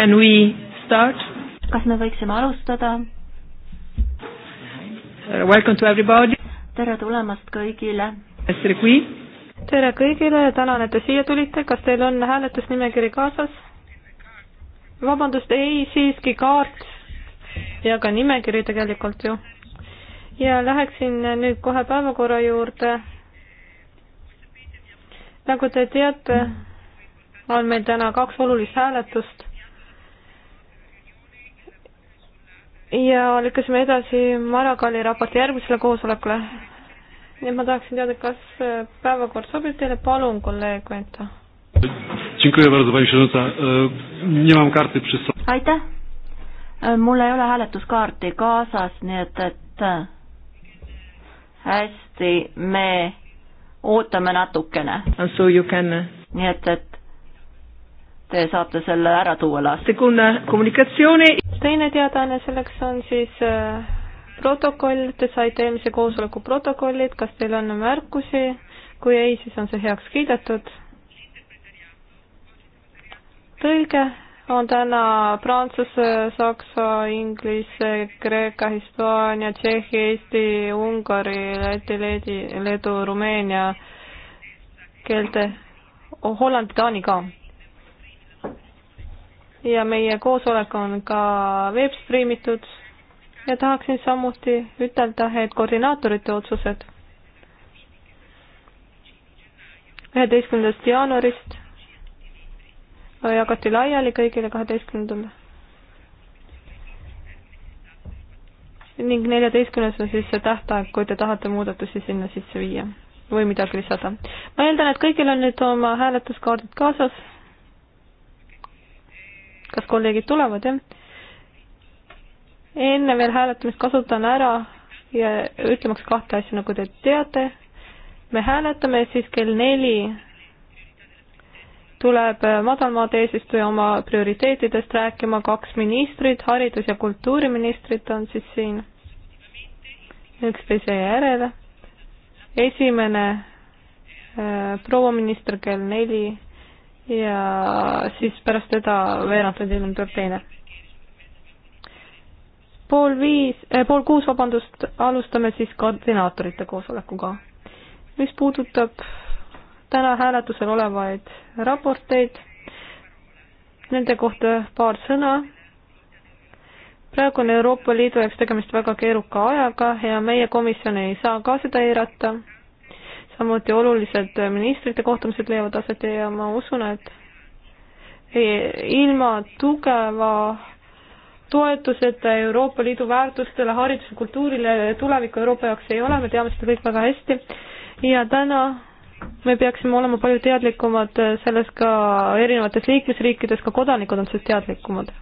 Can we start? kas me võiksime alustada? Uh, welcome to everybody. tere tulemast kõigile. tere kõigile, tänan, et te siia tulite, kas teil on hääletusnimekiri kaasas? vabandust, ei, siiski kaart ja ka nimekiri tegelikult ju. ja läheksin nüüd kohe päevakorra juurde. nagu te teate, on meil täna kaks olulist hääletust ja lükkasime edasi Maragali raporti järgmisele koosolekule. nii et ma tahaksin teada, kas äh, päevakord sobib teile, palun, kolleeg Vento. E, aitäh, e, mul ei ole hääletuskaarti kaasas, nii et, et e, hästi, me ootame natukene. nii et, et te saate selle ära tuua last. teine teadaanne selleks on siis äh, protokoll, te saite eelmise koosoleku protokollid, kas teil on märkusi? kui ei, siis on see heaks kiidetud. tõlge on täna prantsuse, saksa, inglise, kreeka, hispaania, tšehhi, eesti, ungari, läti, leedi, leedu, rumeenia keelte, oh, hollandi, taani ka ja meie koosolek on ka veebstriimitud ja tahaksin samuti ütelda, et koordinaatorite otsused üheteistkümnendast jaanuarist jagati laiali kõigile kaheteistkümnendal ning neljateistkümnes on siis see tähtaeg, kui te tahate muudatusi sinna sisse viia või midagi lisada. ma eeldan, et kõigil on nüüd oma hääletuskaardid kaasas kas kolleegid tulevad, jah? enne veel hääletamist kasutan ära ja ütlemaks kahte asja, nagu te teate, me hääletame siis kell neli tuleb madalmaade eesistuja oma prioriteetidest rääkima, kaks ministrit, haridus- ja kultuuriministrit on siis siin üksteise järele. esimene äh, proua minister kell neli ja siis pärast teda veerand tundi hiljem tuleb teine. pool viis eh,, pool kuus, vabandust, alustame siis koordinaatorite koosolekuga. mis puudutab täna hääletusel olevaid raporteid, nende kohta paar sõna. praegu on Euroopa Liidu jaoks tegemist väga keeruka ajaga ja meie komisjon ei saa ka seda eirata samuti olulised äh, ministrite kohtumised leiavad aset ja ma usun, et e, ilma tugeva toetuseta Euroopa Liidu väärtustele, haridusele, kultuurile, tuleviku Euroopa jaoks ei ole, me teame seda kõik väga hästi. ja täna me peaksime olema palju teadlikumad äh, selles ka erinevates liikmesriikides, ka kodanikud on sellest teadlikumad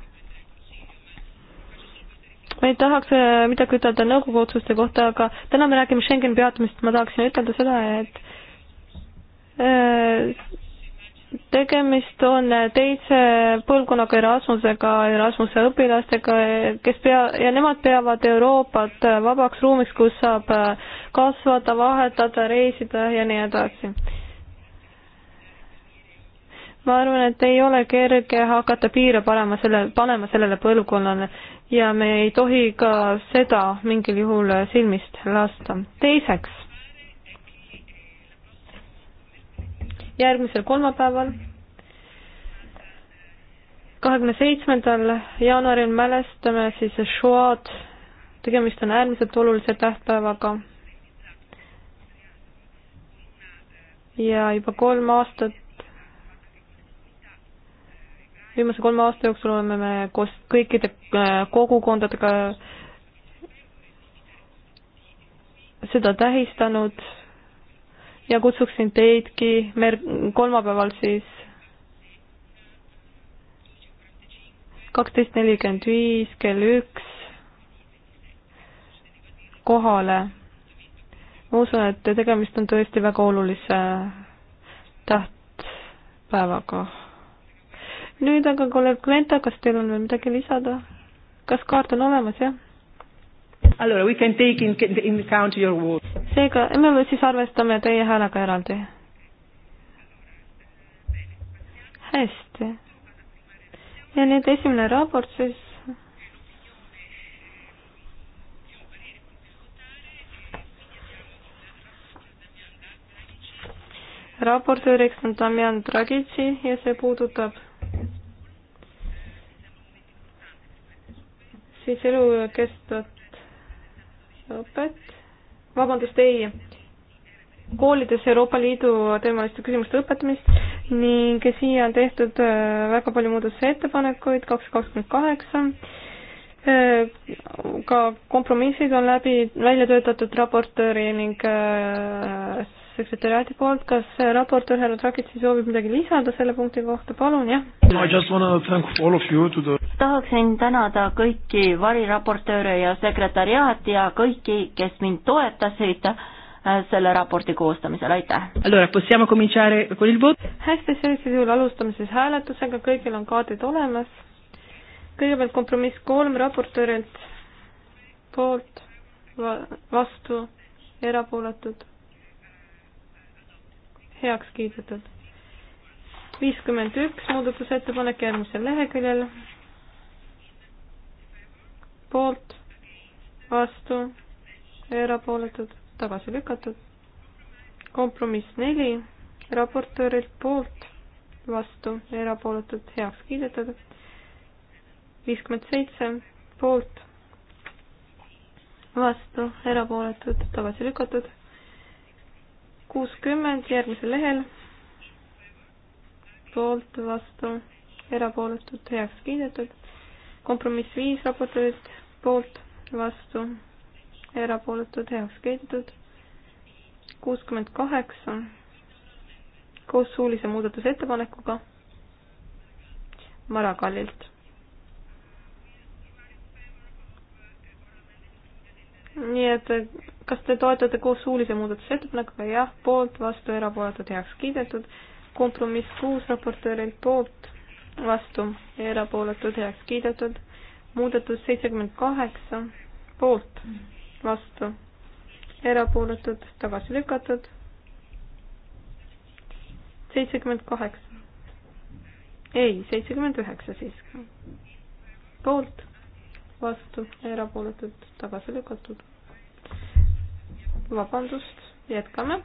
ma ei tahaks äh, midagi ütelda nõukogu otsuste kohta, aga täna me räägime Schengeni peatumist, ma tahaksin ütelda seda, et äh, tegemist on teise põlvkonnaga Erasmusega, Erasmuse õpilastega, kes pea, ja nemad peavad Euroopat vabaks ruumiks, kus saab äh, kasvada, vahetada, reisida ja nii edasi ma arvan, et ei ole kerge hakata piire panema selle, panema sellele põlvkonnale ja me ei tohi ka seda mingil juhul silmist lasta. teiseks, järgmisel kolmapäeval, kahekümne seitsmendal jaanuaril mälestame siis Shoad, tegemist on äärmiselt olulise tähtpäevaga. ja juba kolm aastat viimase kolme aasta jooksul oleme me koos kõikide äh, kogukondadega seda tähistanud ja kutsuksin teidki mer-, kolmapäeval siis kaksteist nelikümmend viis kell üks kohale. ma usun, et tegemist on tõesti väga olulise tähtpäevaga nüüd aga kolleeg Glenta, kas teil on veel midagi lisada? kas kaart on olemas, jah? Allora, we can take in, in account your word. seega, me siis arvestame teie häälega eraldi. hästi. ja nüüd esimene raport siis. raportööriks on Damjan Dragici ja see puudutab siis elukestvat õpet, vabandust, ei, koolides Euroopa Liidu teemaliste küsimuste õpetamist ning siia on tehtud äh, väga palju muudatusettepanekuid, kakssada kakskümmend kaheksa, äh, ka kompromissid on läbi, välja töötatud raportööri ning äh, sekretäriaadi poolt, kas raportöör härra Trakitsi soovib midagi lisada selle punkti kohta, palun, jah? tahaksin tänada kõiki variraportööre ja sekretäriaati ja kõiki, kes mind toetasid äh, selle raporti koostamisel, aitäh! hästi, sellisel juhul alustame siis hääletusega, kõigil on kaardid olemas. kõigepealt kompromiss kolm raportöörilt poolt, vastu, erapooletud heaks kiidetud. viiskümmend üks muudatusettepanek järgmisel leheküljel. poolt, vastu, erapooletud, tagasi lükatud. kompromiss neli, raportöörilt poolt, vastu, erapooletud, heaks kiidetud. viiskümmend seitse, poolt, vastu, erapooletud, tagasi lükatud kuuskümmend järgmisel lehel, poolt, vastu, erapooletud, heaks kiidetud. kompromiss viis raportööd, poolt, vastu, erapooletud, heaks kiidetud. kuuskümmend kaheksa koos suulise muudatusettepanekuga Marakallilt. nii et kas te toetate koos suulise muudatusettepanekuga? jah, poolt, vastu, erapooletud, heaks kiidetud. kompromiss kuus raportöörilt poolt, vastu, erapooletud, heaks kiidetud. muudatus seitsekümmend kaheksa, poolt, vastu, erapooletud, tagasi lükatud. seitsekümmend kaheksa. ei, seitsekümmend üheksa siiski. poolt, vastu, erapooletud, tagasi lükatud vabandust, jätkame.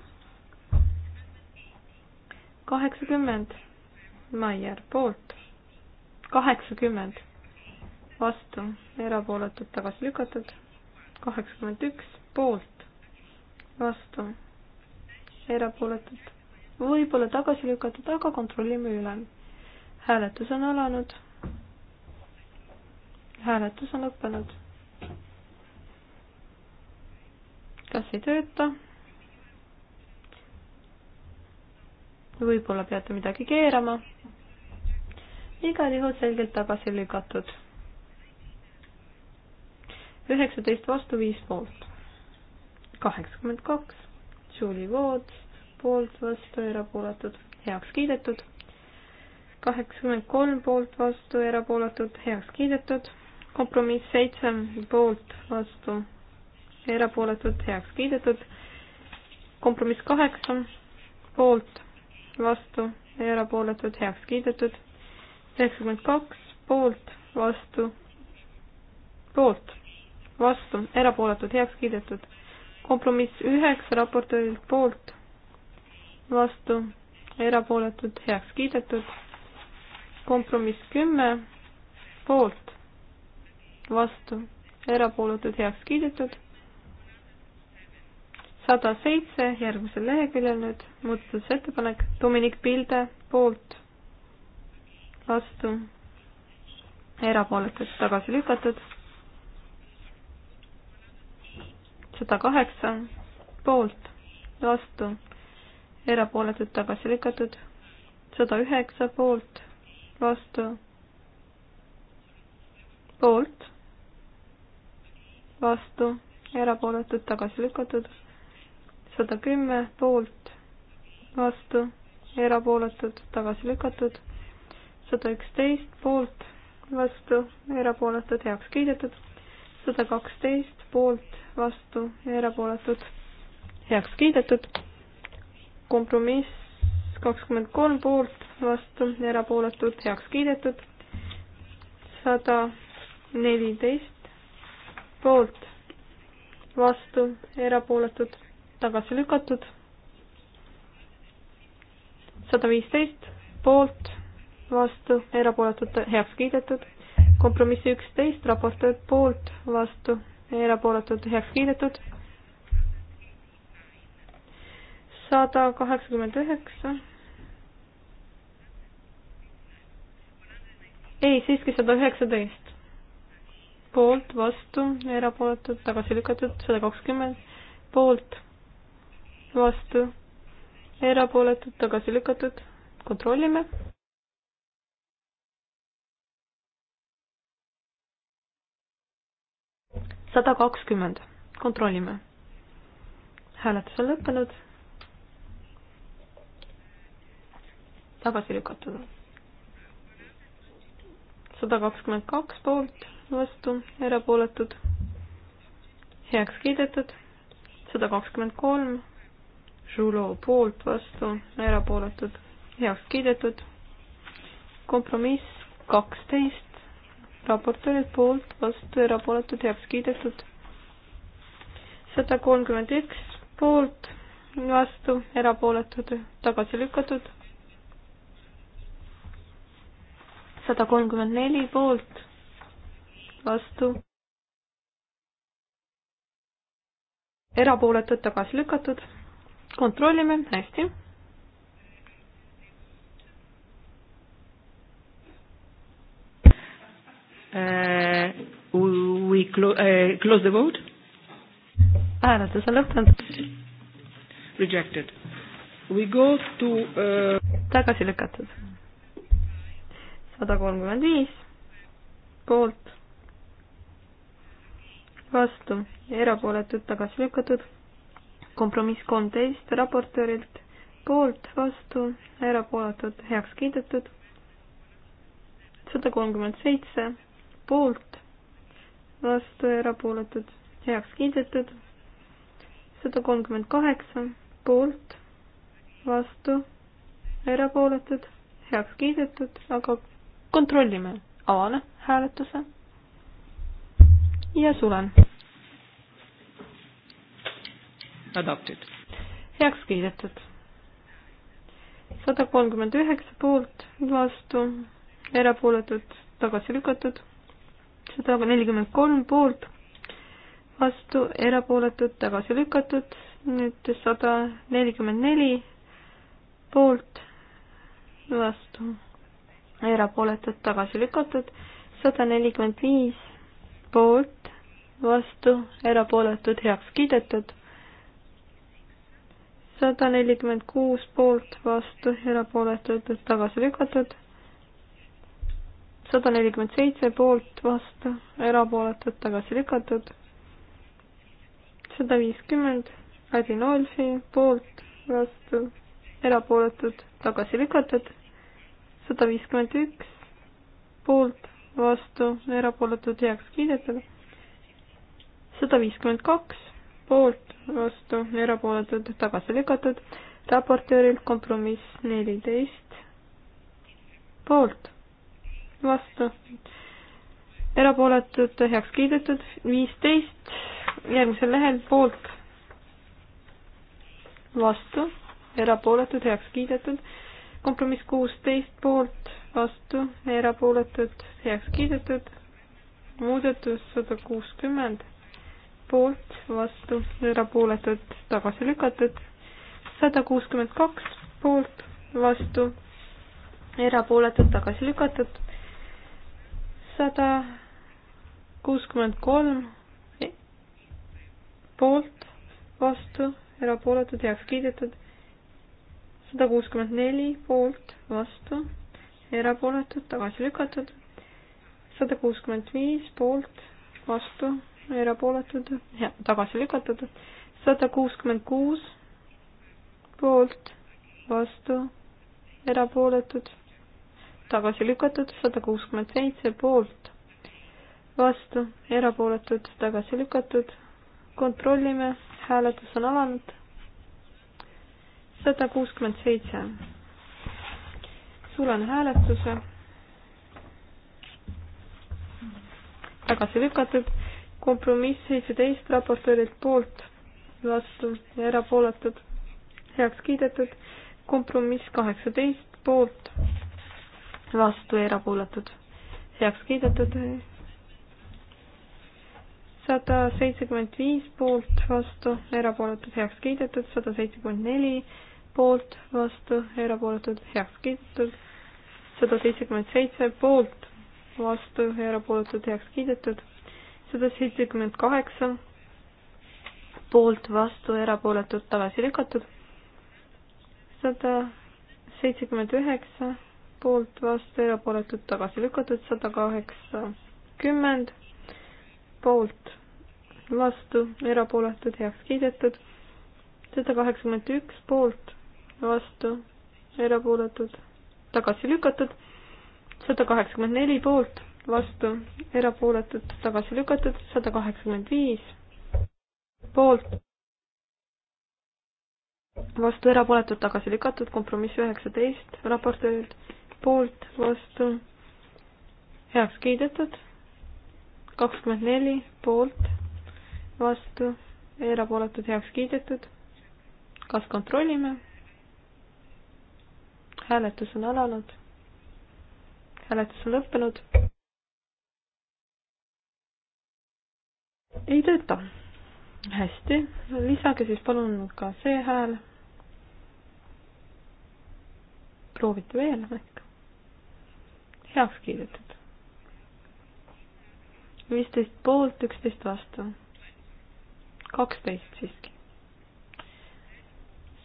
kaheksakümmend, Maier poolt, kaheksakümmend, vastu, erapooletud, tagasi lükatud, kaheksakümmend üks, poolt, vastu, erapooletud, võib-olla tagasi lükatud, aga kontrollime üle. hääletus on alanud. hääletus on lõppenud kas ei tööta? võib-olla peate midagi keerama. igal juhul selgelt tagasi lükatud. üheksateist vastu viis poolt. kaheksakümmend kaks, Julie Woods poolt vastu, erapooletud, heaks kiidetud. kaheksakümmend kolm poolt vastu, erapooletud, heaks kiidetud. kompromiss seitse poolt vastu, erapooletud, heaks kiidetud. kompromiss kaheksa, poolt, vastu, erapooletud, heaks kiidetud. üheksakümmend kaks, poolt, vastu, poolt, vastu, erapooletud, heaks kiidetud. kompromiss üheksa, raportöörilt poolt, vastu, erapooletud, heaks kiidetud. kompromiss kümme, poolt, vastu, erapooletud, heaks kiidetud sada seitse, järgmisel leheküljel nüüd muudatusettepanek, Dominik Pilde poolt, vastu, erapooletud, tagasi lükatud. sada kaheksa, poolt, vastu, erapooletud, tagasi lükatud. sada üheksa, poolt, vastu, poolt, vastu, erapooletud, tagasi lükatud sada kümme poolt, vastu, erapooletud, tagasi lükatud, sada üksteist poolt, vastu, erapooletud, heaks kiidetud, sada kaksteist poolt, vastu, erapooletud, heaks kiidetud, kompromiss kakskümmend kolm poolt, vastu, erapooletud, heaks kiidetud, sada neliteist poolt, vastu, erapooletud, tagasi lükatud. sada viisteist poolt, vastu, erapooletud, heaks kiidetud. kompromiss üksteist, raportööd poolt, vastu, erapooletud, heaks kiidetud. sada kaheksakümmend üheksa. ei, siiski sada üheksateist poolt, vastu, erapooletud, tagasi lükatud, sada kakskümmend, poolt, vastu, erapooletud, tagasi lükatud, kontrollime. sada kakskümmend, kontrollime. hääletus on lõppenud. tagasi lükatud. sada kakskümmend kaks poolt, vastu, erapooletud, heaks kiidetud, sada kakskümmend kolm Žulo poolt, vastu, erapooletud, heaks kiidetud. kompromiss kaksteist, raportöörid poolt, vastu, erapooletud, heaks kiidetud. sada kolmkümmend üks poolt, vastu, erapooletud, tagasi lükatud. sada kolmkümmend neli poolt, vastu. erapooletud, tagasi lükatud kontrollime, hästi. Uh, we clo uh, close the vote. hääletus on lõppenud. Rejected. We go to uh.... tagasi lükatud. sada kolmkümmend viis poolt, vastu, erapooletud, tagasi lükatud kompromiss kolmteist raportöörilt poolt, vastu, erapooletud, heaks kiidetud. sada kolmkümmend seitse poolt, vastu, erapooletud, heaks kiidetud. sada kolmkümmend kaheksa poolt, vastu, erapooletud, heaks kiidetud, aga kontrollime, avan hääletuse ja sulen adopted. heaks kiidetud. sada kolmkümmend üheksa poolt, vastu, erapooletud, tagasi lükatud. sada nelikümmend kolm poolt, vastu, erapooletud, tagasi lükatud. nüüd sada nelikümmend neli poolt, vastu, erapooletud, tagasi lükatud. sada nelikümmend viis poolt, vastu, erapooletud, heaks kiidetud sada nelikümmend kuus poolt, vastu, erapooletud, tagasi lükatud. sada nelikümmend seitse poolt, vastu, erapooletud, tagasi lükatud. sada viiskümmend Adi Nolfi poolt, vastu, erapooletud, tagasi lükatud. sada viiskümmend üks poolt, vastu, erapooletud, heaks kiidetud. sada viiskümmend kaks poolt, vastu, erapooletud, tagasi lükatud. raportööril kompromiss neliteist, poolt, vastu, erapooletud, heaks kiidetud, viisteist, järgmisel lehel poolt, vastu, erapooletud, heaks kiidetud, kompromiss kuusteist poolt, vastu, erapooletud, heaks kiidetud, muudatus sada kuuskümmend poolt, vastu, erapooletud, tagasi lükatud. sada kuuskümmend kaks poolt, vastu, erapooletud, tagasi lükatud. sada kuuskümmend kolm poolt, vastu, erapooletud, heaks kiidetud. sada kuuskümmend neli poolt, vastu, erapooletud, tagasi lükatud. sada kuuskümmend viis poolt, vastu erapooletud, tagasi lükatud, sada kuuskümmend kuus poolt, vastu, erapooletud, tagasi lükatud, sada kuuskümmend seitse poolt, vastu, erapooletud, tagasi lükatud, kontrollime, hääletus on alanud, sada kuuskümmend seitse. sulen hääletuse, tagasi lükatud kompromiss seitseteist raportöörilt poolt, vastu ja erapooletud, heaks kiidetud. kompromiss kaheksateist poolt, vastu ja erapooletud, heaks kiidetud. sada seitsekümmend viis poolt, vastu, erapooletud, heaks kiidetud, sada seitsekümmend neli poolt, vastu, erapooletud, heaks kiidetud, sada seitsekümmend seitse poolt, vastu, erapooletud, heaks kiidetud sada seitsekümmend kaheksa poolt, vastu, erapooletud, tagasi lükatud. sada seitsekümmend üheksa poolt, vastu, erapooletud, tagasi lükatud, sada kaheksakümmend poolt, vastu, erapooletud, heaks kiidetud. sada kaheksakümmend üks poolt, vastu, erapooletud, tagasi lükatud. sada kaheksakümmend neli poolt vastu, erapooletud, tagasi lükatud, sada kaheksakümmend viis, poolt, vastu, erapooletud, tagasi lükatud, kompromiss üheksateist, raportööd, poolt, vastu, heaks kiidetud, kakskümmend neli, poolt, vastu, erapooletud, heaks kiidetud, kas kontrollime? hääletus on alanud hääletus on lõppenud. ei tööta. hästi, lisage siis palun ka see hääl. proovite veel äkki. heaks kiidetud. viisteist poolt, üksteist vastu. kaksteist siiski.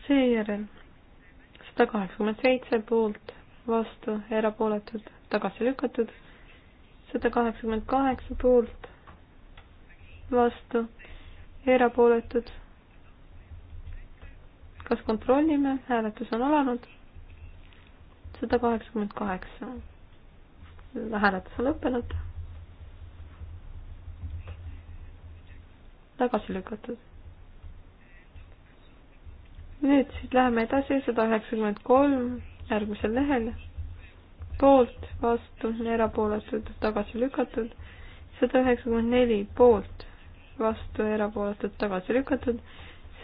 seejärel sada kaheksakümmend seitse poolt, vastu, erapooletud, tagasi lükatud. sada kaheksakümmend kaheksa poolt vastu, erapooletud. kas kontrollime, hääletus on alanud? sada kaheksakümmend kaheksa. hääletus on lõppenud. tagasi lükatud. nüüd siis läheme edasi, sada üheksakümmend kolm, järgmisel lehel. poolt, vastu, erapooletud, tagasi lükatud. sada üheksakümmend neli, poolt vastu, erapooletud, tagasi lükatud.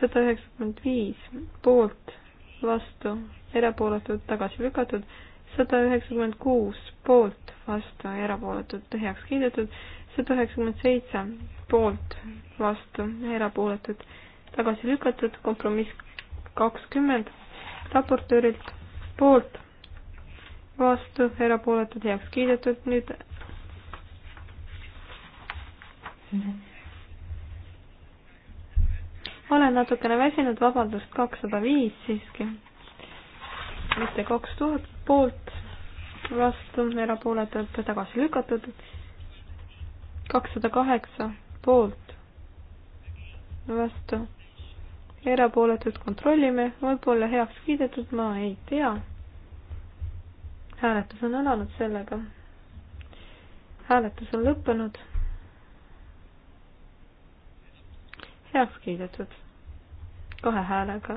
sada üheksakümmend viis poolt, vastu, erapooletud, tagasi lükatud. sada üheksakümmend kuus poolt, vastu, erapooletud, heaks kiidetud. sada üheksakümmend seitse poolt, vastu, erapooletud, tagasi lükatud. kompromiss kakskümmend raportöörilt poolt, vastu, erapooletud, heaks kiidetud. nüüd Mm-hmm olen natukene väsinud, vabandust, kakssada viis siiski. mitte kaks tuhat poolt, vastu, erapooletult tagasi lükatud. kakssada kaheksa poolt, vastu, erapooletult kontrollime, võib-olla heaks kiidetud, ma ei tea. hääletus on alanud sellega. hääletus on lõppenud heaks kiidetud kahe häälega.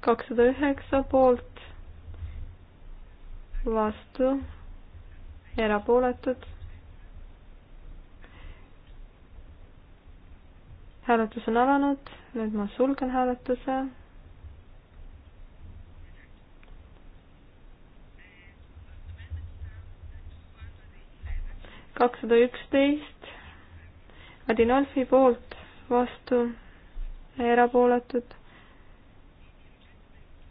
kakssada üheksa poolt, vastu, erapooletud. hääletus on alanud, nüüd ma sulgen hääletuse kakssada üksteist Adinolfi poolt vastu, erapooletud.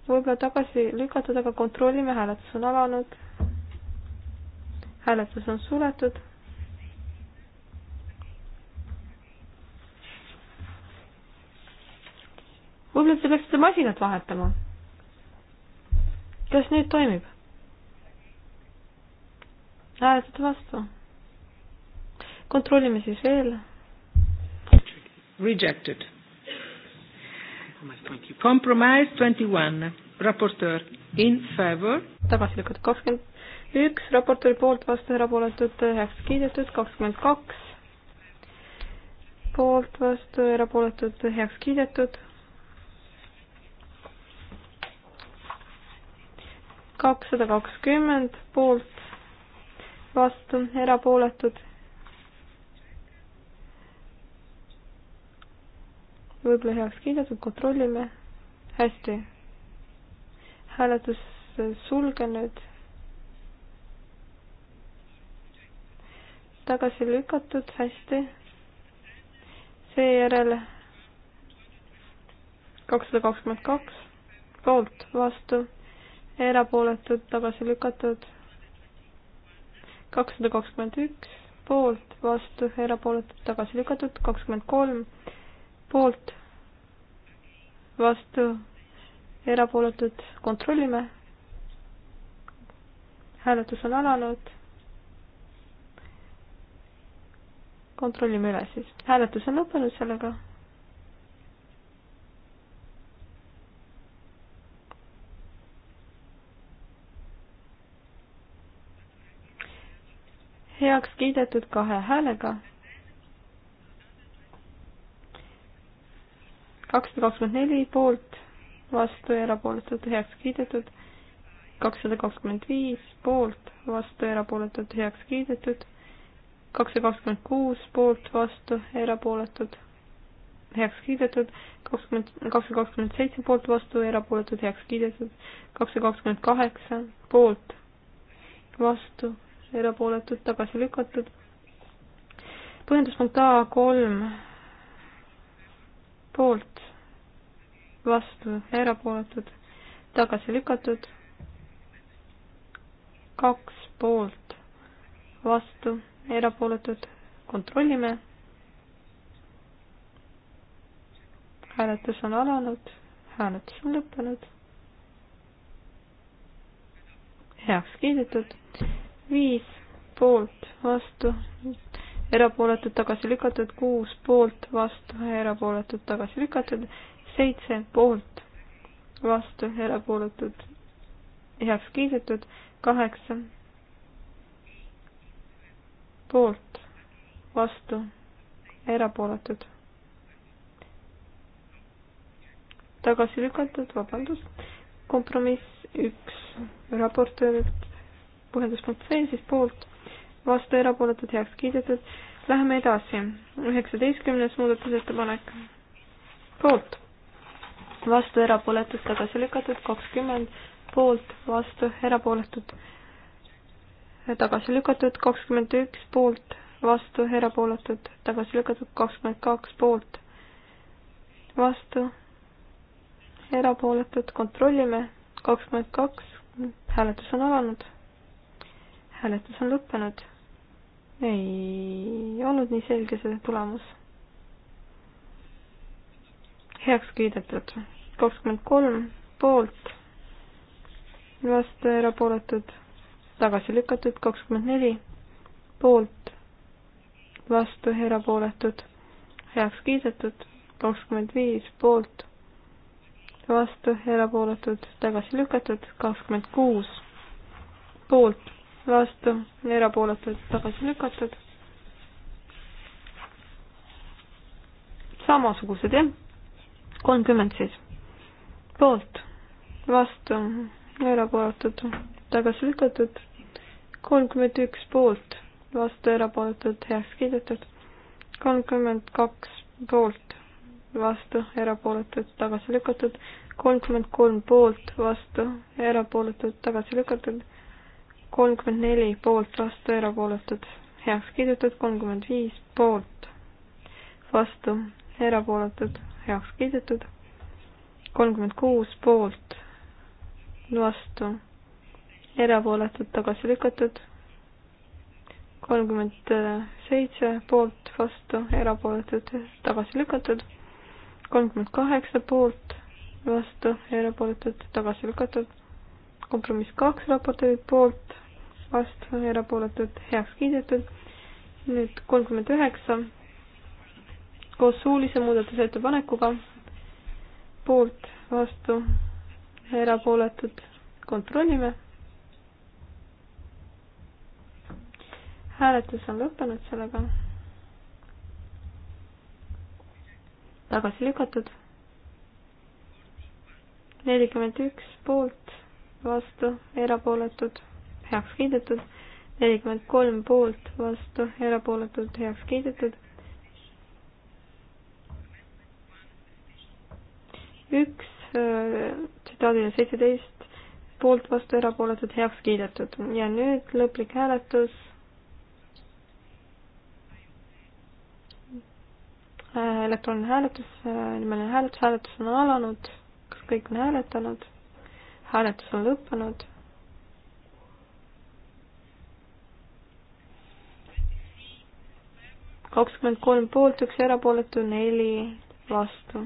võib-olla tagasi lükatud, aga kontrollime, hääletus on alanud. hääletus on suletud. võib-olla te peaksite masinat vahetama. kas nüüd toimib? hääletate vastu? kontrollime siis veel Rejected. Compromise 21. Raportöör in favor. tagasi lükatud kakskümmend üks, raportööri poolt vastu erapooletud heaks kiidetud, kakskümmend kaks poolt vastu erapooletud heaks kiidetud. kakssada kakskümmend poolt vastu erapooletud võib-olla heaks kiidetud, kontrollime. hästi. hääletus äh, sulgenud. tagasi lükatud, hästi. seejärel kakssada kakskümmend kaks poolt, vastu, erapooletud, tagasi lükatud. kakssada kakskümmend üks poolt, vastu, erapooletud, tagasi lükatud, kakskümmend kolm poolt, vastu, erapooletud, kontrollime. hääletus on alanud. kontrollime üle siis, hääletus on lõppenud sellega heaks kiidetud kahe häälega kakssada kakskümmend neli poolt, vastu ja erapooletud heaks kiidetud. kakssada kakskümmend viis poolt, vastu ja erapooletud heaks kiidetud. kakssada kakskümmend kuus poolt, vastu, erapooletud heaks kiidetud, kakskümmend, kakssada kakskümmend seitse poolt vastu, erapooletud heaks kiidetud, kakssada kakskümmend kaheksa poolt vastu, erapooletud tagasi lükatud. põhjenduspunkt A kolm poolt, vastu, erapooletud, tagasi lükatud. kaks poolt, vastu, erapooletud, kontrollime. hääletus on alanud, hääletus on lõppenud. heaks kiidetud, viis poolt, vastu, erapooletud, tagasi lükatud, kuus poolt, vastu, erapooletud, tagasi lükatud, seitse poolt, vastu, erapooletud, heaks kiidetud, kaheksa poolt, vastu, erapooletud. tagasi lükatud, vabandust, kompromiss üks raportöörilt, põhjenduspunkt C siis poolt vastu erapooletud heaks kiidetud. Läheme edasi. üheksateistkümnes muudatusettepanek. poolt, vastu erapooletud tagasi lükatud, kakskümmend poolt, vastu erapooletud tagasi lükatud, kakskümmend üks poolt, vastu erapooletud tagasi lükatud, kakskümmend kaks poolt, vastu erapooletud, kontrollime, kakskümmend kaks, hääletus on alanud, hääletus on lõppenud ei olnud nii selge see tulemus. heaks kiidetud kakskümmend kolm poolt, vastu erapooletud, tagasi lükatud kakskümmend neli poolt, vastu erapooletud, heaks kiidetud kakskümmend viis poolt, vastu erapooletud, tagasi lükatud kakskümmend kuus poolt vastu, erapooletud, tagasi lükatud. samasugused jah, kolmkümmend siis. poolt, vastu, erapooletud, tagasi lükatud. kolmkümmend üks poolt, vastu, erapooletud, heaks kiidetud. kolmkümmend kaks poolt, vastu, erapooletud, tagasi lükatud. kolmkümmend kolm poolt, vastu, erapooletud, tagasi lükatud kolmkümmend neli poolt, vastu, erapooletud, heaks kiidetud, kolmkümmend viis poolt, vastu, erapooletud, heaks kiidetud, kolmkümmend kuus poolt, vastu, erapooletud, tagasi lükatud, kolmkümmend seitse poolt, vastu, erapooletud, tagasi lükatud, kolmkümmend kaheksa poolt, vastu, erapooletud, tagasi lükatud, kompromiss kaks raportööri poolt vastu, erapooletud, heaks kiidetud. nüüd kolmkümmend üheksa koos suulise muudatusettepanekuga, poolt, vastu, erapooletud, kontrollime. hääletus on lõppenud sellega. tagasi lükatud. nelikümmend üks poolt, vastu, erapooletud heaks kiidetud, nelikümmend kolm poolt, vastu, erapooletult heaks kiidetud. üks tsitaadina seitseteist poolt, vastu, erapooletult heaks kiidetud ja nüüd lõplik hääletus. elektrooniline hääletus, nimeline hääletus, hääletus on alanud, kas kõik on hääletanud? hääletus on lõppenud kakskümmend kolm poolt, üks erapooletu, neli vastu.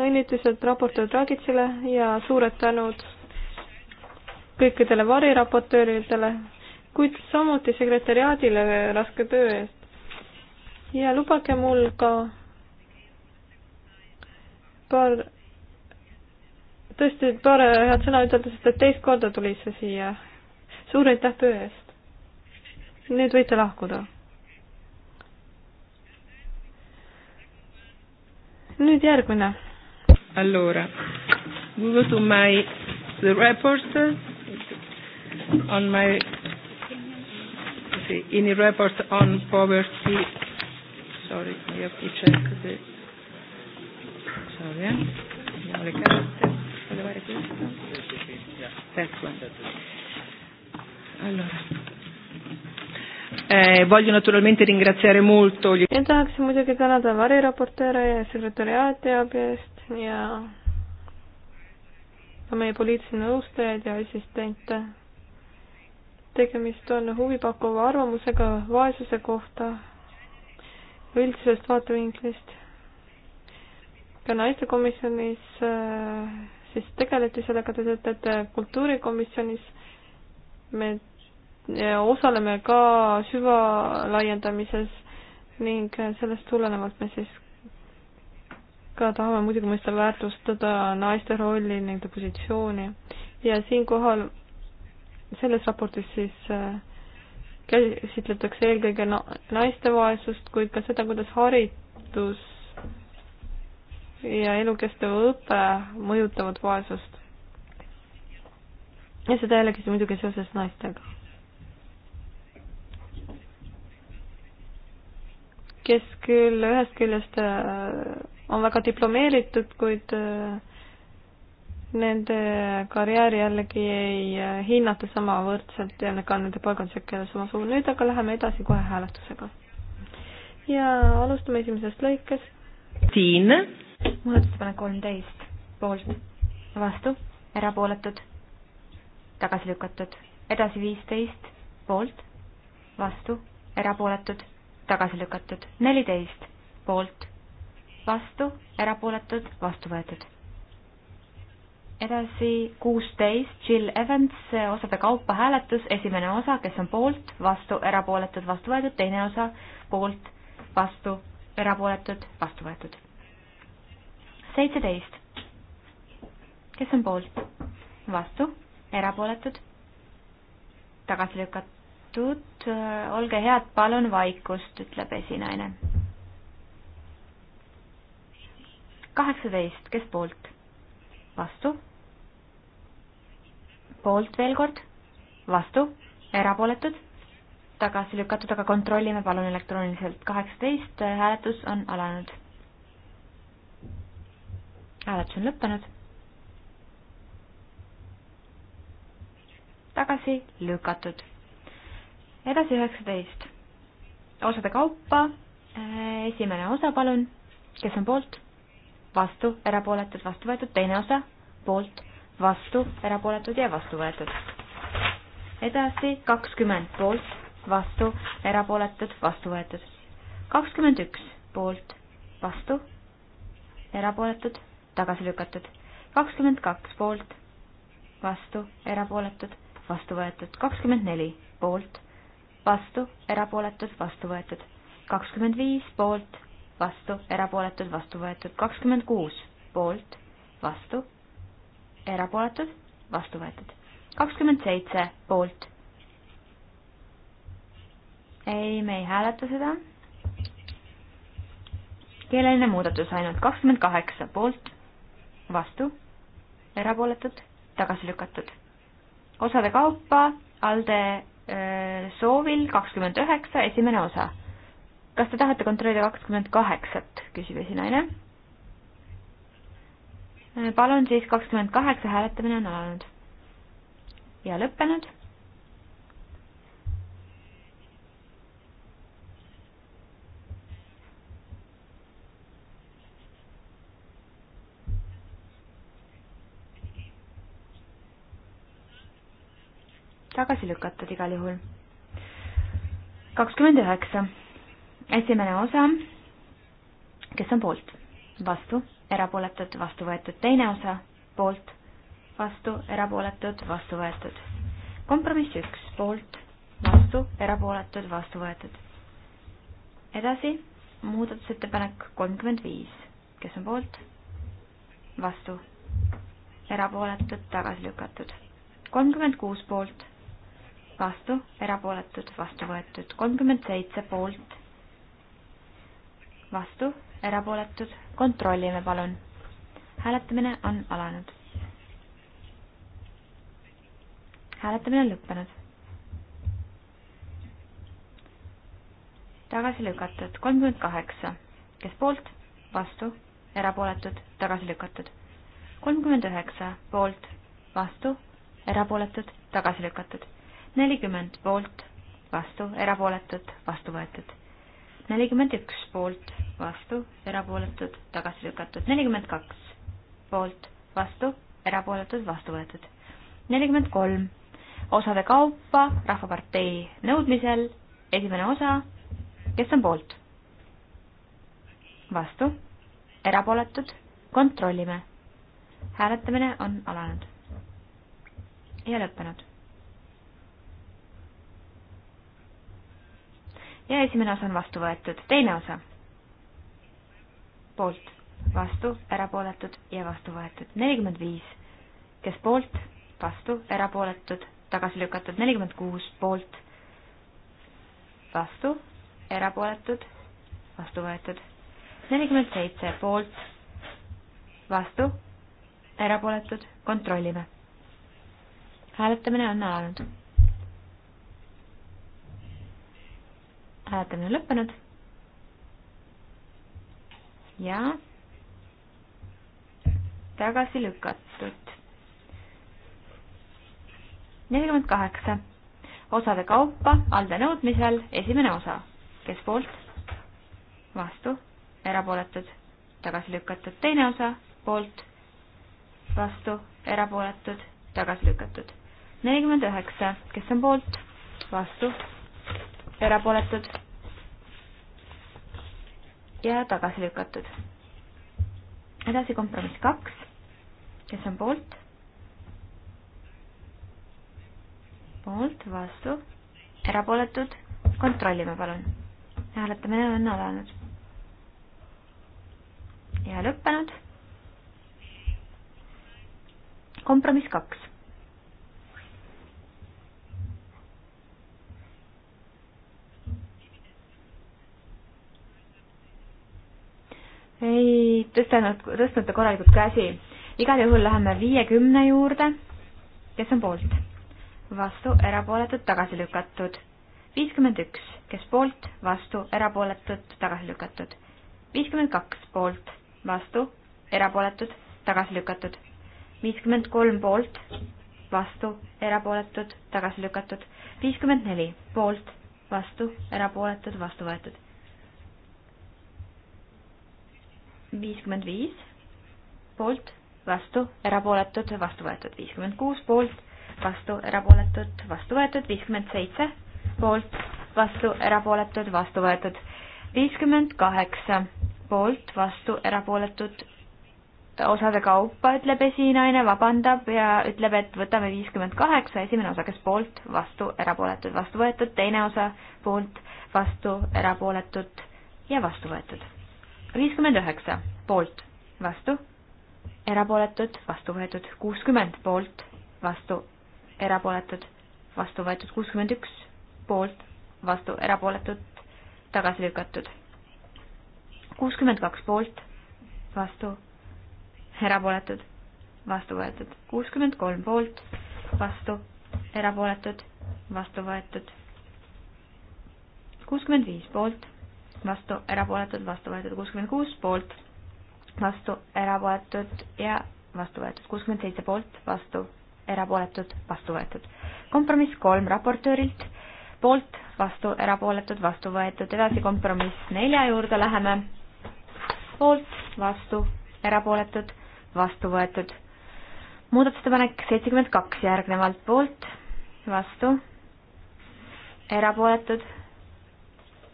õnnitlused raportöör Dragitsile ja suured tänud kõikidele variraportööridele, kuid samuti sekretäriaadile raske töö eest. ja lubage mul ka paar, tõesti paar head sõna ütelda, sest et teist korda tuli see siia. suur aitäh töö eest. nüüd võite lahkuda nüüd järgmine. Allora, we go to my the report on my see, in the report on poverty. Sorry, I have to check the. Sorry, eh? vediamo le carte. Sollevare questo. That one. Allora. Eh, voglio naturalmente ringraziare molto gli... ja tahaksin muidugi tänada variraportööre ja sekretäriaati abi eest ja ka meie poliitilisi nõustajaid ja assistente. tegemist on huvipakkuva arvamusega vaesuse kohta üldisest vaatevinklist. ka naistekomisjonis eh, siis tegeleti sellega, te ütlete, et kultuurikomisjonis me osaleme ka süvalaiendamises ning sellest tulenevalt me siis ka tahame muidugi mõista väärtustada naiste rolli, nende positsiooni ja siinkohal selles raportis siis äh, käsitletakse eelkõige naiste vaesust, kuid ka seda, kuidas haritus ja elukestev õpe mõjutavad vaesust. ja seda jällegi muidugi seoses naistega kes küll ühest küljest äh, on väga diplomeeritud, kuid äh, nende karjääri jällegi ei äh, hinnata samavõrdselt ja ka nende palgandused ei ole samasugune. nüüd aga läheme edasi kohe hääletusega. ja alustame esimesest lõikest. Tiin. muudatusettepanek kolmteist, poolt, vastu, erapooletud, tagasi lükatud, edasi viisteist, poolt, vastu, erapooletud tagasi lükatud, neliteist poolt, vastu, erapooletud, vastu võetud. edasi kuusteist, Jill Evans, osade kaupa hääletus, esimene osa, kes on poolt, vastu, erapooletud, vastu võetud, teine osa poolt, vastu, erapooletud, vastu võetud. seitseteist, kes on poolt, vastu, erapooletud, tagasi lükatud tänatud, äh, olge head, palun vaikust, ütleb esinaine. kaheksateist, kes poolt? vastu? poolt veel kord? vastu? erapooletud? tagasi lükatud, aga kontrollime palun elektrooniliselt. kaheksateist, äh, hääletus on alanud. hääletus on lõppenud. tagasi lükatud edasi üheksateist, osade kaupa, äh, esimene osa, palun, kes on poolt, vastu, erapooletud, vastu võetud, teine osa, poolt, vastu, erapooletud ja vastu võetud. edasi kakskümmend poolt, vastu, erapooletud, vastu võetud. kakskümmend üks poolt, vastu, erapooletud, tagasi lükatud. kakskümmend kaks poolt, vastu, erapooletud, vastu võetud. kakskümmend neli poolt, vastu, erapooletud, vastu võetud. kakskümmend viis poolt, vastu, erapooletud, vastu võetud. kakskümmend kuus poolt, vastu, erapooletud, vastu võetud. kakskümmend seitse poolt. ei, me ei hääleta seda. keeleline muudatus ainult kakskümmend kaheksa poolt, vastu, erapooletud, tagasi lükatud. osade kaupa ALDE Äh, soovil kakskümmend üheksa, esimene osa. kas te tahate kontrollida kakskümmend kaheksat, küsib esinaine. Äh, palun siis kakskümmend kaheksa, hääletamine on alanud ja lõppenud tagasi lükatud igal juhul. kakskümmend üheksa, esimene osa, kes on poolt, vastu, erapooletud, vastu võetud, teine osa, poolt, vastu, erapooletud, vastu võetud. kompromiss üks, poolt, vastu, erapooletud, vastu võetud. edasi, muudatusettepanek kolmkümmend viis, kes on poolt, vastu, erapooletud, tagasi lükatud. kolmkümmend kuus poolt vastu, erapooletud, vastu võetud, kolmkümmend seitse poolt, vastu, erapooletud, kontrollime palun. hääletamine on alanud. hääletamine on lõppenud. tagasi lükatud, kolmkümmend kaheksa, kes poolt, vastu, erapooletud, tagasi lükatud. kolmkümmend üheksa, poolt, vastu, erapooletud, tagasi lükatud nelikümmend poolt, vastu, erapooletud, vastu võetud. nelikümmend üks poolt, vastu, erapooletud, tagasi lükatud. nelikümmend kaks poolt, vastu, erapooletud, vastu võetud. nelikümmend kolm osade kaupa Rahvapartei nõudmisel esimene osa, kes on poolt? vastu, erapooletud, kontrollime. hääletamine on alanud ja lõppenud ja esimene osa on vastu võetud, teine osa poolt, vastu, erapooletud ja vastu võetud, nelikümmend viis, kes poolt, vastu, erapooletud, tagasi lükatud, nelikümmend kuus poolt, vastu, erapooletud, vastu võetud, nelikümmend seitse poolt, vastu, erapooletud, kontrollime. hääletamine on alanud hääletamine lõppenud. ja tagasi lükatud. nelikümmend kaheksa, osade kaupa alde nõudmisel esimene osa, kes poolt, vastu, erapooletud, tagasi lükatud, teine osa, poolt, vastu, erapooletud, tagasi lükatud. nelikümmend üheksa, kes on poolt, vastu, erapooletud ja tagasi lükatud. edasi kompromiss kaks, kes on poolt? poolt, vastu, erapooletud, kontrollime palun. hääletamine on alanud. ja lõppenud. kompromiss kaks ei tõstanud, tõstnud ta korralikult käsi. igal juhul läheme viiekümne juurde. kes on poolt? vastu, erapooletud, tagasi lükatud. viiskümmend üks, kes poolt, vastu, erapooletud, tagasi lükatud. viiskümmend kaks poolt, vastu, erapooletud, tagasi lükatud. viiskümmend kolm poolt, vastu, erapooletud, tagasi lükatud. viiskümmend neli poolt, vastu, erapooletud, vastu võetud viiskümmend viis poolt, vastu, erapooletud, vastu võetud viiskümmend kuus poolt, vastu, erapooletud, vastu võetud viiskümmend seitse poolt, vastu, erapooletud, vastu võetud viiskümmend kaheksa poolt, vastu, erapooletud, osade kaupa, ütleb esinaine, vabandab ja ütleb, et võtame viiskümmend kaheksa, esimene osa, kes poolt, vastu, erapooletud, vastu võetud, teine osa poolt, vastu, erapooletud ja vastu võetud viiskümmend üheksa poolt, vastu, erapooletud, vastu võetud kuuskümmend poolt, vastu, erapooletud, vastu võetud kuuskümmend üks poolt, vastu, erapooletud, tagasi lükatud. kuuskümmend kaks poolt, vastu, erapooletud, vastu võetud kuuskümmend kolm poolt, vastu, erapooletud, vastu võetud kuuskümmend viis poolt vastu, erapooletud, vastu võetud kuuskümmend kuus poolt, vastu, erapooletud ja vastu võetud kuuskümmend seitse poolt, vastu, erapooletud, vastu võetud. kompromiss kolm raportöörilt, poolt, vastu, erapooletud, vastu võetud, edasi kompromiss nelja juurde läheme, poolt, vastu, erapooletud, vastu võetud. muudatusettepanek seitsekümmend kaks järgnevalt poolt, vastu, erapooletud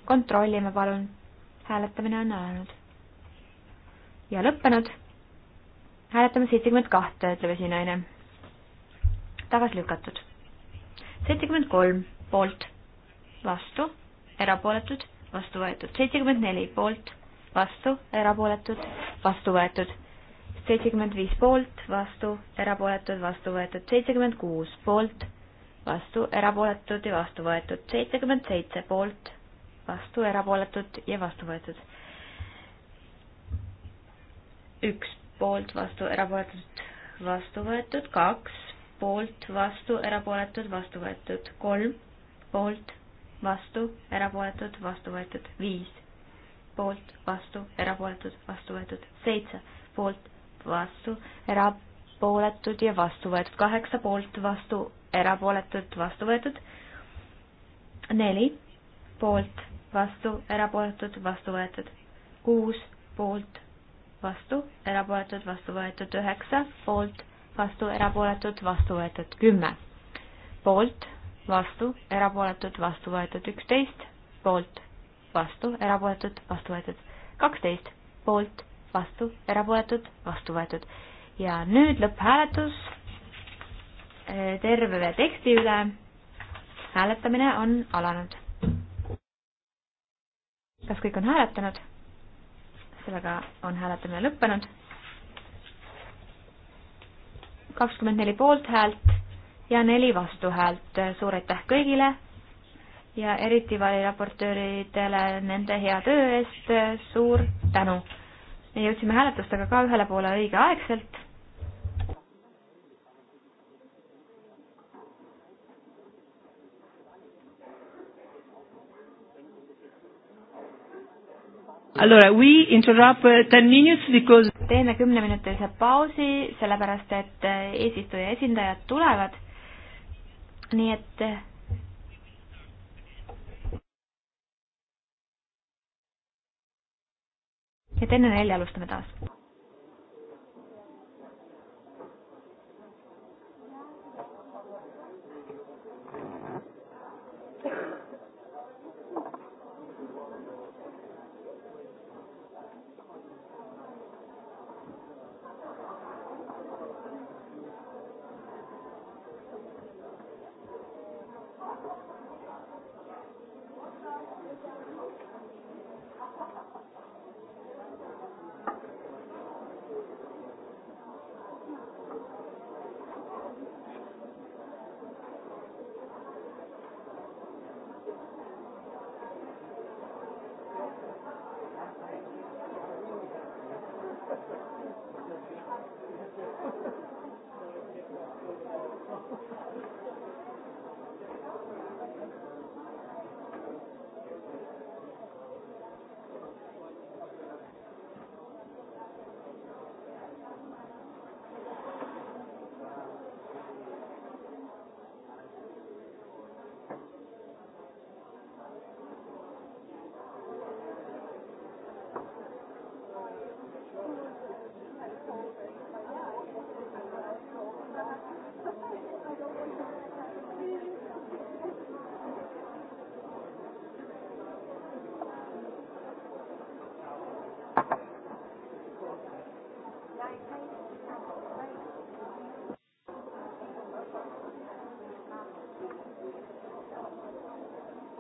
kontrollime palun. hääletamine on alanud. ja lõppenud. hääletame seitsekümmend kahte, ütleb esinaine. tagasi lükatud. seitsekümmend kolm poolt, vastu, erapooletud, vastu võetud. seitsekümmend neli poolt, vastu, erapooletud, vastu võetud seitsekümmend viis poolt, vastu, erapooletud, vastu võetud, seitsekümmend kuus poolt, vastu, erapooletud ja vastu võetud, seitsekümmend seitse poolt, vastu, erapooletud ja vastu võetud. üks poolt, vastu, erapooletud, vastu võetud, kaks poolt, vastu, erapooletud, vastu võetud, kolm poolt, vastu, erapooletud, vastu võetud, viis poolt, vastu, erapooletud, vastu võetud, seitse poolt, vastu, erapooletud ja vastu võetud, kaheksa poolt, vastu, erapooletud, vastu võetud, neli poolt, vastu, erapooletud, vastu võetud. kuus poolt, vastu, erapooletud, vastu võetud. üheksa poolt, vastu, erapooletud, vastu võetud. kümme poolt, vastu, erapooletud, vastu võetud. üksteist poolt, vastu, erapooletud, vastu võetud. kaksteist poolt, vastu, erapooletud, vastu võetud. ja nüüd lõpphääletus eh, terve teksti üle. hääletamine on alanud kas kõik on hääletanud? sellega on hääletamine lõppenud. kakskümmend neli poolthäält ja neli vastuhäält. suur aitäh kõigile ja eriti valiraportööridele nende hea töö eest suur tänu. me jõudsime hääletustega ka ühele poole õigeaegselt Allora, we interrupt uh, ten minutes because teeme kümneminutilise pausi, sellepärast et uh, eesistuja esindajad tulevad. nii et et uh, enne nelja alustame taas.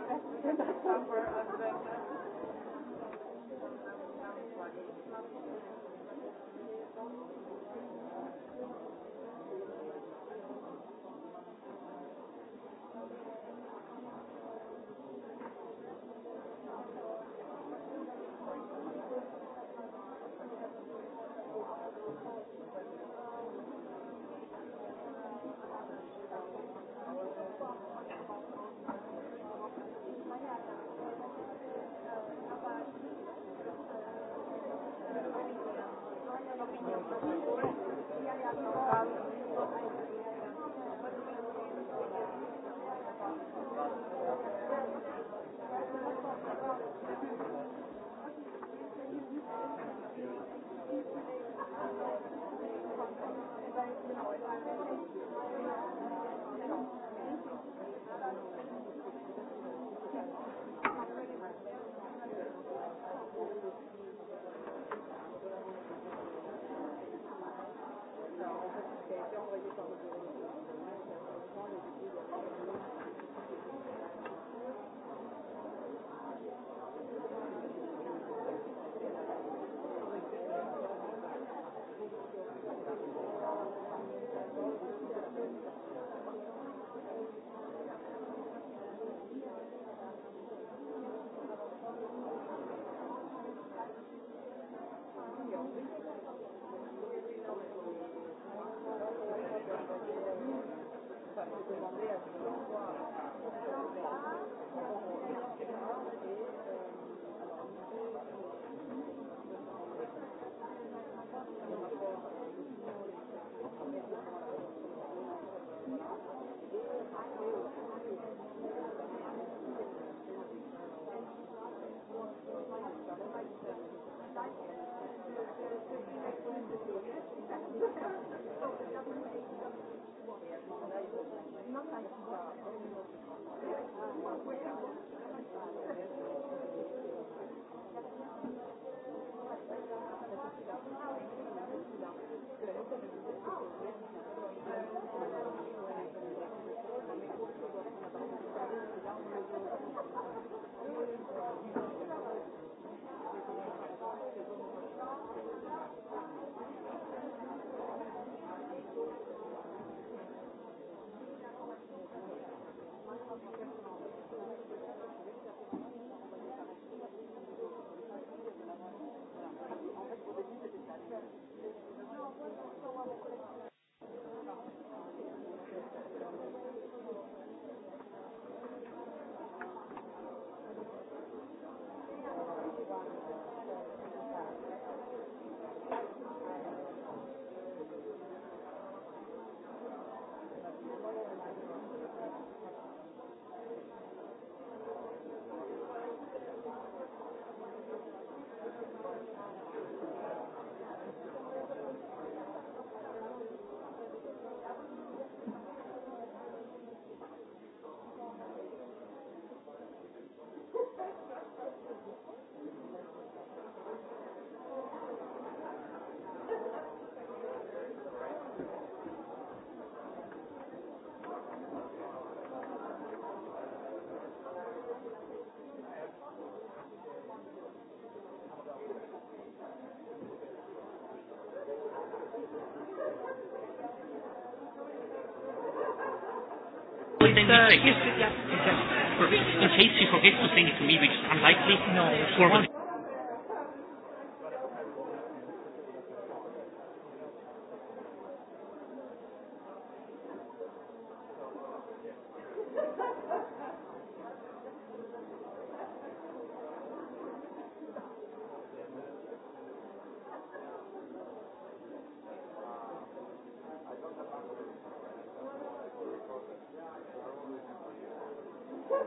Thank you. Will then be yes, yes, yes. In case you forget to send it to me, which is unlikely. No. For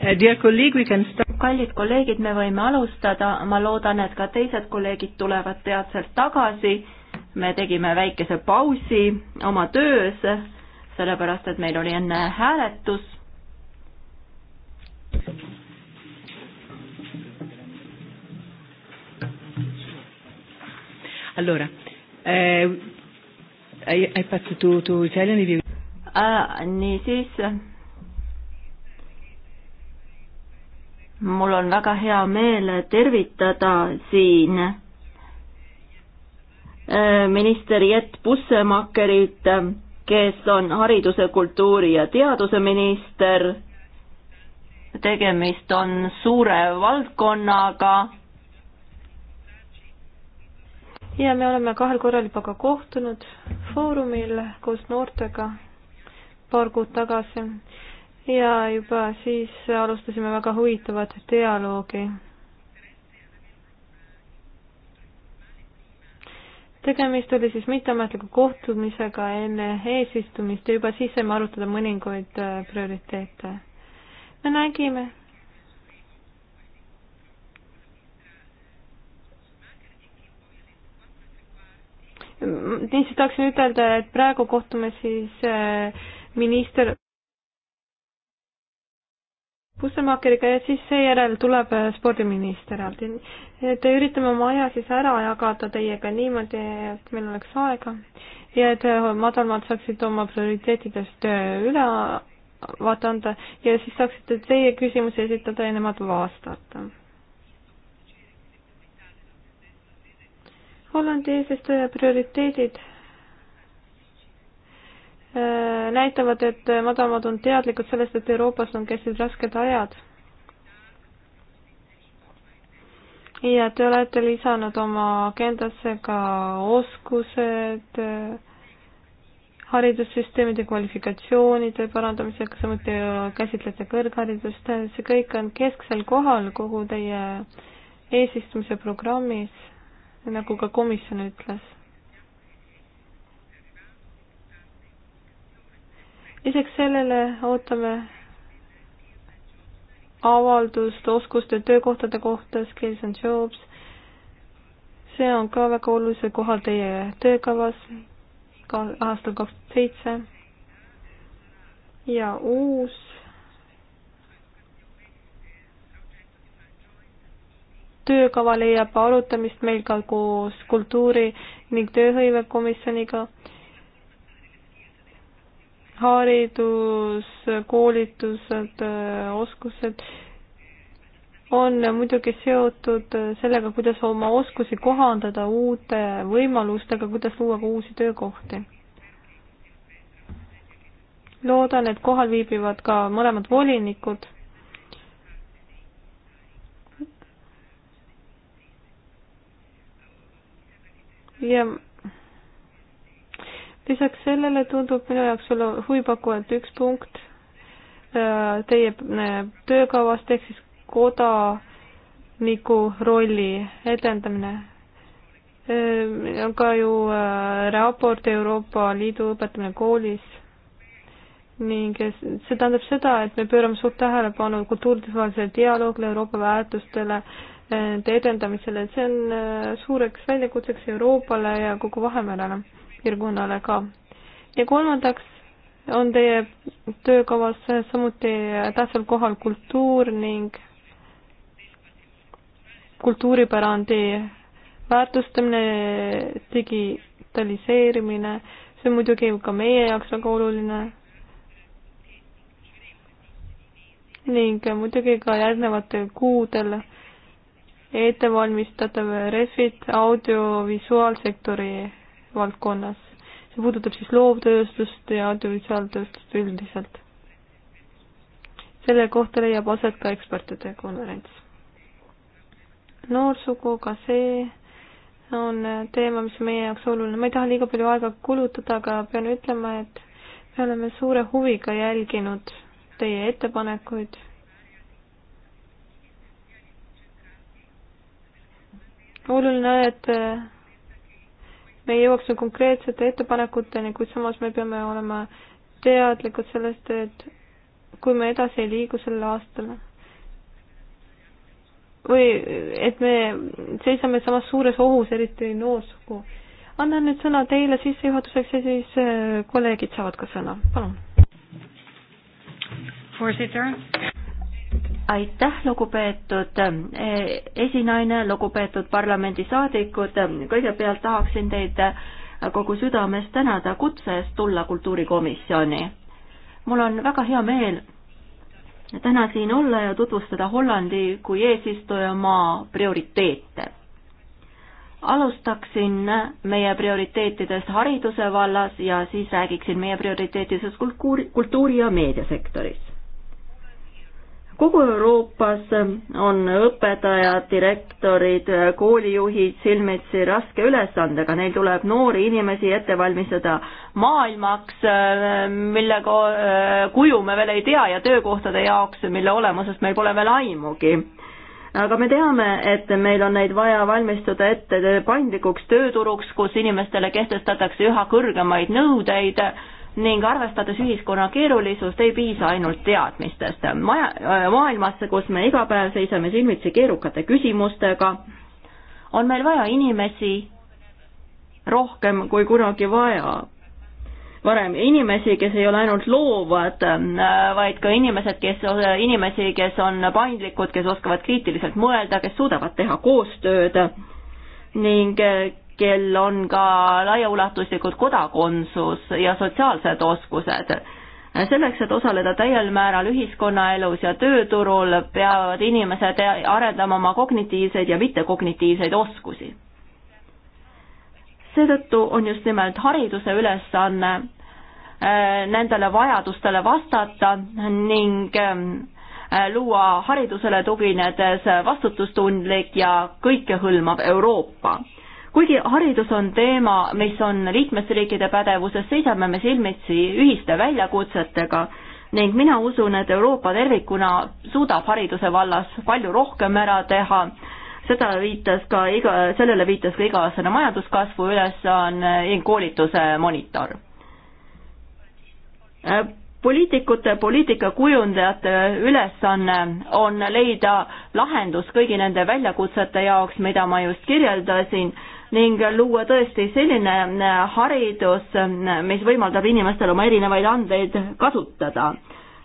Uh, kallid kolleegid, me võime alustada, ma loodan, et ka teised kolleegid tulevad peatselt tagasi. me tegime väikese pausi oma töös, sellepärast et meil oli enne hääletus. Allora, eh, hai, hai passato tu, tu italiani? Ah, niisiis mul on väga hea meel tervitada siin äh, minister Jett Bussemakerit, kes on hariduse, kultuuri ja teaduse minister. tegemist on suure valdkonnaga. ja me oleme kahel korral juba ka kohtunud Foorumil koos noortega paar kuud tagasi ja juba siis alustasime väga huvitavat dialoogi. tegemist oli siis mitteametliku kohtumisega enne eesistumist ja juba siis saime arutada mõningaid äh, prioriteete. me nägime, niisiis tahaksin ütelda, et praegu kohtume siis äh, minister Pussemaakeriga ja siis seejärel tuleb äh, spordiminister Aldi. et üritame oma aja siis ära jagada teiega niimoodi, et meil oleks aega ja et äh, madalmaad saaksid oma prioriteetidest äh, üle vaata anda ja siis saaksite teie küsimusi esitada ja nemad vastata. Hollandi eesistuja prioriteedid Äh, näitavad, et äh, madalamad on teadlikud sellest, et Euroopas on käsil rasked ajad. ja te olete lisanud oma agendasse ka oskused, äh, haridussüsteemide kvalifikatsioonide parandamisega, samuti käsitlete kõrgharidust, see kõik on kesksel kohal kogu teie eesistumise programmis, nagu ka komisjon ütles lisaks sellele ootame avaldust oskuste töökohtade kohta, skills and jobs. see on ka väga olulisel kohal teie töökavas ka aastal kaks tuhat seitse. ja uus töökava leiab arutamist meil ka koos kultuuri ning tööhõivekomisjoniga haridus, koolitused, oskused on muidugi seotud sellega, kuidas oma oskusi kohandada uute võimalustega, kuidas luua ka uusi töökohti. loodan, et kohal viibivad ka mõlemad volinikud. ja lisaks sellele tundub minu jaoks olla huvipakkuvalt üks punkt äh, teie äh, töökavast ehk siis kodaniku rolli edendamine. Äh, on ka ju raport Euroopa Liidu õpetamine koolis ning see tähendab seda, et me pöörame suurt tähelepanu kultuuridevahelisele dialoogile, Euroopa väärtustele, nende edendamisele, et see on suureks väljakutseks Euroopale ja kogu Vahemerele piirkonnale ka. ja kolmandaks on teie töökavas samuti tähtsal kohal kultuur ning kultuuripärandi väärtustamine, digitaliseerimine, see on muidugi ka meie jaoks väga oluline. ning muidugi ka järgnevatel kuudel ettevalmistatav Refit audiovisuaalsektori valdkonnas. see puudutab siis loovtööstust ja audiovisuaaltööstust üldiselt. selle kohta leiab aset ka ekspertide konverents. noorsugu, ka see on teema, mis on meie jaoks oluline, ma ei taha liiga palju aega kulutada, aga pean ütlema, et me oleme suure huviga jälginud teie ettepanekuid oluline, et me jõuaksime konkreetsete ettepanekuteni, kuid samas me peame olema teadlikud sellest, et kui me edasi ei liigu sel aastal või et me seisame samas suures ohus, eriti noorsugu. annan nüüd sõna teile sissejuhatuseks ja siis äh, kolleegid saavad ka sõna, palun. voorzitter, aitäh, lugupeetud eh, esinaine, lugupeetud parlamendisaadikud, kõigepealt tahaksin teid eh, kogu südamest tänada kutse eest tulla kultuurikomisjoni. mul on väga hea meel täna siin olla ja tutvustada Hollandi kui eesistujamaa prioriteete. alustaksin meie prioriteetidest hariduse vallas ja siis räägiksin meie prioriteetidest kultuuri, kultuuri ja meediasektoris kogu Euroopas on õpetajad, direktorid, koolijuhid silmitsi raske ülesandega, neil tuleb noori inimesi ette valmistada maailmaks, mille kuju me veel ei tea ja töökohtade jaoks, mille olemusest meil pole veel aimugi aga me teame, et meil on neid vaja valmistuda ette paindlikuks tööturuks, kus inimestele kehtestatakse üha kõrgemaid nõudeid ning arvestades ühiskonna keerulisust, ei piisa ainult teadmistest. Maja, äh, maailmasse, kus me iga päev seisame silmitsi keerukate küsimustega, on meil vaja inimesi rohkem kui kunagi vaja varem inimesi, kes ei ole ainult loovad, äh, vaid ka inimesed, kes, äh, inimesi, kes on paindlikud, kes oskavad kriitiliselt mõelda, kes suudavad teha koostööd ning kel on ka laiaulatuslikud kodakondsus ja sotsiaalsed oskused. selleks, et osaleda täiel määral ühiskonnaelus ja tööturul, peavad inimesed arendama oma kognitiivseid ja mittekognitiivseid oskusi. seetõttu on just nimelt hariduse ülesanne äh, nendele vajadustele vastata ning ähm, äh, luua haridusele tuginedes vastutustundlik ja kõikehõlmav Euroopa kuigi haridus on teema, mis on liikmesriikide pädevuses, seisame me silmitsi ühiste väljakutsetega ning mina usun, et Euroopa tervikuna suudab hariduse vallas palju rohkem ära teha, seda viitas ka iga, sellele viitas ka iga-aastane majanduskasvu ülesanne ning koolituse monitor. poliitikute, poliitikakujundajate ülesanne on leida lahendus kõigi nende väljakutsete jaoks, mida ma just kirjeldasin ning luua tõesti selline äh, haridus, äh, mis võimaldab inimestel oma erinevaid andeid kasutada.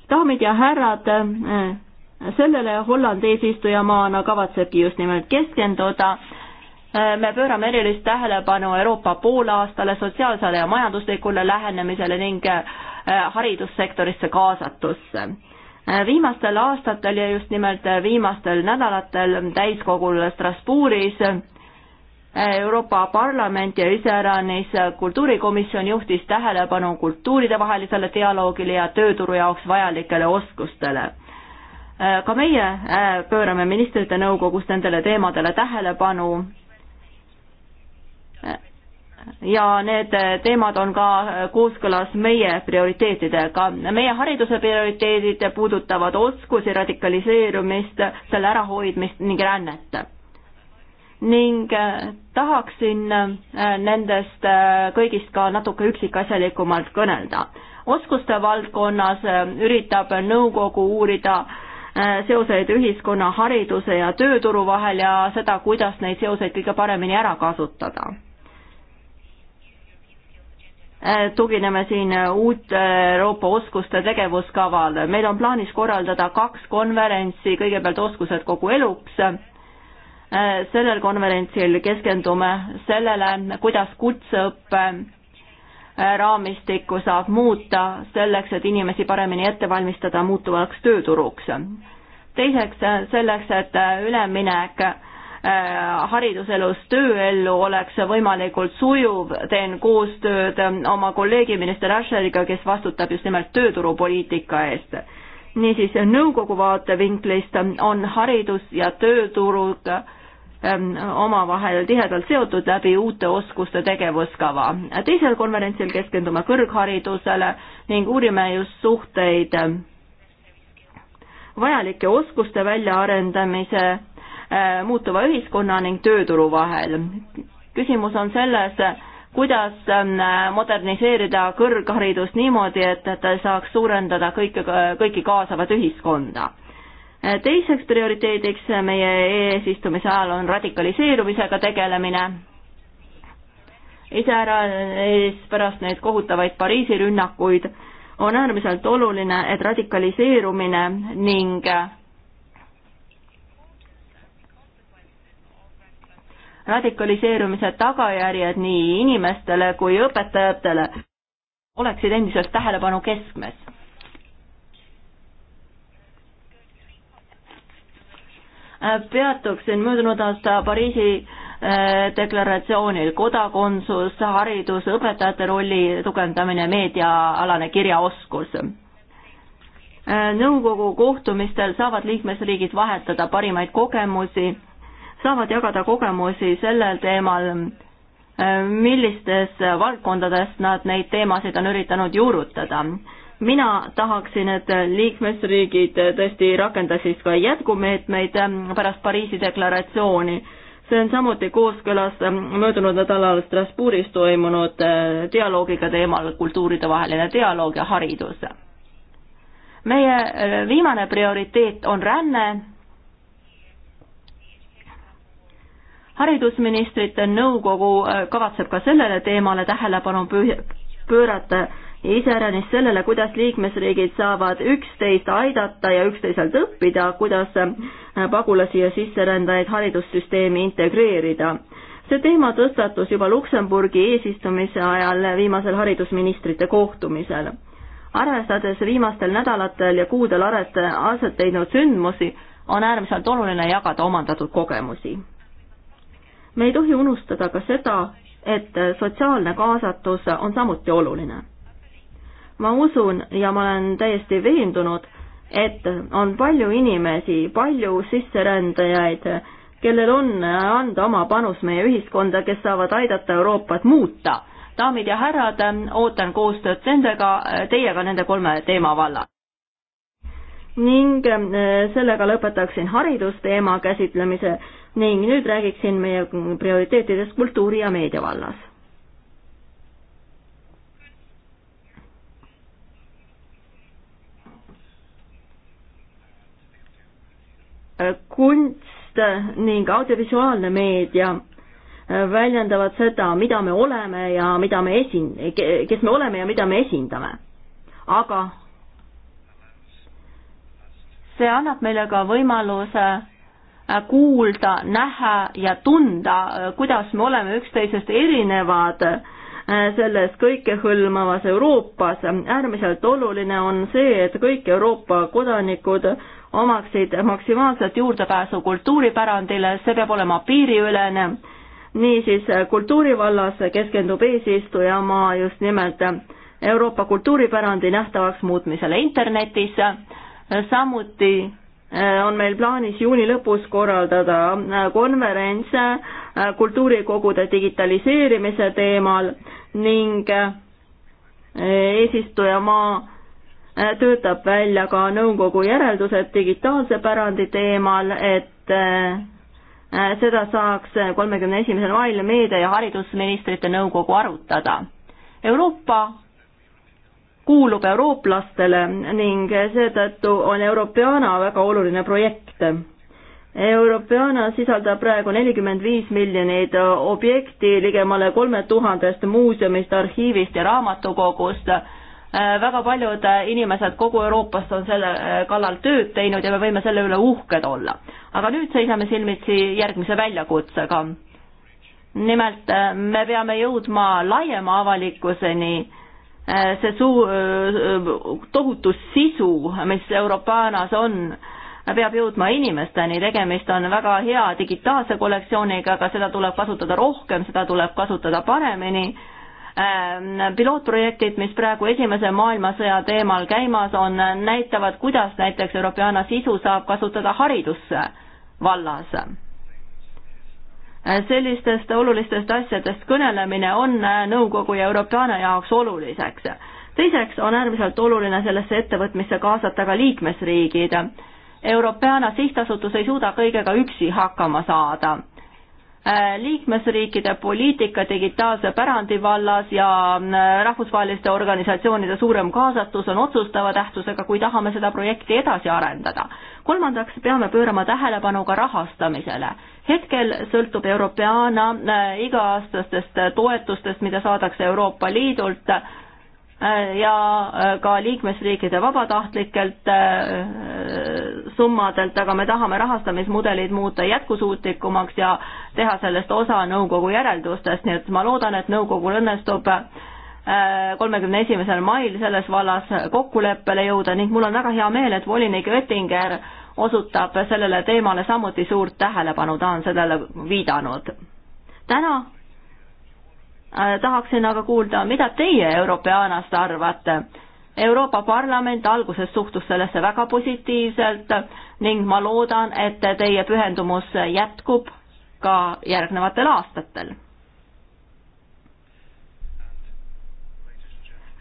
daamid ja härrad, äh, sellele Hollandi eesistujamaana kavatsebki just nimelt keskenduda me pöörame erilist tähelepanu Euroopa poolaastale, sotsiaalsele ja majanduslikule lähenemisele ning haridussektorisse kaasatusse. viimastel aastatel ja just nimelt viimastel nädalatel täiskogul Strasbourgis Euroopa Parlament ja iseäranis kultuurikomisjon juhtis tähelepanu kultuuridevahelisele dialoogile ja tööturu jaoks vajalikele oskustele. ka meie äh, pöörame ministrite nõukogus nendele teemadele tähelepanu ja need teemad on ka kooskõlas meie prioriteetidega. meie hariduse prioriteedid puudutavad oskusi, radikaliseerumist, selle ärahoidmist ning rännet ning äh, tahaksin äh, nendest äh, kõigist ka natuke üksikasjalikumalt kõnelda. oskuste valdkonnas üritab nõukogu uurida seoseid ühiskonna hariduse ja tööturu vahel ja seda, kuidas neid seoseid kõige paremini ära kasutada. tugineme siin uut Euroopa oskuste tegevuskaval, meil on plaanis korraldada kaks konverentsi, kõigepealt oskused kogu eluks Äh, sellel konverentsil keskendume sellele, kuidas kutseõppe äh, raamistikku saab muuta selleks, et inimesi paremini ette valmistada muutuvaks tööturuks. teiseks äh, selleks, et üleminek hariduselust tööellu oleks võimalikult sujuv, teen koostööd oma kolleegi minister Asheriga, kes vastutab just nimelt tööturupoliitika eest. niisiis, nõukogu vaatevinklist on haridus ja tööturud Ähm, omavahel tihedalt seotud läbi uute oskuste tegevuskava. teisel konverentsil keskendume kõrgharidusele ning uurime just suhteid ähm, vajalike oskuste väljaarendamise, äh, muutuva ühiskonna ning tööturu vahel. küsimus on selles, kuidas ähm, moderniseerida kõrgharidust niimoodi, et ta saaks suurendada kõike, kõiki kaasavat ühiskonda teiseks prioriteediks meie eesistumise ajal on radikaliseerumisega tegelemine. iseäranis pärast neid kohutavaid Pariisi rünnakuid on äärmiselt oluline, et radikaliseerumine ning radikaliseerumise tagajärjed nii inimestele kui õpetajatele oleksid endiselt tähelepanu keskmes Äh, peatuksin möödunud aasta Pariisi äh, deklaratsioonil kodakondsus, haridus, õpetajate rolli tugevdamine, meediaalane kirjaoskus. Äh, nõukogu kohtumistel saavad liikmesriigid vahetada parimaid kogemusi, saavad jagada kogemusi sellel teemal, millistes valdkondades nad neid teemasid on üritanud juurutada mina tahaksin, et liikmesriigid tõesti rakendasid ka jätkumeetmeid ähm, pärast Pariisi deklaratsiooni. see on samuti kooskõlas ähm, möödunud nädalal Strasbourgis toimunud äh, dialoogiga teemal kultuuride vaheline dialoog ja haridus. meie äh, viimane prioriteet on ränne. haridusministrite nõukogu äh, kavatseb ka sellele teemale tähelepanu pöörata iseäranis sellele, kuidas liikmesriigid saavad üksteist aidata ja üksteiselt õppida, kuidas äh, pagulasi ja sisserändajaid haridussüsteemi integreerida. see teema tõstatus juba Luksemburgi eesistumise ajal viimasel haridusministrite kohtumisel. arvestades viimastel nädalatel ja kuudel aset leidnud sündmusi, on äärmiselt oluline jagada omandatud kogemusi. me ei tohi unustada ka seda, et sotsiaalne kaasatus on samuti oluline ma usun ja ma olen täiesti veendunud, et on palju inimesi, palju sisserändajaid, kellel on anda oma panus meie ühiskonda, kes saavad aidata Euroopat muuta. daamid ja härrad, ootan koostööd nendega, teiega nende kolme teema vallal. ning eh, sellega lõpetaksin haridusteema käsitlemise ning nüüd räägiksin meie prioriteetidest kultuuri ja meedia vallas Äh, kunst ning audiovisuaalne meedia äh, väljendavad seda, mida me oleme ja mida me esin-, kes me oleme ja mida me esindame. aga see annab meile ka võimaluse äh, kuulda, näha ja tunda, kuidas me oleme üksteisest erinevad selles kõikehõlmavas Euroopas. äärmiselt oluline on see, et kõik Euroopa kodanikud omaksid maksimaalset juurdepääsu kultuuripärandile, see peab olema piiriülene. niisiis, kultuurivallas keskendub eesistujamaa just nimelt Euroopa kultuuripärandi nähtavaks muutmisele internetis, samuti eh, on meil plaanis juuni lõpus korraldada eh, konverents eh, kultuurikogude digitaliseerimise teemal ning eesistujamaa töötab välja ka nõukogu järeldused digitaalse pärandi teemal, et äh, seda saaks kolmekümne esimesel mail meedia- ja haridusministrite nõukogu arutada. Euroopa kuulub eurooplastele ning seetõttu on Europeana väga oluline projekt. Europeana sisaldab praegu nelikümmend viis miljonit objekti ligemale kolme tuhandest muuseumist, arhiivist ja raamatukogust Äh, väga paljud äh, inimesed kogu Euroopast on selle äh, kallal tööd teinud ja me võime selle üle uhked olla. aga nüüd seisame silmitsi järgmise väljakutsega. nimelt me peame jõudma laiema avalikkuseni see suu-, tohutu sisu, mis Euroopanas on, peab jõudma inimesteni, tegemist on väga hea digitaalse kollektsiooniga, aga seda tuleb kasutada rohkem, seda tuleb kasutada paremini Ähm, pilootprojektid, mis praegu Esimese maailmasõja teemal käimas on, näitavad, kuidas näiteks Europeana sisu saab kasutada haridusvallas sellistest olulistest asjadest kõnelemine on äh, nõukogu ja Europeana jaoks oluliseks. teiseks on äärmiselt oluline sellesse ettevõtmisse kaasata ka liikmesriigid. Europeana sihtasutus ei suuda kõigega üksi hakkama saada Äh, liikmesriikide poliitika digitaalse pärandi vallas ja äh, rahvusvaheliste organisatsioonide suurem kaasatus on otsustava tähtsusega, kui tahame seda projekti edasi arendada. kolmandaks peame pöörama tähelepanu ka rahastamisele. hetkel sõltub Europeana äh, iga-aastastest toetustest, mida saadakse Euroopa Liidult Äh, ja äh, ka liikmesriikide vabatahtlikelt äh, summadelt, aga me tahame rahastamismudelid muuta jätkusuutlikumaks ja teha sellest osa nõukogu järeldustest, nii et ma loodan, et nõukogul õnnestub kolmekümne esimesel mail selles vallas kokkuleppele jõuda ning mul on väga hea meel, et volinik Oettinger osutab sellele teemale samuti suurt tähelepanu, ta on sellele viidanud. täna Äh, tahaksin aga kuulda, mida teie europeanast arvate. Euroopa Parlament alguses suhtus sellesse väga positiivselt ning ma loodan, et teie pühendumus jätkub ka järgnevatel aastatel.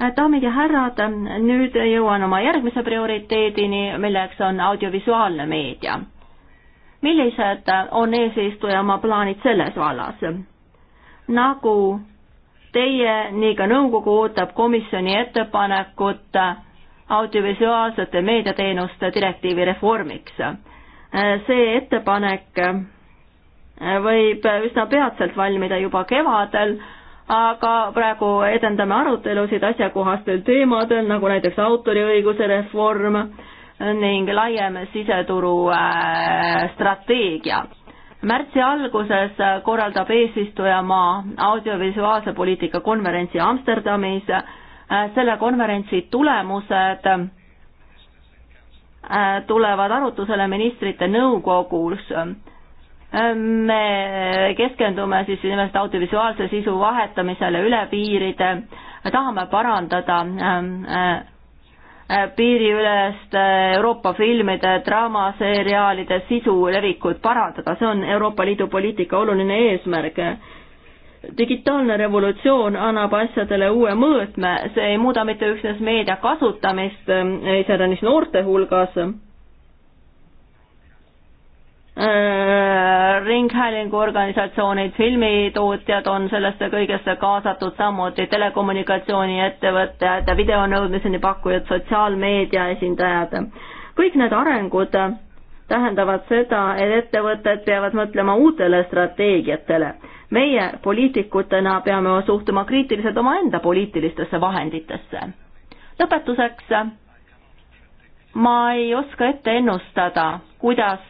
Äh, daamid ja härrad, nüüd jõuan oma järgmise prioriteedini, milleks on audiovisuaalne meedia. millised on eesistuja oma plaanid selles vallas? nagu teie, nii ka nõukogu ootab komisjoni ettepanekut audiovisuaalsete meediateenuste direktiivi reformiks. see ettepanek võib üsna peatselt valmida juba kevadel, aga praegu edendame arutelusid asjakohastel teemadel, nagu näiteks autoriõiguse reform ning laiem siseturu äh, strateegia märtsi alguses korraldab eesistujamaa audiovisuaalse poliitika konverentsi Amsterdamis. selle konverentsi tulemused äh, tulevad arutusele ministrite nõukogus. me keskendume siis nimelt audiovisuaalse sisu vahetamisele üle piiride, tahame parandada äh, äh, Äh, piiriüleste äh, Euroopa filmide, draamaseriaalide sisu levikut parandada, see on Euroopa Liidu poliitika oluline eesmärk. digitaalne revolutsioon annab asjadele uue mõõtme, see ei muuda mitte üksnes meedia kasutamist, äh, iseäranis noorte hulgas Äh, ringhäälinguorganisatsioonid, filmitootjad on sellesse kõigesse kaasatud, samuti telekommunikatsiooniettevõtted, videonõudmiseni pakkujad, sotsiaalmeedia esindajad. kõik need arengud tähendavad seda, et ettevõtted peavad mõtlema uutele strateegiatele. meie poliitikutena peame suhtuma kriitiliselt omaenda poliitilistesse vahenditesse. lõpetuseks, ma ei oska ette ennustada, kuidas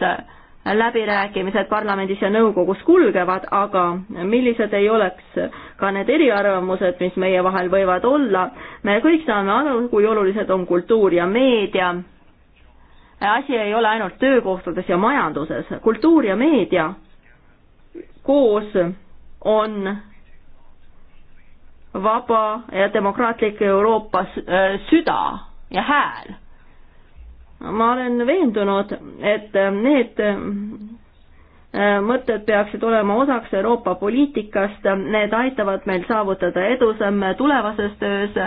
läbirääkimised parlamendis ja nõukogus kulgevad, aga millised ei oleks ka need eriarvamused, mis meie vahel võivad olla. me kõik saame aru, kui olulised on kultuur ja meedia. asi ei ole ainult töökohtades ja majanduses, kultuur ja meedia koos on vaba ja demokraatlik Euroopa äh, süda ja hääl ma olen veendunud, et äh, need äh, mõtted peaksid olema osaks Euroopa poliitikast, need aitavad meil saavutada edusamme tulevases töös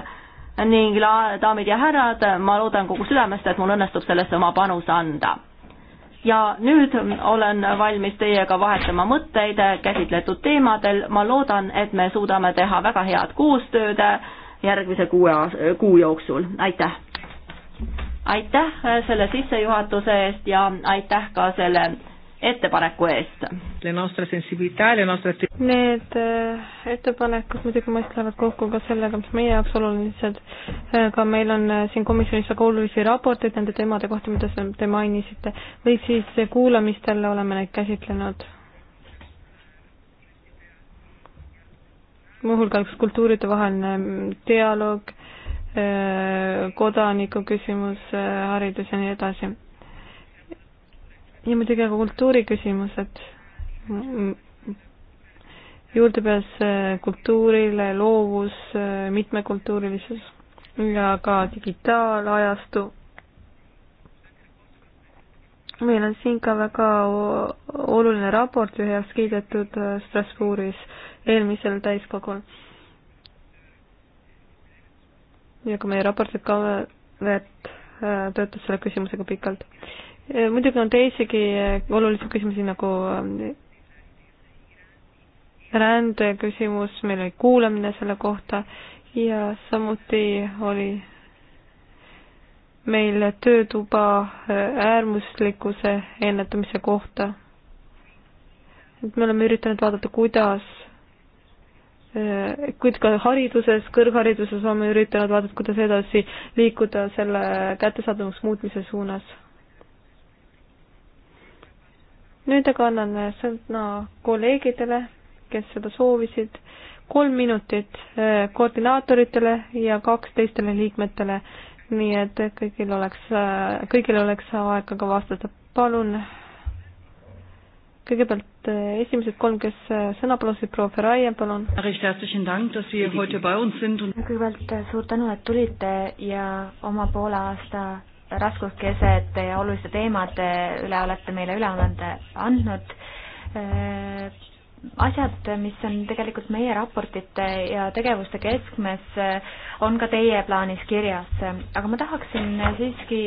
ning daamid ja härrad, ma loodan kogu südamest, et mul õnnestub sellesse oma panuse anda. ja nüüd olen valmis teiega vahetama mõtteid käsitletud teemadel, ma loodan, et me suudame teha väga head koostööd järgmise kuue, kuu jooksul, aitäh! aitäh äh, selle sissejuhatuse eest ja aitäh ka selle ettepaneku eest. Need äh, ettepanekud muidugi mõistlevad kokku ka sellega, mis meie jaoks olulised, äh, ka meil on siin komisjonis väga olulisi raporteid nende teemade kohta, mida te mainisite, või siis kuulamistel oleme neid käsitlenud. muuhulgas kultuuride vaheline dialoog kodaniku küsimus, haridus ja nii edasi. ja muidugi ka kultuuriküsimused, juurdepääs kultuurile, loovus, mitmekultuurilisus ja ka digitaalajastu. meil on siin ka väga oluline raport heaks kiidetud Strasbourgis eelmisel täiskogul ja ka meie raportid ka, et äh, töötas selle küsimusega pikalt. Äh, muidugi on teisigi äh, olulisi küsimusi nagu rändeküsimus, meil oli kuulamine selle kohta ja samuti oli meil töötuba äärmuslikkuse ennetamise kohta. et me oleme üritanud vaadata, kuidas Äh, kuid ka hariduses, kõrghariduses oleme üritanud vaadata, kuidas edasi liikuda selle kättesaadavaks muutmise suunas. nüüd aga annan sõna kolleegidele, kes seda soovisid, kolm minutit äh, koordinaatoritele ja kaks teistele liikmetele, nii et kõigil oleks, äh, kõigil oleks aega ka vastata. palun kõigepealt nüüd eh, esimesed kolm, kes eh, sõna palusid, proua Ferraia, palun. kõigepealt eh, suur tänu, et tulite ja oma poole aasta raskuskesed ja oluliste teemade üle olete meile üleande andnud asjad, mis on tegelikult meie raportite ja tegevuste keskmes, on ka teie plaanis kirjas, aga ma tahaksin siiski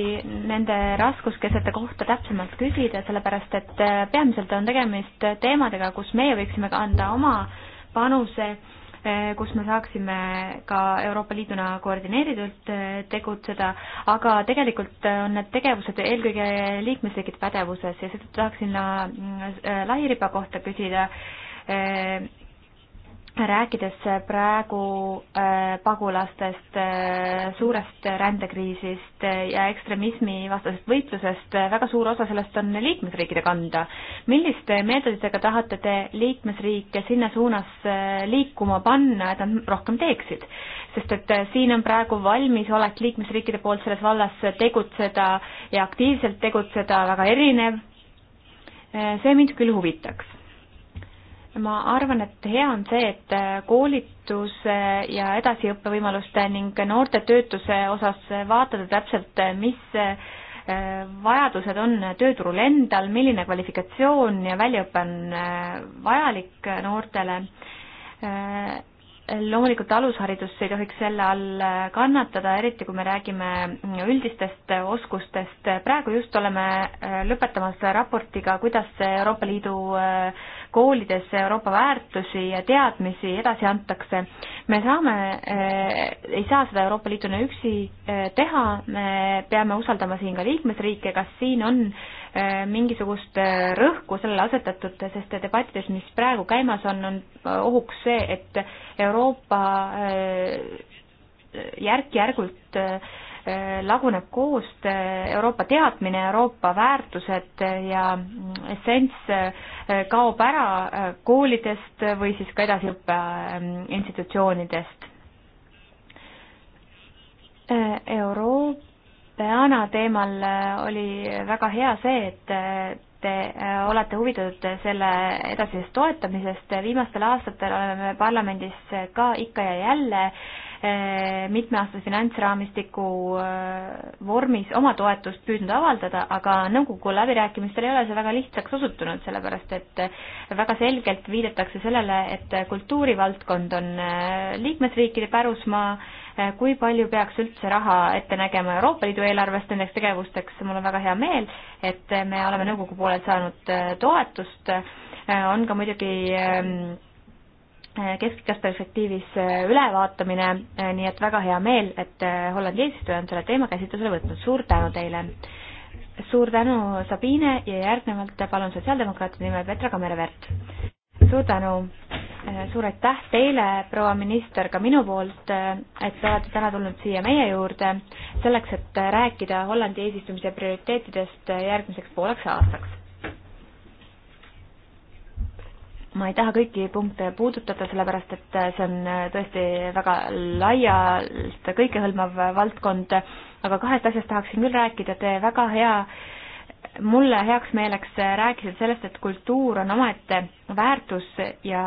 nende raskuskesete kohta täpsemalt küsida, sellepärast et peamiselt on tegemist teemadega, kus meie võiksime ka anda oma panuse, kus me saaksime ka Euroopa Liiduna koordineeritult tegutseda, aga tegelikult on need tegevused eelkõige liikmesriikide pädevuses ja seetõttu tahaksin lairiba kohta küsida Äh, rääkides praegu äh, pagulastest, äh, suurest rändekriisist ja ekstremismi vastasest võitlusest, väga suur osa sellest on liikmesriikide kanda. milliste meetoditega tahate te liikmesriike sinna suunas liikuma panna, et nad rohkem teeksid? sest et siin on praegu valmisolek liikmesriikide poolt selles vallas tegutseda ja aktiivselt tegutseda väga erinev. see mind küll huvitaks ma arvan, et hea on see, et koolituse ja edasiõppevõimaluste ning noorte töötuse osas vaatada täpselt, mis äh, vajadused on tööturul endal, milline kvalifikatsioon ja väljaõpe on äh, vajalik noortele. Äh, loomulikult alusharidus ei tohiks selle all kannatada, eriti kui me räägime üldistest oskustest. praegu just oleme lõpetamas raportiga, kuidas Euroopa Liidu koolides Euroopa väärtusi ja teadmisi edasi antakse. me saame, eh, ei saa seda Euroopa Liiduna üksi eh, teha, me peame usaldama siin ka liikmesriike, kas siin on eh, mingisugust rõhku sellele asetatud, sest debattides, mis praegu käimas on, on ohuks see, et Euroopa järk-järgult äh, laguneb koost Euroopa teadmine, Euroopa väärtused ja essents eh, kaob ära eh, koolidest või siis ka edasiõppe eh, institutsioonidest. Euroopeana teemal oli väga hea see, et te olete huvitatud selle edasisest toetamisest. viimastel aastatel oleme parlamendis ka ikka ja jälle äh, Eh, mitmeaastase finantsraamistiku eh, vormis oma toetust püüdnud avaldada, aga nõukogu läbirääkimistel ei ole see väga lihtsaks osutunud, sellepärast et eh, väga selgelt viidatakse sellele, et kultuurivaldkond on liikmesriikide pärusmaa, kui palju peaks üldse raha ette nägema Euroopa Liidu eelarvest nendeks tegevusteks, mul on väga hea meel, et me oleme nõukogu poolelt saanud toetust, on ka muidugi Äh, keskpikas perspektiivis äh, ülevaatamine, äh, nii et väga hea meel, et Hollandi eesistuja on selle teema käsitlusele võtnud, suur tänu teile! suur tänu, Sabine, ja järgnevalt palun sotsiaaldemokraatide nimel Petra Kamerevert. suur tänu, suur aitäh teile, proua minister, ka minu poolt, et te olete täna tulnud siia meie juurde, selleks, et rääkida Hollandi eesistumise prioriteetidest järgmiseks pooleks aastaks ma ei taha kõiki punkte puudutada, sellepärast et see on äh, tõesti väga laialt kõikehõlmav valdkond, aga kahest asjast tahaksin küll rääkida, te väga hea, mulle heaks meeleks rääkisite sellest, et kultuur on omaette väärtus ja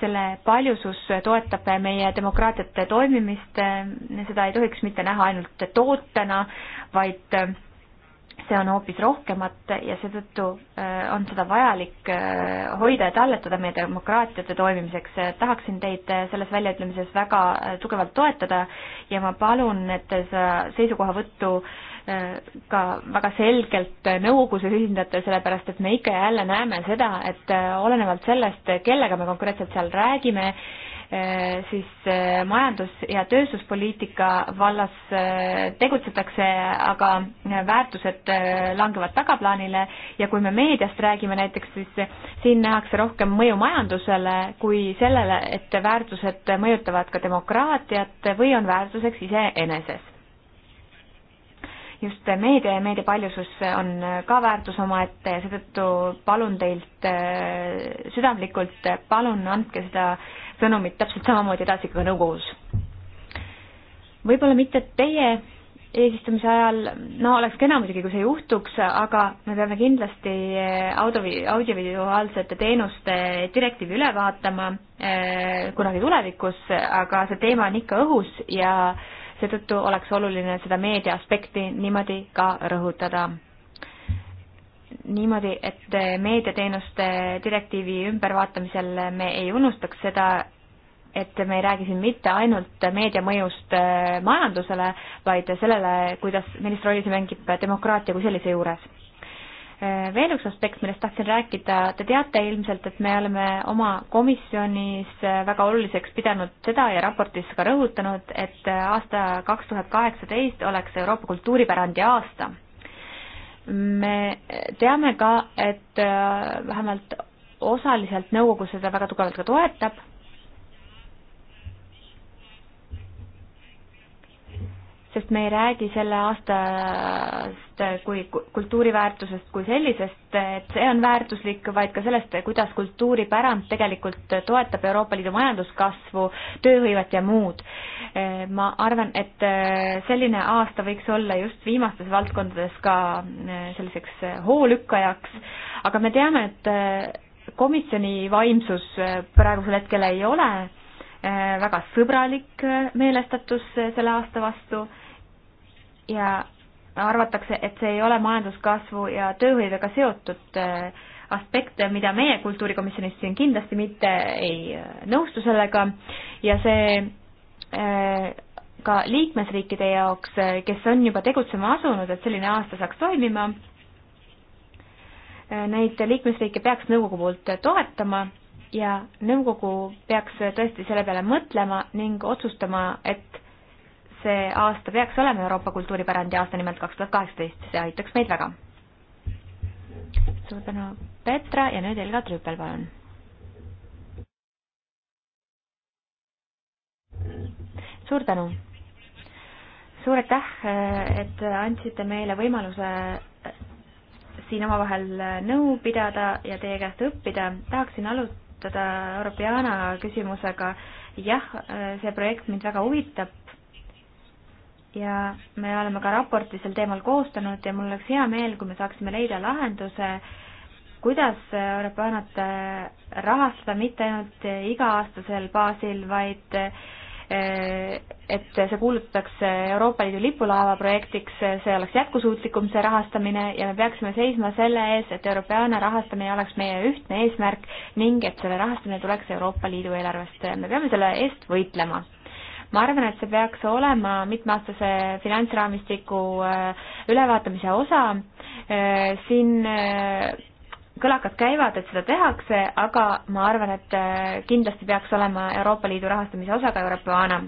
selle paljusus toetab meie demokraatiate toimimist, seda ei tohiks mitte näha ainult tootena, vaid äh, tahte on hoopis rohkemat ja seetõttu äh, on seda vajalik äh, hoida ja talletada meie demokraatiate toimimiseks. tahaksin teid äh, selles väljaütlemises väga tugevalt toetada ja ma palun, et seda seisukohavõttu ka väga selgelt nõukogus ühindate, sellepärast et me ikka ja jälle näeme seda, et olenevalt sellest, kellega me konkreetselt seal räägime, Eh, siis eh, majandus- ja tööstuspoliitika vallas eh, tegutsetakse, aga väärtused langevad tagaplaanile ja kui me meediast räägime näiteks, siis siin nähakse rohkem mõju majandusele kui sellele, et väärtused mõjutavad ka demokraatiat või on väärtuseks iseeneses. just meedia ja meedia paljusus on ka väärtus omaette ja seetõttu palun teilt südamlikult, palun andke seda äh, sõnumit täpselt samamoodi edasi ka nõukogus. võib-olla mitte teie eesistumise ajal, no oleks kena muidugi, kui see juhtuks, aga me peame kindlasti eh, audio, audiovisuaalsete teenuste direktiivi üle vaatama eh, kunagi tulevikus, aga see teema on ikka õhus ja seetõttu oleks oluline seda meedia aspekti niimoodi ka rõhutada niimoodi, et meediateenuste direktiivi ümbervaatamisel me ei unustaks seda, et me ei räägi siin mitte ainult meedia mõjust äh, majandusele, vaid sellele, kuidas, millist rolli see mängib demokraatia kui sellise juures. Äh, veel üks aspekt, millest tahtsin rääkida, te teate ilmselt, et me oleme oma komisjonis äh, väga oluliseks pidanud seda ja raportis ka rõhutanud, et aasta kaks tuhat kaheksateist oleks Euroopa kultuuripärandi aasta me teame ka, et äh, vähemalt osaliselt nõukogu seda väga tugevalt ka toetab sest me ei räägi selle aastast kui kultuuriväärtusest kui sellisest, et see on väärtuslik, vaid ka sellest, kuidas kultuuripärand tegelikult toetab Euroopa Liidu majanduskasvu, tööhõivet ja muud. ma arvan, et selline aasta võiks olla just viimastes valdkondades ka selliseks hoolükkajaks, aga me teame, et komisjoni vaimsus praegusel hetkel ei ole väga sõbralik meelestatus selle aasta vastu ja arvatakse, et see ei ole majanduskasvu ja tööhõivega seotud äh, aspekte, mida meie kultuurikomisjonis siin kindlasti mitte ei äh, nõustu sellega ja see äh, ka liikmesriikide jaoks, kes on juba tegutsema asunud, et selline aasta saaks toimima, neid liikmesriike peaks nõukogu poolt toetama ja nõukogu peaks tõesti selle peale mõtlema ning otsustama, et see aasta peaks olema Euroopa kultuuripärandi aasta, nimelt kaks tuhat kaheksateist, see aitaks meid väga. suur tänu, Petra ja nüüd Helga Trüüpel, palun. suur tänu. suur aitäh, et andsite meile võimaluse siin omavahel nõu pidada ja teie käest õppida. tahaksin alustada Europeana küsimusega. jah, see projekt mind väga huvitab ja me oleme ka raporti sel teemal koostanud ja mul oleks hea meel, kui me saaksime leida lahenduse, kuidas Euroopanat rahastada mitte ainult iga-aastasel baasil, vaid eh, et see kuulutatakse Euroopa Liidu lipulaeva projektiks, see oleks jätkusuutlikum, see rahastamine, ja me peaksime seisma selle ees, et Europeana rahastamine oleks meie ühtne eesmärk ning et selle rahastamine tuleks Euroopa Liidu eelarvest. me peame selle eest võitlema ma arvan, et see peaks olema mitmeaastase finantsraamistiku äh, ülevaatamise osa. Äh, siin äh, kõlakad käivad, et seda tehakse, aga ma arvan, et kindlasti peaks olema Euroopa Liidu rahastamise osa ka Europeana.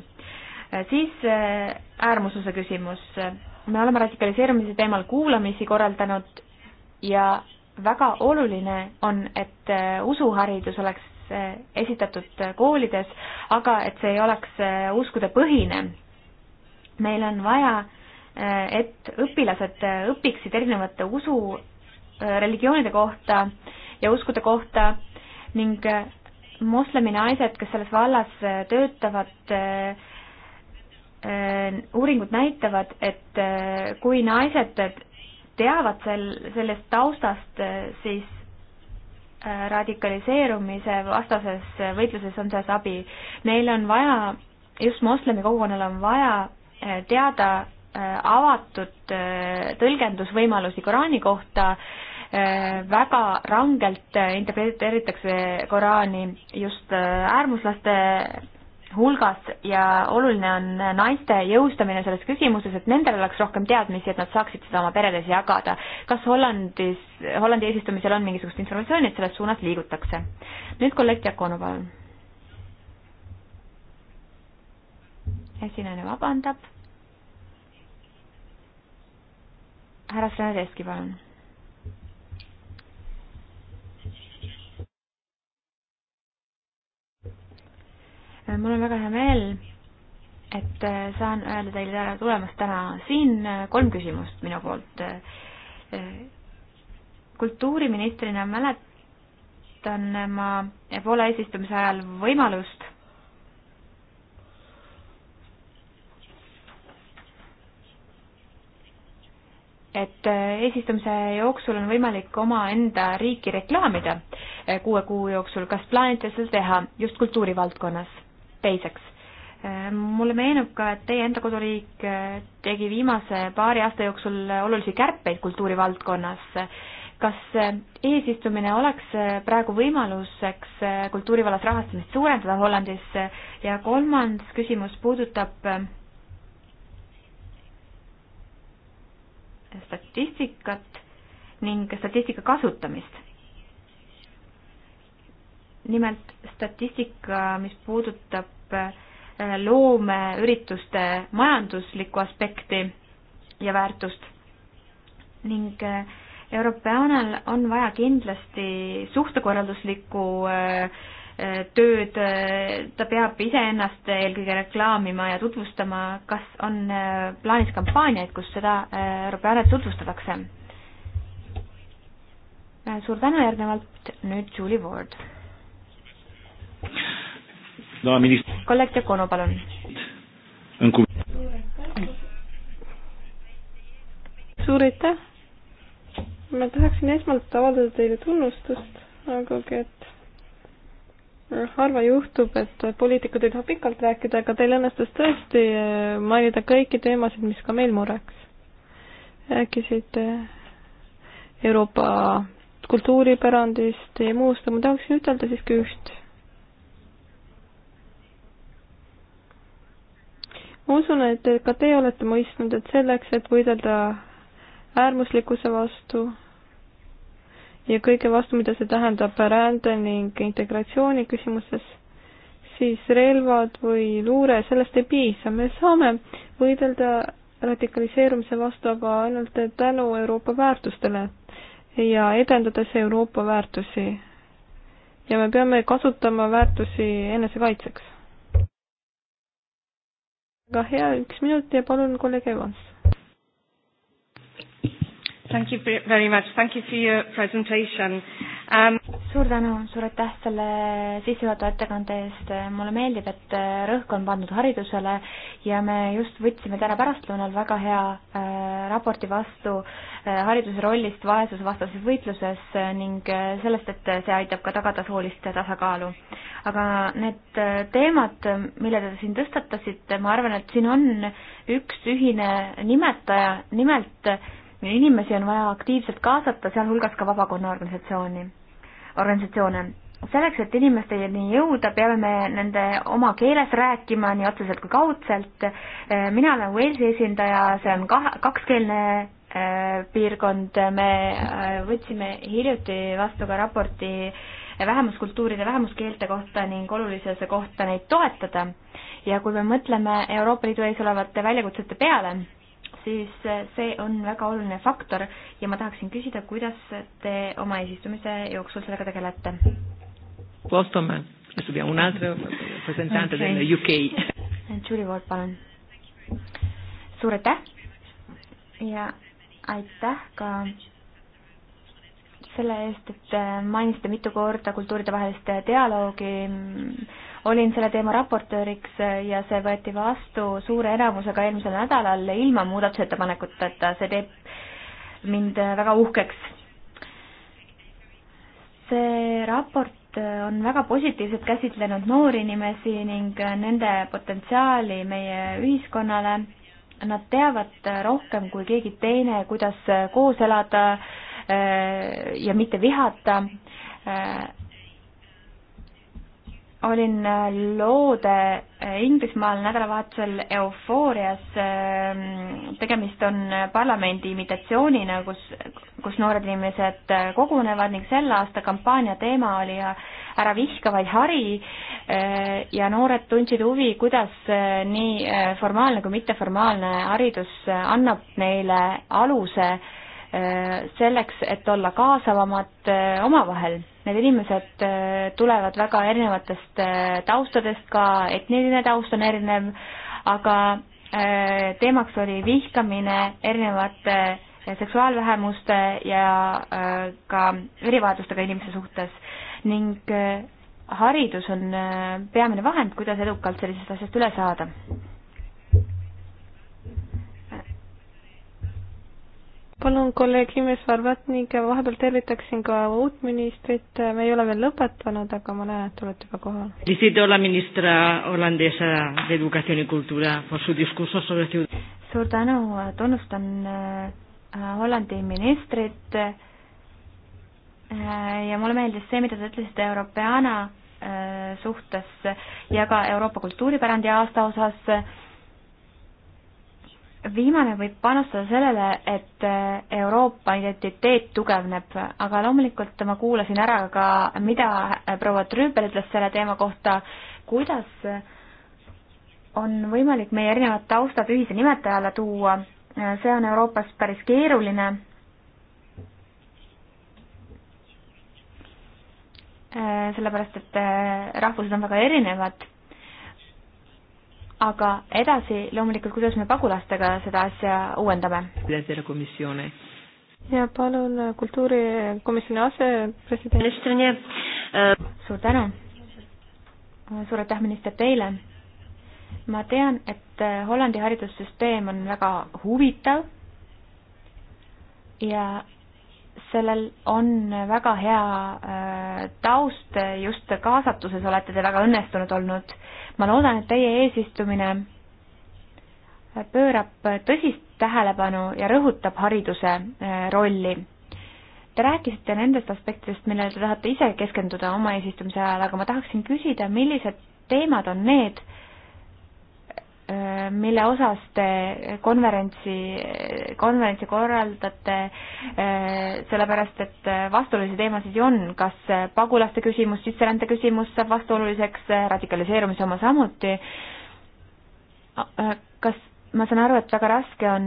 siis äärmususe küsimus. me oleme radikaliseerumise teemal kuulamisi korraldanud ja väga oluline on, et usuharidus oleks esitatud koolides, aga et see ei oleks äh, uskudepõhine. meil on vaja, äh, et õpilased äh, õpiksid erinevate usu religioonide kohta ja uskude kohta ning moslemi naised, kes selles vallas töötavad, uuringud näitavad, et kui naised teavad sel, sellest taustast, siis Äh, radikaliseerumise vastases võitluses on sellest abi. Neil on vaja, just moslemi kogukonnal on vaja äh, teada äh, avatud tõlgendusvõimalusi Koraani kohta, väga rangelt interpreteeritakse Koraani just äärmuslaste hulgas ja oluline on naiste jõustamine selles küsimuses, et nendel oleks rohkem teadmisi, et nad saaksid seda oma peredes jagada. kas Hollandis, Hollandi eesistumisel on mingisugust informatsiooni, et selles suunas liigutakse? nüüd kolleeg Diakonu, palun. esinejana vabandab. härra Sõnadeski, palun mul on väga hea meel, et äh, saan öelda teile tere tulemast täna siin. Äh, kolm küsimust minu poolt. Äh, kultuuriministrina mäletan ma Poola eesistumise ajal võimalust et eesistumise jooksul on võimalik omaenda riiki reklaamida kuue kuu jooksul. kas plaanite seda teha just kultuurivaldkonnas? teiseks, äh, mulle meenub ka, et teie enda koduriik äh, tegi viimase paari aasta jooksul olulisi kärpeid kultuurivaldkonnas. kas äh, eesistumine oleks praegu võimaluseks kultuuri vallas rahastamist suurendada Hollandis ja kolmas küsimus puudutab statistikat ning statistika kasutamist nimelt statistika, mis puudutab äh, loomeürituste majanduslikku aspekti ja väärtust ning äh, Europeanal on vaja kindlasti suhtekorralduslikku äh, tööd, ta peab iseennast eelkõige reklaamima ja tutvustama, kas on plaanis kampaaniaid, kus seda Europeanat tutvustatakse? suur tänu, järgnevalt nüüd Julie Ward doamna ministru. Coleg Tecono, palun. În cum... suur aitäh! ma tahaksin esmalt avaldada teile tunnustust, aga et harva juhtub, et poliitikud ei taha pikalt rääkida, aga teil õnnestus tõesti eh, mainida kõiki teemasid, mis ka meil mureks. rääkisite Euroopa kultuuripärandist ja muust, aga ma tahaksin ütelda siiski üht ma usun, et ka teie olete mõistnud, et selleks, et võidelda äärmuslikkuse vastu ja kõige vastu, mida see tähendab rände ning integratsiooni küsimuses, siis relvad või luure, sellest ei piisa, me saame võidelda radikaliseerumise vastu aga ainult tänu Euroopa väärtustele ja edendades Euroopa väärtusi. ja me peame kasutama väärtusi enesekaitseks väga hea, üks minut ja palun kolleeg Evans. Thank you very much, thank you for your presentation um.... suur tänu, suur aitäh selle sissejuhatava ettekande eest. mulle meeldib, et äh, rõhk on pandud haridusele ja me just võtsime täna pärastlõunal väga hea äh, raporti vastu äh, hariduse rollist vaesusevastases võitluses äh, ning äh, sellest, et see aitab ka tagada soolist tasakaalu. aga need äh, teemad, mille te siin tõstatasite, ma arvan, et siin on üks ühine nimetaja, nimelt inimesi on vaja aktiivselt kaasata, sealhulgas ka vabakonna organisatsiooni organisatsioone. selleks, et inimesteni jõuda, peame me nende oma keeles rääkima nii otseselt kui kaudselt. Eh, mina olen Walesi esindaja, see on kah-, kakskeelne eh, piirkond, me eh, võtsime hiljuti vastu ka raporti vähemuskultuuride, vähemuskeelte kohta ning olulisuse kohta neid toetada. ja kui me mõtleme Euroopa Liidu ees olevate väljakutsete peale, siis see on väga oluline faktor ja ma tahaksin küsida, kuidas te oma eesistumise jooksul sellega tegelete? vastame, ja un altro representante okay. del UK. Julie Ward, palun. suur aitäh ja aitäh ka selle eest, et mainisite mitu korda kultuuridevahelist dialoogi olin selle teema raportööriks äh, ja see võeti vastu suure enamusega eelmisel nädalal ilma muudatusettepanekuteta, see teeb mind äh, väga uhkeks. see raport äh, on väga positiivselt käsitlenud noori inimesi ning nende potentsiaali meie ühiskonnale. Nad teavad rohkem kui keegi teine, kuidas koos elada ja mitte vihata olin äh, loode äh, Inglismaal nädalavahetusel eufoorias. Ähm, tegemist on äh, parlamendi imitatsioonina, kus, kus noored inimesed kogunevad ning selle aasta kampaania teema oli ära vihka, vaid hari. ja noored tundsid huvi, kuidas nii formaalne kui mitteformaalne haridus annab neile aluse selleks, et olla kaasavamad äh, omavahel. Need inimesed äh, tulevad väga erinevatest äh, taustadest, ka etniline taust on erinev, aga teemaks oli vihkamine erinevate seksuaalvähemuste ja ka erivajadustega inimeste suhtes ning haridus on peamine vahend, kuidas edukalt sellisest asjast üle saada palun, kolleeg Imesvar Vatnik, vahepeal tervitaksin ka uut ministrit, me ei ole veel lõpetanud, aga ma näen, et olete juba kohal. suur tänu, tunnustan äh, Hollandi ministrit äh, ja mulle meeldis see, mida te ütlesite Europeana äh, suhtes ja ka Euroopa kultuuripärandi aasta osas viimane võib panustada sellele, et äh, Euroopa identiteet tugevneb, aga loomulikult ma kuulasin ära ka, mida äh, proua Trüübel ütles selle teema kohta, kuidas äh, on võimalik meie erinevad taustad ühise nimetajale tuua, see on Euroopas päris keeruline. sellepärast, et rahvused on väga erinevad aga edasi loomulikult, kuidas me pagulastega seda asja uuendame? ja palun äh, kultuurikomisjoni asepresident. Äh, suur tänu. suur aitäh, minister, teile. ma tean, et äh, Hollandi haridussüsteem on väga huvitav ja sellel on väga hea taust, just kaasatuses olete te väga õnnestunud olnud. ma loodan, et teie eesistumine pöörab tõsist tähelepanu ja rõhutab hariduse eh, rolli. Te rääkisite nendest aspektidest, millele te tahate ise keskenduda oma eesistumise ajal, aga ma tahaksin küsida, millised teemad on need, mille osas te konverentsi, konverentsi korraldate, sellepärast et vastuolulisi teemasid ju on, kas pagulaste küsimus, sisserände küsimus saab vastuoluliseks, radikaliseerumise oma samuti. kas ma saan aru, et väga raske on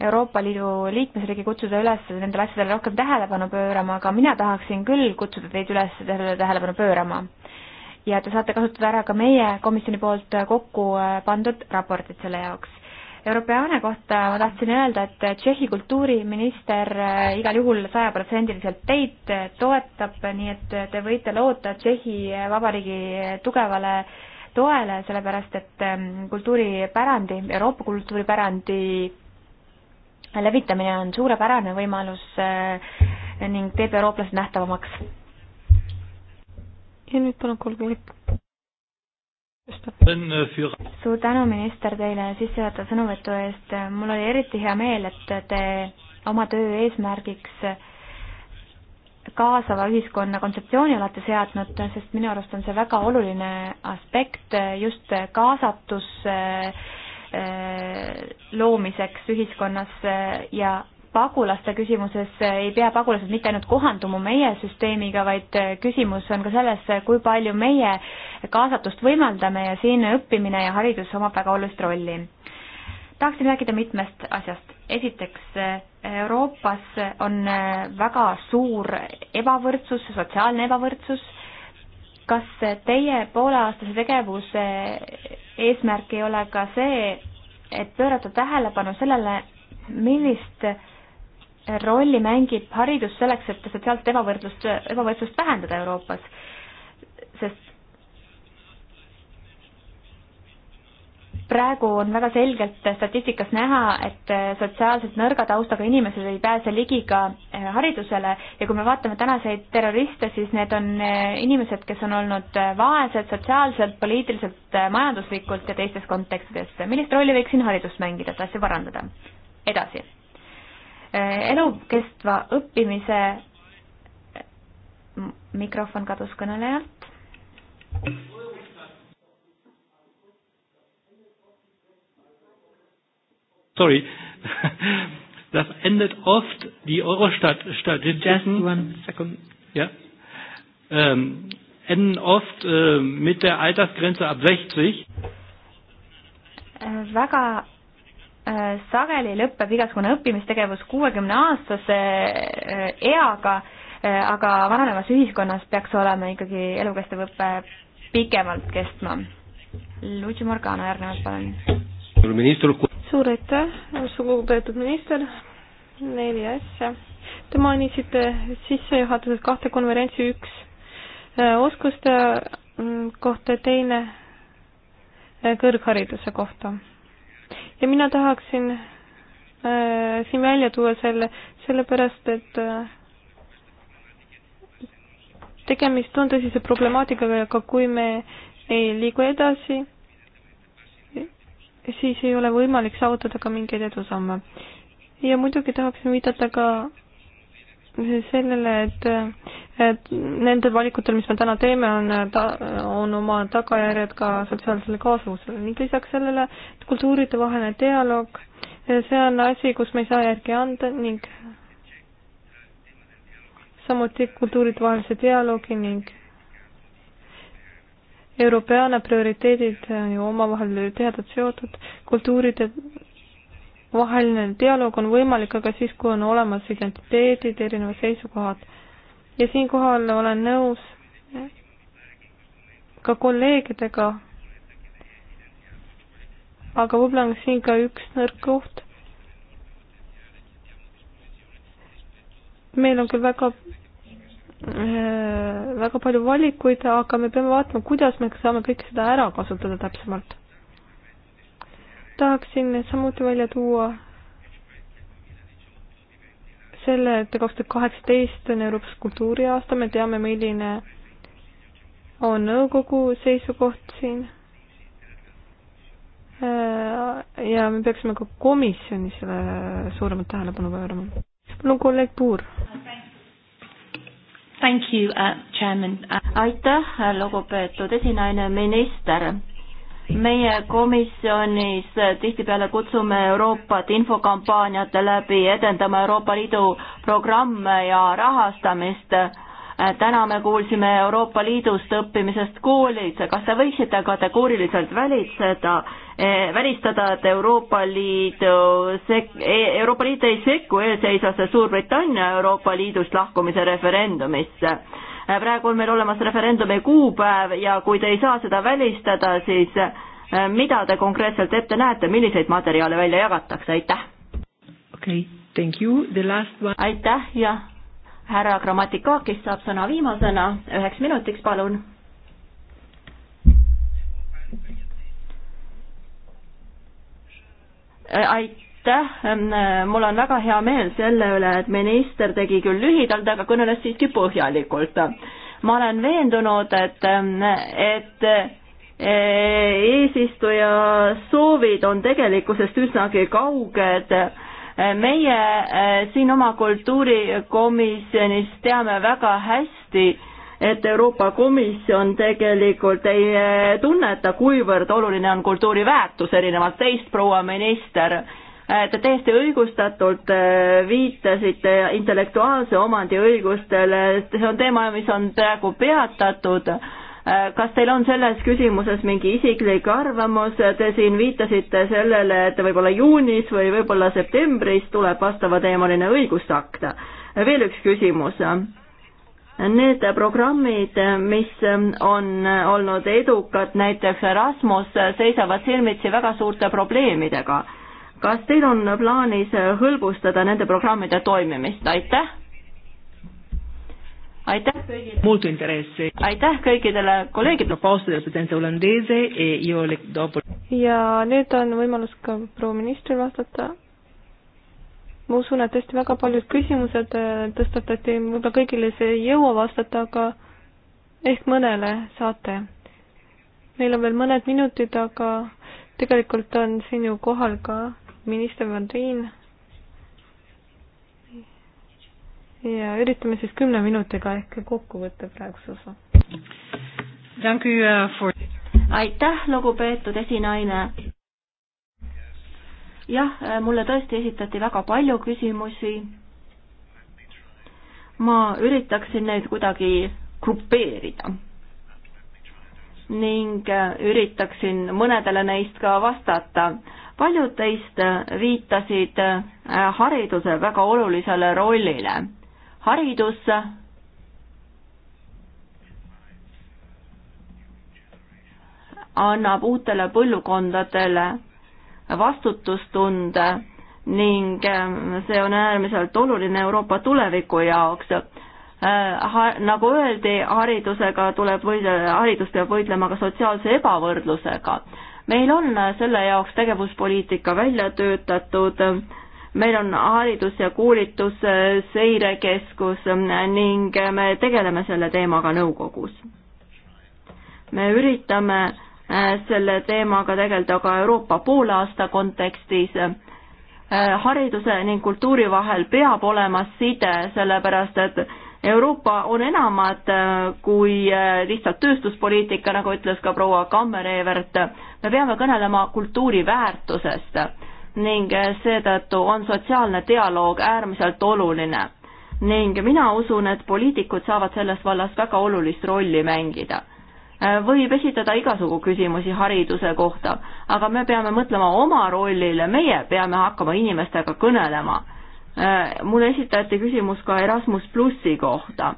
Euroopa Liidu liikmesriigi kutsuda üles nendele asjadele rohkem tähelepanu pöörama, aga mina tahaksin küll kutsuda teid üles sellele tähelepanu pöörama ja te saate kasutada ära ka meie komisjoni poolt kokku äh, pandud raportit selle jaoks. Europeane kohta ma tahtsin öelda, et Tšehhi kultuuriminister äh, igal juhul sajaprotsendiliselt teid äh, toetab, nii et te võite loota Tšehhi Vabariigi tugevale toele, sellepärast et ähm, kultuuripärandi, Euroopa kultuuripärandi levitamine on suurepärane võimalus ning teeb eurooplased nähtavamaks ja nüüd palun kolleeg. Äh, suur tänu, minister, teile sissejuhatava sõnavõtu eest. mul oli eriti hea meel, et te oma töö eesmärgiks kaasava ühiskonna kontseptsiooni olete seadnud, sest minu arust on see väga oluline aspekt, just kaasatus äh, äh, loomiseks ühiskonnas ja pagulaste küsimuses ei pea pagulased mitte ainult kohanduma meie süsteemiga, vaid eh, küsimus on ka selles, kui palju meie kaasatust võimaldame ja siin õppimine ja haridus omab väga olulist rolli. tahaksin rääkida mitmest asjast. esiteks, eh, Euroopas on eh, väga suur ebavõrdsus, sotsiaalne ebavõrdsus kas teie pooleaastase tegevuse eesmärk ei ole ka see, et pöörata tähelepanu sellele, millist rolli mängib haridus selleks, et sotsiaalset ebavõrdlust, ebavõrdsust vähendada Euroopas, sest praegu on väga selgelt statistikas näha, et sotsiaalselt nõrga taustaga inimesed ei pääse ligi ka eh, haridusele ja kui me vaatame tänaseid terroriste, siis need on eh, inimesed, kes on olnud eh, vaesed sotsiaalselt, poliitiliselt, majanduslikult ja teistes kontekstides. millist rolli võiks siin haridus mängida, et asju parandada? edasi Eh, elukestva õppimise mikrofon kadus kõnelejalt. Sorry das endet oft die Eurostat-Statistiken. Just one second. Ja. Ähm, enden oft äh, mit der Altersgrenze ab 60. Äh, väga Äh, sageli lõpeb igasugune õppimistegevus kuuekümne aastase äh, eaga, äh, aga vananemas ühiskonnas peaks olema ikkagi elukestev õpe pikemalt kestma. Luigi Morgano järgnevalt, palun. suur aitäh, lugupeetud minister, neli asja. Te mainisite sissejuhatuses kahte konverentsi, üks oskuste mm, kohta, teine kõrghariduse kohta ja mina tahaksin äh, siin välja tuua selle, sellepärast et äh, tegemist on tõsise problemaatikaga, aga kui me ei liigu edasi, siis ei ole võimalik saavutada ka mingeid edusamme. ja muidugi tahaksin viidata ka sellele, et et nendel valikutel, mis me täna teeme, on ta-, on oma tagajärjed ka sotsiaalsele kaasavusele ning lisaks sellele kultuuride vaheline dialoog, see on asi, kus me ei saa järgi anda ning samuti kultuuride vahelise dialoogi ning Europeana prioriteedid on ju omavahel tihedalt seotud, kultuuride vaheline dialoog on võimalik aga siis, kui on olemas identiteedid, erinevad seisukohad ja siinkohal olen nõus ka kolleegidega, aga võib-olla on siin ka üks nõrk koht. meil on küll väga äh, väga palju valikuid, aga me peame vaatama, kuidas me saame kõike seda ära kasutada täpsemalt. tahaksin samuti välja tuua selle, et kaks tuhat kaheksateist on Euroopas kultuuriaasta, me teame, milline on nõukogu seisukoht siin. Äh, ja me peaksime ka komisjoni selle suuremat tähelepanu pöörama. mul on kolleeg Puur. Thank you uh,, chairman uh.... aitäh, lugupeetud esinaine, minister meie komisjonis tihtipeale kutsume Euroopat infokampaaniate läbi edendama Euroopa Liidu programme ja rahastamist. täna me kuulsime Euroopa Liidust õppimisest koolis, kas te võiksite kategooriliselt välitseda, eh, välistada, et Euroopa Liidu sek-, e-, Euroopa Liit ei sekku eelseisvasse Suurbritannia Euroopa Liidust lahkumise referendumisse? Äh, praegu on meil olemas referendumi kuupäev ja kui te ei saa seda välistada, siis äh, mida te konkreetselt ette näete, milliseid materjale välja jagatakse, aitäh! okei okay,, thank you, the last one. aitäh ja härra Grammatikakis saab sõna viimasena, üheks minutiks palun. aitäh aitäh, mul on väga hea meel selle üle, et minister tegi küll lühidalt, aga kõneles siiski põhjalikult. ma olen veendunud, et, et e, eesistuja soovid on tegelikkusest üsnagi kauged. E, meie e, siin oma kultuurikomisjonis teame väga hästi, et Euroopa Komisjon tegelikult ei tunneta, kuivõrd oluline on kultuuriväärtus, erinevalt teist, proua minister Te täiesti õigustatult äh, viitasite intellektuaalse omandi õigustele, see on teema, mis on praegu peatatud. Äh, kas teil on selles küsimuses mingi isiklik arvamus, te siin viitasite sellele, et võib-olla juunis või võib-olla septembris tuleb vastavateemaline õigusakt. veel üks küsimus need programmid, mis on olnud edukad, näiteks Erasmus, seisavad silmitsi väga suurte probleemidega kas teil on plaanis hõlbustada nende programmide toimimist, aitäh! aitäh kõigile, aitäh kõikidele kolleegidele. E ja nüüd on võimalus ka proua ministril vastata. ma usun, et tõesti väga paljud küsimused äh, tõstatati, võib-olla kõigile see ei jõua vastata, aga ehk mõnele saate. meil on veel mõned minutid, aga tegelikult on siin ju kohal ka minister Vandriin. ja üritame siis kümne minutiga ehk kokku võtta praeguse osa. Eh, aitäh, lugupeetud esinaine. jah, eh, mulle tõesti esitati väga palju küsimusi. ma üritaksin neid kuidagi grupeerida ning eh, üritaksin mõnedele neist ka vastata paljud teist viitasid äh, hariduse väga olulisele rollile. haridus annab uutele põlvkondadele vastutustunde ning äh, see on äärmiselt oluline Euroopa tuleviku jaoks. Äh, nagu öeldi, haridusega tuleb võidelda, haridus peab võitlema ka sotsiaalse ebavõrdlusega meil on selle jaoks tegevuspoliitika välja töötatud, meil on haridus- ja koolitusseirekeskus ning me tegeleme selle teemaga nõukogus. me üritame äh, selle teemaga tegeleda ka Euroopa poolaasta kontekstis äh, hariduse ning kultuuri vahel peab olema side, sellepärast et Euroopa on enamad äh, kui äh, lihtsalt tööstuspoliitika, nagu ütles ka proua Kammer-Evert. me peame kõnelema kultuuriväärtusest ning äh, seetõttu on sotsiaalne dialoog äärmiselt oluline. ning mina usun, et poliitikud saavad selles vallas väga olulist rolli mängida võib esitada igasugu küsimusi hariduse kohta, aga me peame mõtlema oma rollile, meie peame hakkama inimestega kõnelema Äh, mulle esitati küsimus ka Erasmus plussi kohta.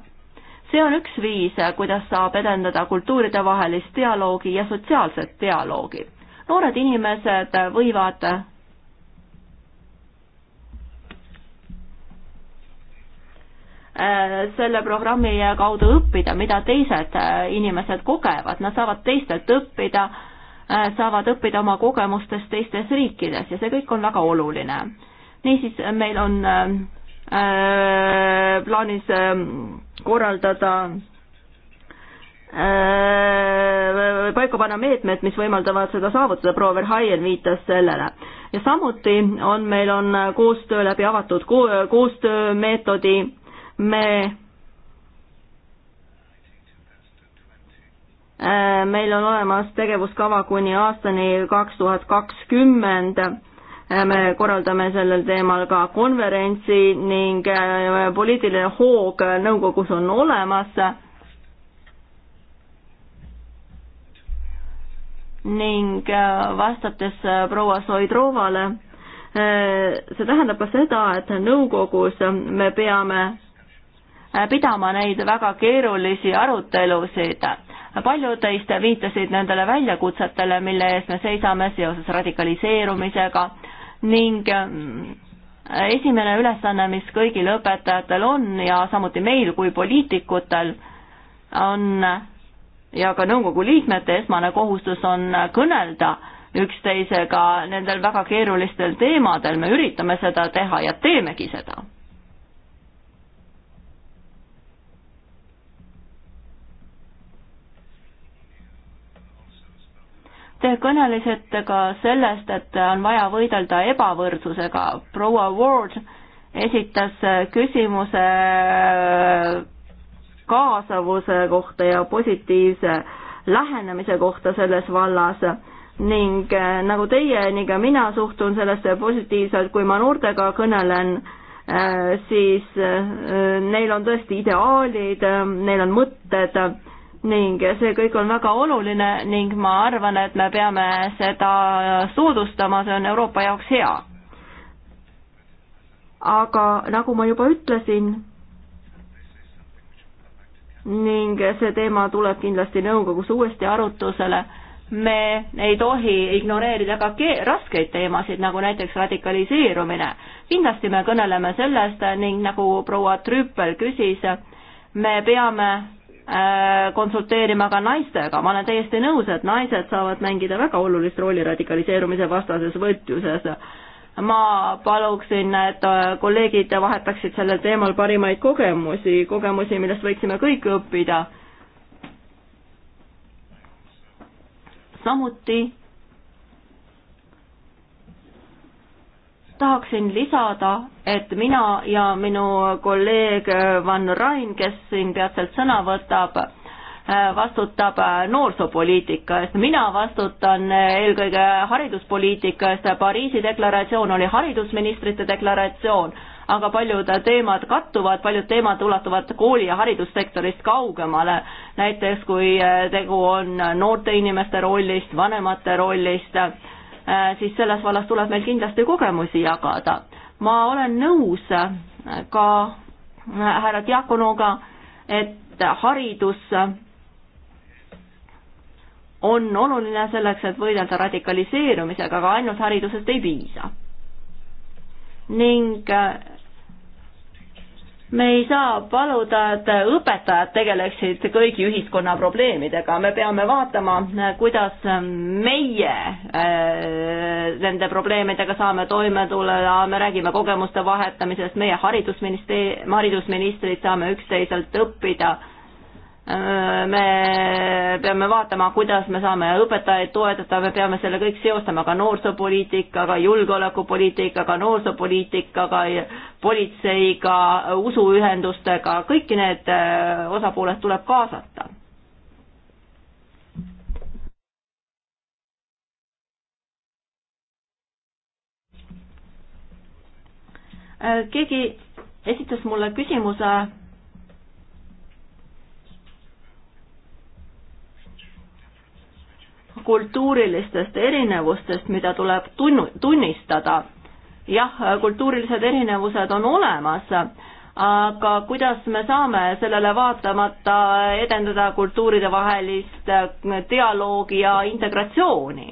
see on üks viis, äh, kuidas saab edendada kultuuridevahelist dialoogi ja sotsiaalset dialoogi. noored inimesed äh, võivad selle programmi kaudu õppida, mida teised inimesed kogevad, nad saavad teistelt õppida, saavad õppida oma kogemustest teistes riikides ja see kõik on väga oluline niisiis, meil on äh, plaanis äh, korraldada äh, paika panna meetmed, mis võimaldavad seda saavutada, proua Verhaien viitas sellele. ja samuti on, meil on koostöö läbi avatud ko koostöömeetodi, me äh, meil on olemas tegevuskava kuni aastani kaks tuhat kakskümmend Äh, me korraldame sellel teemal ka konverentsi ning äh, poliitiline hoog nõukogus on olemas. ning äh, vastates proua Soidrovale, see tähendab ka seda, et nõukogus me peame pidama neid väga keerulisi arutelusid paljud teist viitasid nendele väljakutsetele, mille ees me seisame seoses radikaliseerumisega, ning äh, esimene ülesanne, mis kõigil õpetajatel on ja samuti meil kui poliitikutel on ja ka nõukogu liikmete esmane kohustus on kõnelda üksteisega nendel väga keerulistel teemadel, me üritame seda teha ja teemegi seda Te kõnelesite ka sellest, et on vaja võidelda ebavõrdsusega. proua Ward esitas küsimuse kaasavuse kohta ja positiivse lähenemise kohta selles vallas ning eh, nagu teie, nii ka mina suhtun sellesse positiivselt, kui ma noortega kõnelen, eh, siis eh, neil on tõesti ideaalid, neil on mõtted ning see kõik on väga oluline ning ma arvan, et me peame seda soodustama, see on Euroopa jaoks hea. aga nagu ma juba ütlesin, ning see teema tuleb kindlasti nõukogus uuesti arutusele, me ei tohi ignoreerida ka raskeid teemasid, nagu näiteks radikaliseerumine. kindlasti me kõneleme sellest ning nagu proua Trüppel küsis, me peame Äh, konsulteerima ka naistega, ma olen täiesti nõus, et naised saavad mängida väga olulist rolli radikaliseerumise vastases võitluses. ma paluksin, et äh, kolleegid vahetaksid sellel teemal parimaid kogemusi, kogemusi, millest võiksime kõik õppida. samuti tahaksin lisada, et mina ja minu kolleeg Van Rain, kes siin peatselt sõna võtab, vastutab noorsoopoliitika eest, mina vastutan eelkõige hariduspoliitika eest, Pariisi deklaratsioon oli haridusministrite deklaratsioon, aga paljud teemad kattuvad, paljud teemad ulatuvad kooli- ja haridussektorist kaugemale, näiteks kui tegu on noorte inimeste rollist, vanemate rollist Äh, siis selles vallas tuleb meil kindlasti kogemusi jagada. ma olen nõus äh, ka äh, härra Diakonuga, et haridus on oluline selleks, et võidelda radikaliseerumisega, aga ainult haridusest ei piisa. ning me ei saa paluda, et õpetajad tegeleksid kõigi ühiskonna probleemidega, me peame vaatama, kuidas meie äh, nende probleemidega saame toime tulla, me räägime kogemuste vahetamisest, meie haridusministeerium, haridusministrid saame üksteiselt õppida Äh, me peame vaatama, kuidas me saame õpetajaid toetada, me peame selle kõik seostama ka noorsoopoliitikaga, julgeolekupoliitikaga, noorsoopoliitikaga, politseiga, usuühendustega, kõiki need äh, osapooled tuleb kaasata. Äh, keegi esitas mulle küsimuse kultuurilistest erinevustest, mida tuleb tunnu-, tunnistada. jah, kultuurilised erinevused on olemas, aga kuidas me saame sellele vaatamata edendada kultuuridevahelist äh, dialoogi ja integratsiooni?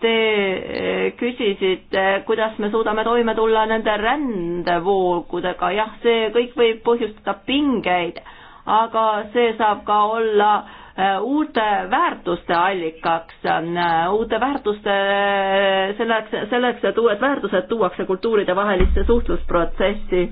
Te äh, küsisite, kuidas me suudame toime tulla nende rändevoogudega, jah, see kõik võib põhjustada pingeid, aga see saab ka olla äh, uute väärtuste allikaks, äh, uute väärtuste selleks, selleks, et uued väärtused tuuakse kultuuride vahelisse suhtlusprotsessi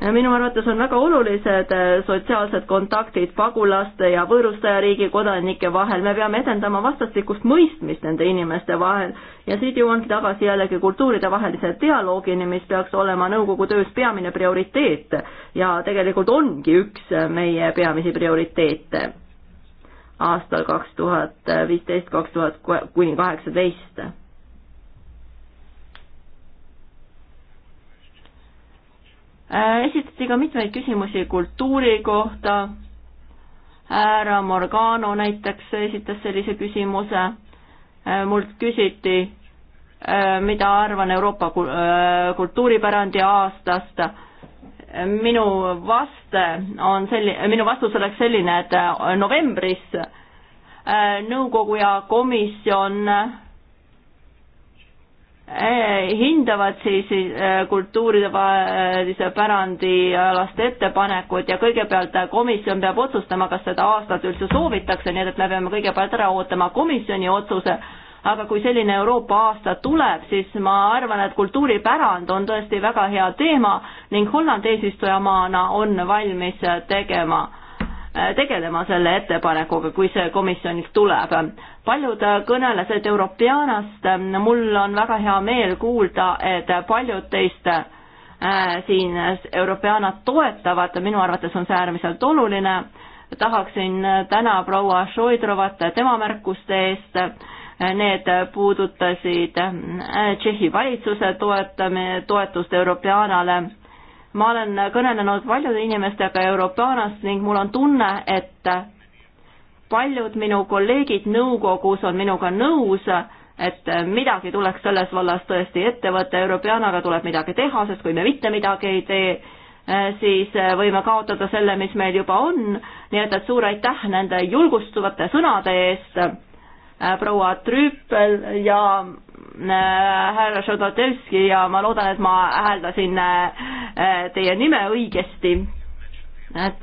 minu arvates on väga olulised äh, sotsiaalsed kontaktid pagulaste ja võõrustajariigi kodanike vahel, me peame edendama vastastikust mõistmist nende inimeste vahel ja siit jõuangi tagasi jällegi kultuuridevahelise dialoogini, mis peaks olema nõukogu töös peamine prioriteet ja tegelikult ongi üks äh, meie peamisi prioriteete aastal kaks tuhat viisteist, kaks tuhat kuni kaheksateist Äh, esitati ka mitmeid küsimusi kultuuri kohta. härra Morgano näiteks esitas sellise küsimuse. Äh, mult küsiti, äh, mida arvan Euroopa kultuuripärandi aastast. minu vaste on selli-, minu vastus oleks selline, et novembris nõukogu ja komisjon Eh, hindavad siis eh, kultuurivahelise pärandialast ettepanekut ja kõigepealt eh, komisjon peab otsustama, kas seda aastat üldse soovitakse, nii et me peame kõigepealt ära ootama komisjoni otsuse, aga kui selline Euroopa aasta tuleb, siis ma arvan, et kultuuripärand on tõesti väga hea teema ning Holland eesistujamaana on valmis tegema Äh, tegelema selle ettepanekuga, kui see komisjonilt tuleb. paljud äh, kõnelesid Europeanast, mul on väga hea meel kuulda, et paljud teist äh, siin Europeanat toetavad, minu arvates on see äärmiselt oluline. tahaksin täna proua Šoidrovat tema märkuste eest. Need puudutasid Tšehhi valitsuse toetame, toetust Europeanale ma olen kõnelenud paljude inimestega Euroopanast ning mul on tunne, et paljud minu kolleegid nõukogus on minuga nõus, et midagi tuleks selles vallas tõesti ette võtta, Europeanaga tuleb midagi teha, sest kui me mitte midagi ei tee, siis võime kaotada selle, mis meil juba on, nii et, et suur aitäh nende julgustavate sõnade eest, proua Trüüpel ja Äh, härra Šodotevski ja ma loodan, et ma hääldasin äh, teie nime õigesti.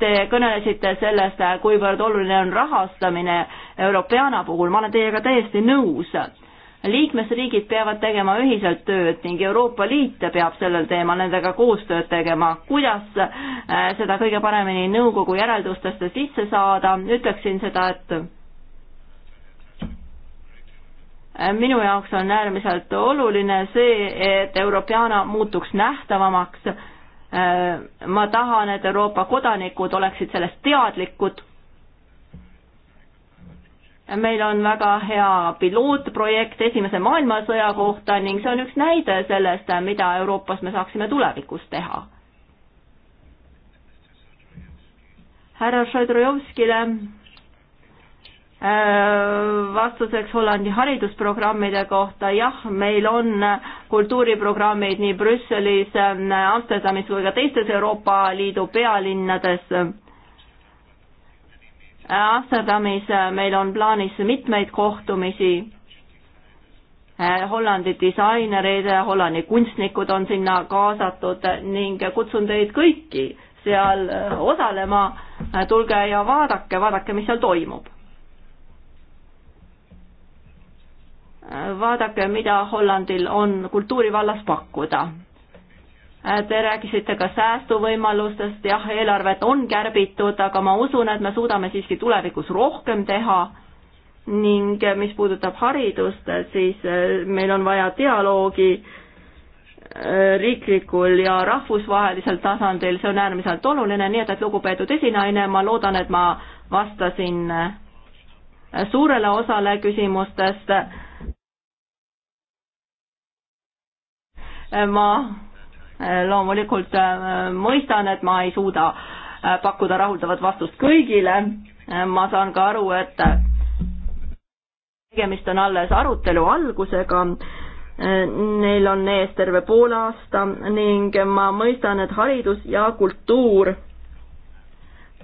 Te kõnelesite sellest, äh, kuivõrd oluline on rahastamine Europeana puhul, ma olen teiega täiesti nõus liikmesriigid peavad tegema ühiselt tööd ning Euroopa Liit peab sellel teemal nendega koostööd tegema. kuidas seda kõige paremini nõukogu järeldustesse sisse saada, ütleksin seda, et minu jaoks on äärmiselt oluline see, et Europeana muutuks nähtavamaks. Äh, ma tahan, et Euroopa kodanikud oleksid sellest teadlikud. meil on väga hea pilootprojekt Esimese maailmasõja kohta ning see on üks näide sellest, mida Euroopas me saaksime tulevikus teha. härra Šodrojovskile Äh, vastuseks Hollandi haridusprogrammide kohta, jah, meil on kultuuriprogrammid nii Brüsselis, Amsterdamis kui ka teistes Euroopa Liidu pealinnades. Amsterdamis äh, meil on plaanis mitmeid kohtumisi. Äh, Hollandi disainerid, Hollandi kunstnikud on sinna kaasatud ning kutsun teid kõiki seal osalema. tulge ja vaadake, vaadake, mis seal toimub vaadake, mida Hollandil on kultuuri vallas pakkuda. Te rääkisite ka säästuvõimalustest, jah, eelarvet on kärbitud, aga ma usun, et me suudame siiski tulevikus rohkem teha ning mis puudutab haridust, siis eh, meil on vaja dialoogi eh, riiklikul ja rahvusvahelisel tasandil, see on äärmiselt oluline, nii et, et lugupeetud esinaine, ma loodan, et ma vastasin eh, suurele osale küsimustest ma äh, loomulikult äh, mõistan, et ma ei suuda äh, pakkuda rahuldavat vastust kõigile, ma saan ka aru, et tegemist on alles arutelu algusega, neil on ees terve pool aasta ning ma mõistan, et haridus ja kultuur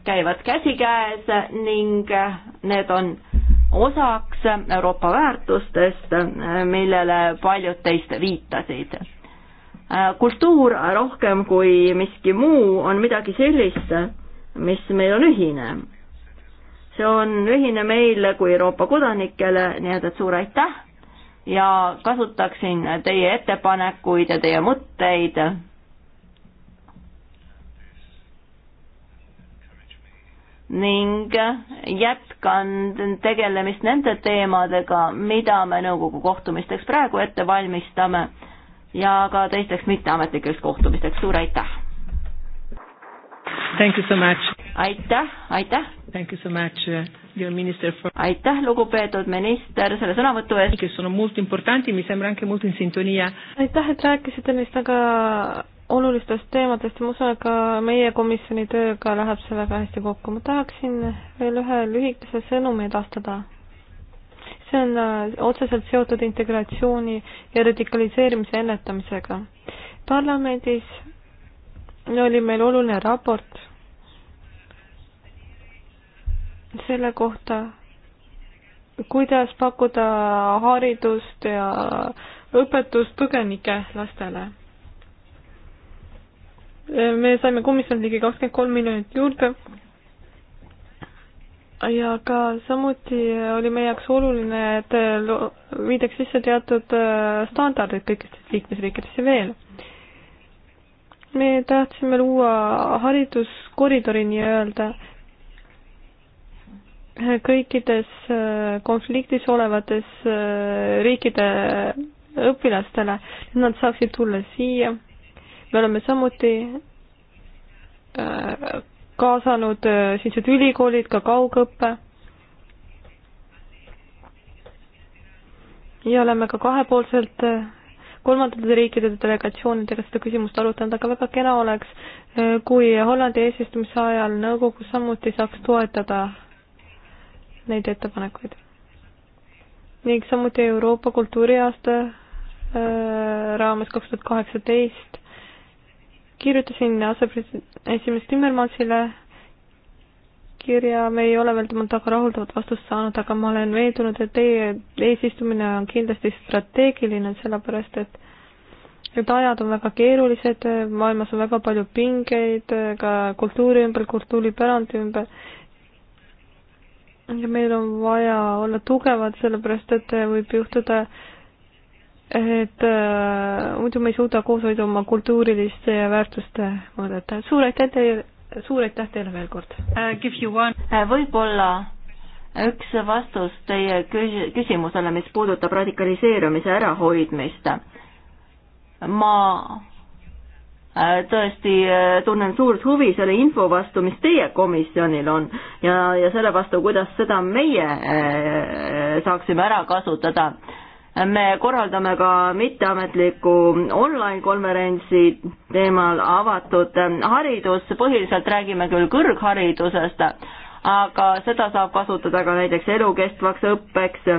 käivad käsikäes ning need on osaks Euroopa väärtustest, millele paljud teist viitasid Äh, kultuur rohkem kui miski muu on midagi sellist, mis meil on ühine. see on ühine meile kui Euroopa kodanikele, nii et, et suur aitäh ja kasutaksin teie ettepanekuid ja teie mõtteid. ning jätkan tegelemist nende teemadega, mida me nõukogu kohtumisteks praegu ette valmistame ja ka teisteks mitteametlikeks kohtumisteks, suur aitäh! aitäh, aitäh! Uh, for... aitäh, lugupeetud minister, selle sõnavõtu eest! aitäh, et rääkisite neist väga olulistest teemadest ja ma usun, et ka meie komisjoni tööga läheb see väga hästi kokku. ma tahaksin veel ühe lühikese sõnumi edastada see on äh, otseselt seotud integratsiooni ja radikaliseerimise ennetamisega. parlamendis oli meil oluline raport selle kohta, kuidas pakkuda haridust ja õpetust põgenike lastele. me saime komisjonilt ligi kakskümmend kolm miljonit juurde ja ka samuti oli meie jaoks oluline, et viidaks sisse teatud äh, standardid kõikidest liikmesriikidest ja veel. me tahtsime luua hariduskoridori nii-öelda kõikides äh, konfliktis olevates äh, riikide õpilastele, et nad saaksid tulla siia. me oleme samuti kaasanud äh, sellised ülikoolid, ka kaugõppe. ja oleme ka kahepoolselt äh, kolmandate riikide delegatsioonidega seda küsimust arutanud, aga väga kena oleks, äh, kui Hollandi eesistumise ajal nõukogu samuti saaks toetada neid ettepanekuid. ning samuti Euroopa kultuuriaasta raames kaks tuhat kaheksateist kirjutasin aseesimees Timmermansile kirja, me ei ole veel temalt väga rahuldavat vastust saanud, aga ma olen veendunud, et teie eesistumine on kindlasti strateegiline, sellepärast et et ajad on väga keerulised, maailmas on väga palju pingeid ka kultuuri ümber, kultuuripärandi ümber. ja meil on vaja olla tugevad, sellepärast et võib juhtuda, et äh, muidu me ei suuda koos hoida oma kultuuriliste väärtuste mõõdet. suur aitäh teile, suur aitäh teile veel kord uh,! Äh, võib-olla üks vastus teie küs-, küsimusele, mis puudutab radikaliseerumise ärahoidmist. ma äh, tõesti äh, tunnen suurt huvi selle info vastu, mis teie komisjonil on ja, ja selle vastu, kuidas seda meie saaksime ära kasutada me korraldame ka mitteametliku online konverentsi teemal avatud haridus, põhiliselt räägime küll kõrgharidusest, aga seda saab kasutada ka näiteks elukestvaks õppeks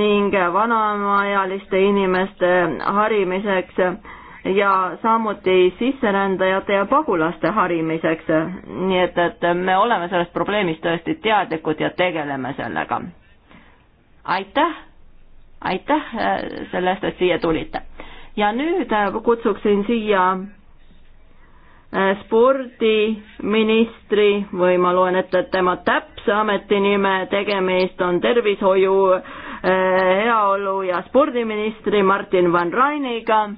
ning vanemaealiste inimeste harimiseks ja samuti sisserändajate ja pagulaste harimiseks. nii et, et me oleme sellest probleemist tõesti teadlikud ja tegeleme sellega. aitäh aitäh äh, selle eest, et siia tulite. ja nüüd äh, kutsuksin siia äh, spordiministri või ma loen ette tema täpse ametinime, tegemist on tervishoiu, heaolu ja spordiministri Martin Van Rainiga.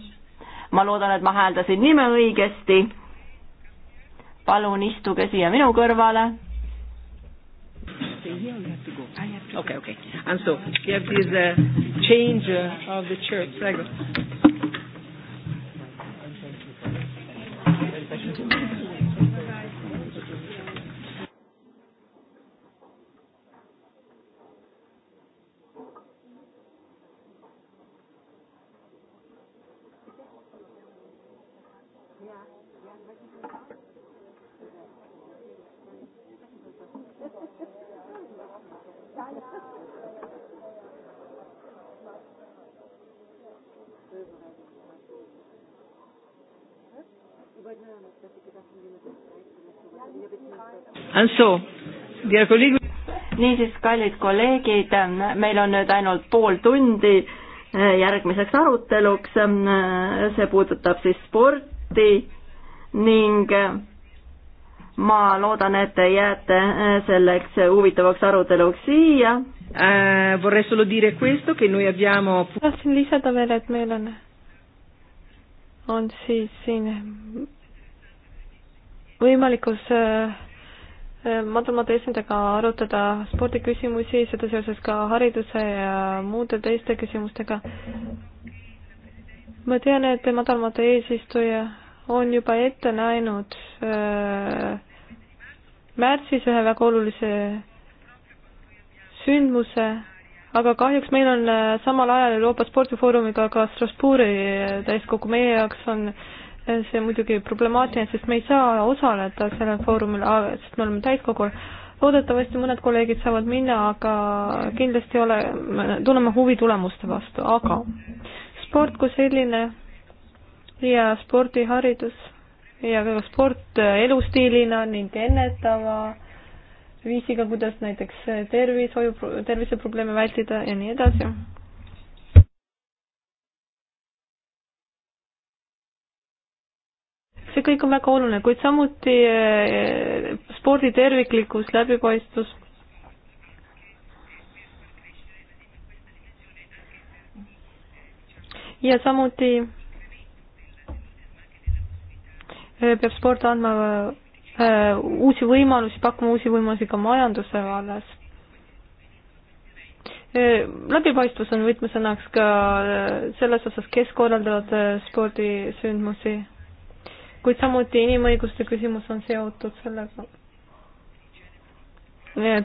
ma loodan, et ma hääldasin nime õigesti. palun istuge siia minu kõrvale. Okay, okay. And so we have this uh, change uh, of the church. Prego. Thank you. niisiis, kallid kolleegid, meil on nüüd ainult pool tundi eh, järgmiseks aruteluks, eh, see puudutab siis sporti ning eh, ma loodan, et te jääte selleks huvitavaks aruteluks siia. Vorrei solo dire questo che noi abbiamo tahtsin lisada veel, et meil on, on siis siin võimalikus äh, madalmaade esindajaga arutada spordiküsimusi, seda seoses ka hariduse ja muude teiste küsimustega. ma tean, et madalmaade eesistuja on juba ette näinud öö, äh, märtsis ühe väga olulise sündmuse, aga kahjuks meil on äh, samal ajal Euroopa spordifoorumiga ka Strasbourgi täiskogu, meie jaoks on öö, see muidugi problemaatiline, sest me ei saa osaleda sellel foorumil, sest me oleme täiskogul. loodetavasti mõned kolleegid saavad minna, aga kindlasti ole, tunneme huvi tulemuste vastu, aga sport kui selline ja spordiharidus ja ka sport elustiilina ning ennetava viisiga, kuidas näiteks tervishoiu, terviseprobleeme vältida ja nii edasi see kõik on väga oluline, kuid samuti eh, spordi terviklikkus, läbipaistvus. ja samuti eh, peab sport andma eh, uusi võimalusi, pakkuma uusi võimalusi ka majanduse vallas. läbipaistvus on võtmesõnaks ka selles osas, kes korraldavad spordisündmusi kuid samuti inimõiguste küsimus on seotud sellega.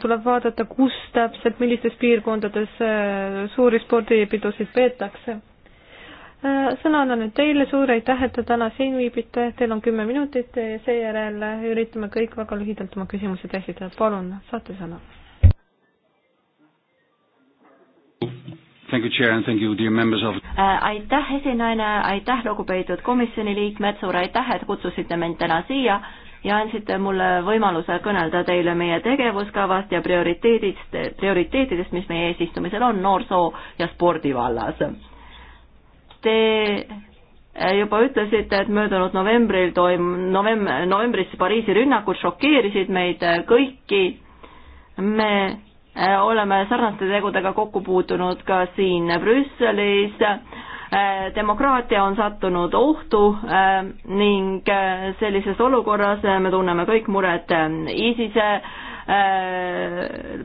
tuleb vaadata, kus täpselt, millistes piirkondades äh, suuri spordipidusid peetakse. Äh, sõna annan nüüd teile, suur aitäh, et te täna siin viibite, teil on kümme minutit ja seejärel üritame kõik väga lühidalt oma küsimused esitada, palun, saate sõna Thank you, Chair, and thank you, dear members of äh, aitäh, esinaine, aitäh, lugupeetud komisjoni liikmed, suur aitäh, et kutsusite mind täna siia ja andsite mulle võimaluse kõnelda teile meie tegevuskavast ja prioriteedist, prioriteetidest, mis meie eesistumisel on noorsoo- ja spordivallas. Te äh, juba ütlesite, et möödunud novembril toim-, novem-, novembris Pariisi rünnakud šokeerisid meid äh, kõiki, me Äh, oleme sarnaste tegudega kokku puutunud ka siin Brüsselis. Äh, demokraatia on sattunud ohtu äh, ning sellises olukorras me tunneme kõik muret ISISe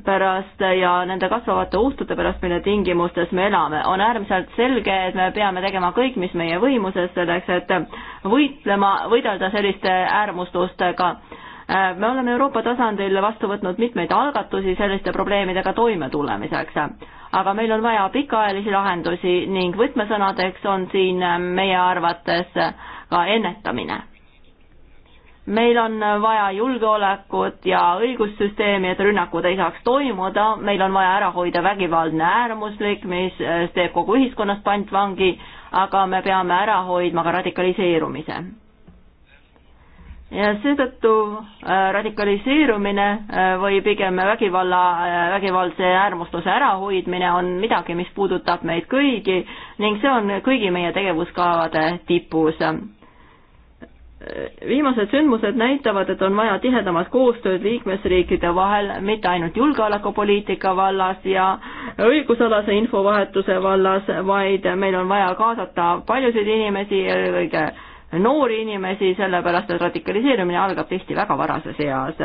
pärast ja nende kasvavate ohtude pärast, mille tingimustes me elame. on äärmiselt selge, et me peame tegema kõik, mis meie võimuses, selleks et võitlema, võidelda selliste äärmuslustega Äh, me oleme Euroopa tasandil vastu võtnud mitmeid algatusi selliste probleemidega toimetulemiseks, aga meil on vaja pikaajalisi lahendusi ning võtmesõnadeks on siin äh, meie arvates ka ennetamine meil on vaja julgeolekut ja õigussüsteemi, et rünnakud ei saaks toimuda, meil on vaja ära hoida vägivaldne äärmuslik, mis äh, teeb kogu ühiskonnast pantvangi, aga me peame ära hoidma ka radikaliseerumise ja seetõttu äh, radikaliseerumine äh, või pigem vägivalla, äh, vägivaldse äärmusluse ärahoidmine on midagi, mis puudutab meid kõigi ning see on kõigi meie tegevuskavade tipus. viimased sündmused näitavad, et on vaja tihedamat koostööd liikmesriikide vahel, mitte ainult julgeolekupoliitika vallas ja õigusalase infovahetuse vallas, vaid meil on vaja kaasata paljusid inimesi, eelkõige noori inimesi, sellepärast et radikaliseerumine algab tihti väga varases eas.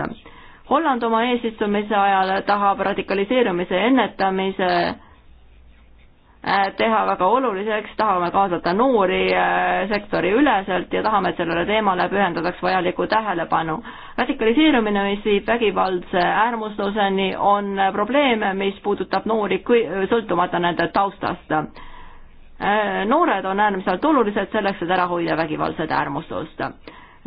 Holland oma eesistumise ajal tahab radikaliseerumise ennetamise äh, teha väga oluliseks, tahame kaasata noori äh, sektori üleselt ja tahame, et sellele teemale pühendataks vajalikku tähelepanu. radikaliseerumine, mis viib vägivaldse äärmusluseni, on probleem, mis puudutab noori, sõltumata nende taustast Äh, noored on äärmiselt olulised selleks, et ära hoida vägivaldset äärmuslust.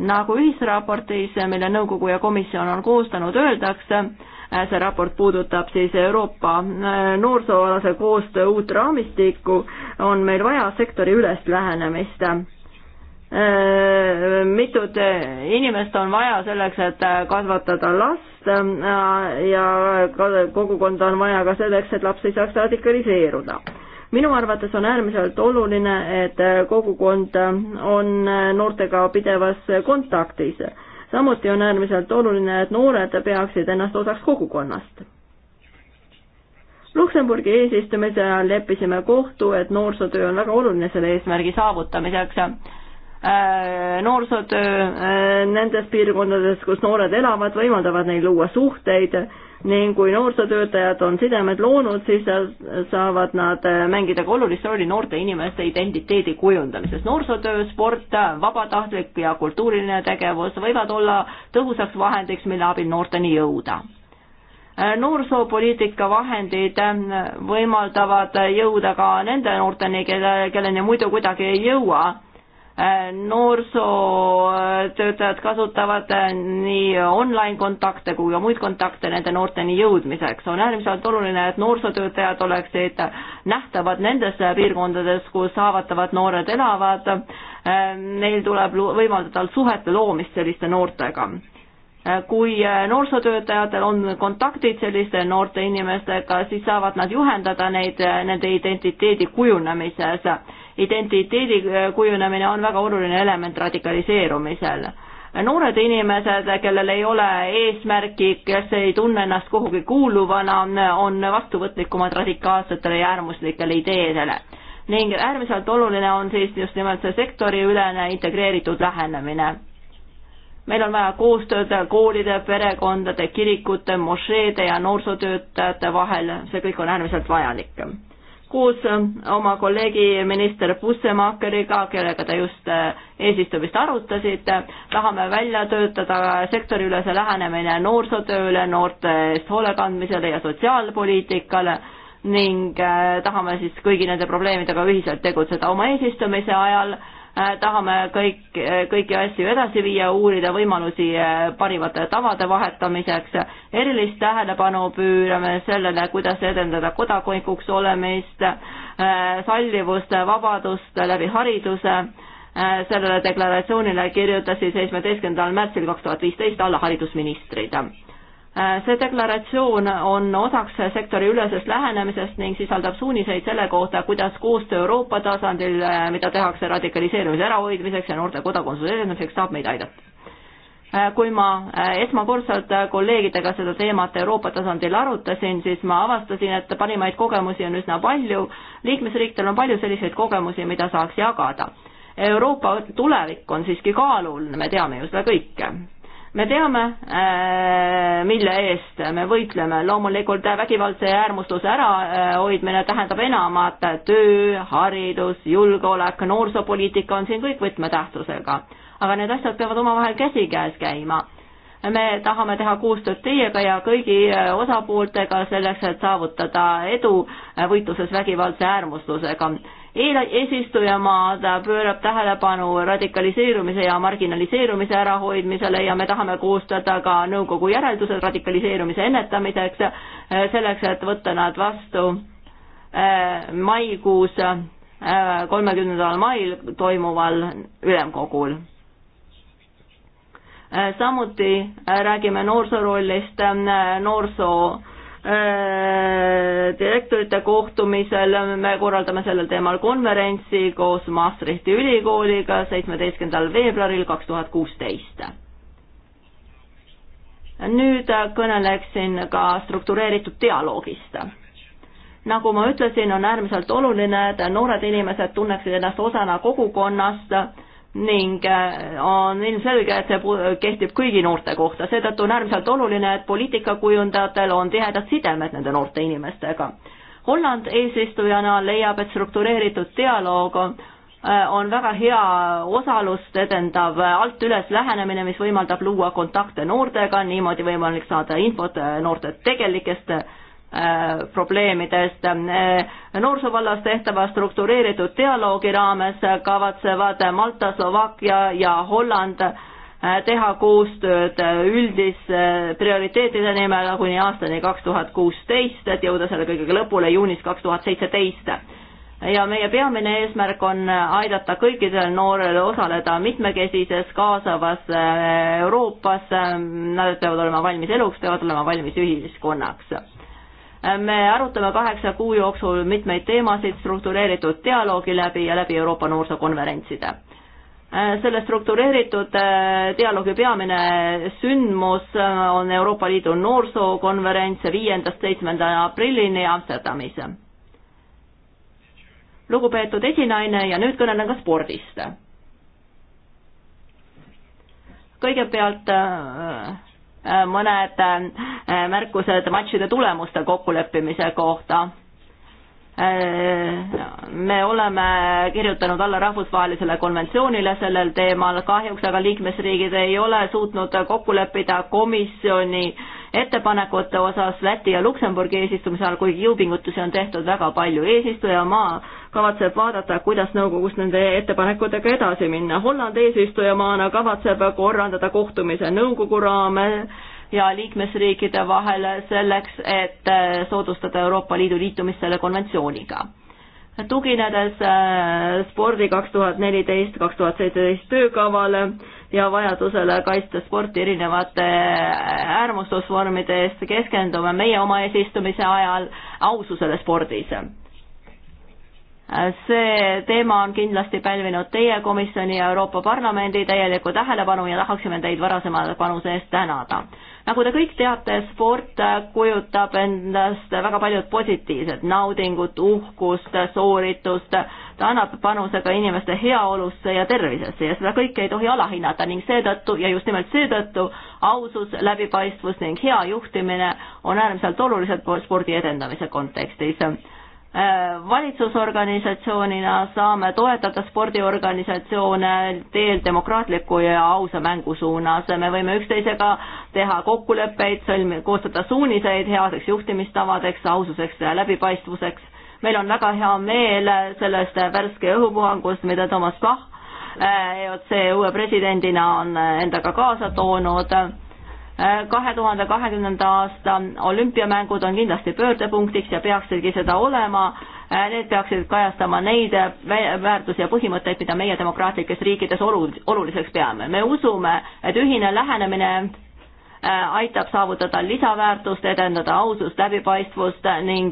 nagu ühisraportis, mille nõukogu ja komisjon on koostanud, öeldakse, äh, see raport puudutab siis Euroopa äh, noorsooalase koostöö uut raamistikku, on meil vaja sektoriülest lähenemist. mitud inimest on vaja selleks, et kasvatada last ja kogukonda on vaja ka selleks, et laps ei saaks radikaliseeruda minu arvates on äärmiselt oluline, et kogukond on noortega pidevas kontaktis. samuti on äärmiselt oluline, et noored peaksid ennast osaks kogukonnast Luksemburgi eesistumise ajal leppisime kohtu, et noorsootöö on väga oluline selle eesmärgi saavutamiseks Äh, noorsootöö äh, nendes piirkondades, kus noored elavad, võimaldavad neil luua suhteid ning kui noorsootöötajad on sidemed loonud, siis saavad nad äh, mängida ka olulist rolli noorte inimeste identiteedi kujundamises. noorsootöö, sport, vabatahtlik ja kultuuriline tegevus võivad olla tõhusaks vahendiks, mille abil noorteni jõuda noorsoopoliitika vahendid võimaldavad jõuda ka nende noorteni, kelle, kelleni muidu kuidagi ei jõua noorsootöötajad kasutavad eh, nii online kontakte kui ka muid kontakte nende noorteni jõudmiseks. on äärmiselt oluline, et noorsootöötajad oleksid nähtavad nendes piirkondades, kus haavatavad noored elavad. Eh, Neil tuleb võimaldada suhete loomist selliste noortega kui äh, noorsootöötajatel on kontaktid selliste noorte inimestega, siis saavad nad juhendada neid äh, nende identiteedi kujunemises. identiteedi äh, kujunemine on väga oluline element radikaliseerumisel. noored inimesed, kellel ei ole eesmärki, kes ei tunne ennast kuhugi kuuluvana, on vastuvõtlikumad radikaalsetele ja äärmuslikele ideedele ning äärmiselt oluline on siis just nimelt see sektoriülene integreeritud lähenemine meil on vaja koostööd koolide, perekondade, kirikute, mošeede ja noorsootöötajate vahel, see kõik on äärmiselt vajalik. koos äh, oma kolleegi minister Bussemaakeriga, kellega te just äh, eesistumist arutasite, tahame välja töötada sektoriülese lähenemine noorsootööle, noorte eest hoolekandmisele ja sotsiaalpoliitikale ning äh, tahame siis kõigi nende probleemidega ühiselt tegutseda oma eesistumise ajal Äh, tahame kõik, äh, kõiki asju edasi viia, uurida võimalusi äh, parimate tavade vahetamiseks. erilist tähelepanu pöörame sellele, kuidas edendada kodanikuks olemist, sallivust, vabadust läbi hariduse. sellele deklaratsioonile kirjutasid seitsmeteistkümnendal märtsil kaks tuhat viisteist alla haridusministrid Äh, see deklaratsioon on osaks sektoriülesest lähenemisest ning sisaldab suuniseid selle kohta, kuidas koostöö Euroopa tasandil, äh, mida tehakse radikaliseerumise ärahoidmiseks ja noorte kodakondsuse edendamiseks, saab meid aidata. Äh, kui ma esmakordselt kolleegidega seda teemat Euroopa tasandil arutasin, siis ma avastasin, et parimaid kogemusi on üsna palju, liikmesriikidel on palju selliseid kogemusi, mida saaks jagada. Euroopa tulevik on siiski kaalul, me teame ju seda kõike me teame, äh, mille eest me võitleme, loomulikult vägivaldse äärmustuse ärahoidmine tähendab enamat, töö, haridus, julgeolek, noorsoopoliitika on siin kõik võtmetähtsusega. aga need asjad peavad omavahel käsikäes käima. me tahame teha koostööd teiega ja kõigi äh, osapooltega selleks, et saavutada edu äh, võitluses vägivaldse äärmustusega eesistujamaad pöörab tähelepanu radikaliseerumise ja marginaliseerumise ärahoidmisele ja me tahame koostada ka nõukogu järeldused radikaliseerumise ennetamiseks, eh, selleks, et võtta nad vastu eh, maikuus, eh, kolmekümnendal mail toimuval ülemkogul. samuti räägime noorsoo rollist, noorsoo Äh, direktorite kohtumisel, me korraldame sellel teemal konverentsi koos Maastrichti ülikooliga seitsmeteistkümnendal veebruaril kaks tuhat kuusteist. nüüd kõneleksin ka struktureeritud dialoogist. nagu ma ütlesin, on äärmiselt oluline, et noored inimesed tunneksid ennast osana kogukonnast ning äh, on ilmselge, et see kehtib kõigi noorte kohta, seetõttu on äärmiselt oluline, et poliitikakujundajatel on tihedad sidemed nende noorte inimestega. Holland eesistujana leiab, et struktureeritud dialoog äh, on väga hea osalust edendav alt üles lähenemine, mis võimaldab luua kontakte noortega, niimoodi võimalik saada infot äh, noorte tegelikest Äh, probleemidest. Äh, noorsoovallas tehtava struktureeritud dialoogi raames kavatsevad Malta, Slovakkia ja Holland äh, teha koostööd üldise prioriteetide nimel kuni aastani kaks tuhat kuusteist, et jõuda selle kõigega lõpule juunis kaks tuhat seitseteist. ja meie peamine eesmärk on aidata kõikidel noorel osaleda mitmekesises kaasavas Euroopas, nad peavad olema valmis eluks, peavad olema valmis ühiskonnaks me arutame kaheksa kuu jooksul mitmeid teemasid struktureeritud dialoogi läbi ja läbi Euroopa noorsookonverentside. selle struktureeritud äh, dialoogi peamine sündmus äh, on Euroopa Liidu noorsookonverents viiendast seitsmenda aprillini Amsterdamis. lugupeetud esinaine ja nüüd kõnelen ka spordist. kõigepealt äh, Äh, mõned äh, märkused matšide tulemuste kokkuleppimise kohta äh, me oleme kirjutanud alla rahvusvahelisele konventsioonile sellel teemal, kahjuks aga liikmesriigid ei ole suutnud kokku leppida komisjoni äh, ettepanekute osas Läti ja Luksemburgi eesistumise ajal, kuigi jõupingutusi on tehtud väga palju. eesistujamaa kavatseb vaadata, kuidas nõukogus nende ettepanekutega edasi minna. Holland eesistujamaana kavatseb korraldada kohtumise nõukogu raame ja liikmesriikide vahel selleks, et soodustada Euroopa Liidu liitumist selle konventsiooniga tuginedes spordi kaks tuhat neliteist, kaks tuhat seitseteist töökavale ja vajadusele kaitsta sporti erinevate äärmustusvormide eest, keskendume meie oma eesistumise ajal aususele spordis. see teema on kindlasti pälvinud teie komisjoni ja Euroopa Parlamendi täielikku tähelepanu ja tahaksime teid varasema panuse eest tänada nagu te kõik teate, sport kujutab endast väga paljud positiivsed naudingut, uhkust, sooritust, ta annab panuse ka inimeste heaolusse ja tervisesse ja seda kõike ei tohi alahinnata ning seetõttu ja just nimelt seetõttu ausus, läbipaistvus ning hea juhtimine on äärmiselt olulised spordi edendamise kontekstis. Äh, valitsusorganisatsioonina saame toetada spordiorganisatsioone teel demokraatliku ja ausa mängu suunas, me võime üksteisega teha kokkuleppeid, sõlmi-, koostada suuniseid headeks juhtimistavadeks, aususeks ja läbipaistvuseks meil on väga hea meel sellest värske õhupuhangust, mida Toomas Pahh äh, EOC uue presidendina on äh, endaga kaasa toonud. Äh, kahe tuhande kahekümnenda aasta olümpiamängud on kindlasti pöördepunktiks ja peaksidki seda olema. Need peaksid kajastama neid väärtusi ja põhimõtteid, mida meie demokraatlikes riikides oluliseks peame. me usume, et ühine lähenemine aitab saavutada lisaväärtust, edendada ausust, läbipaistvust ning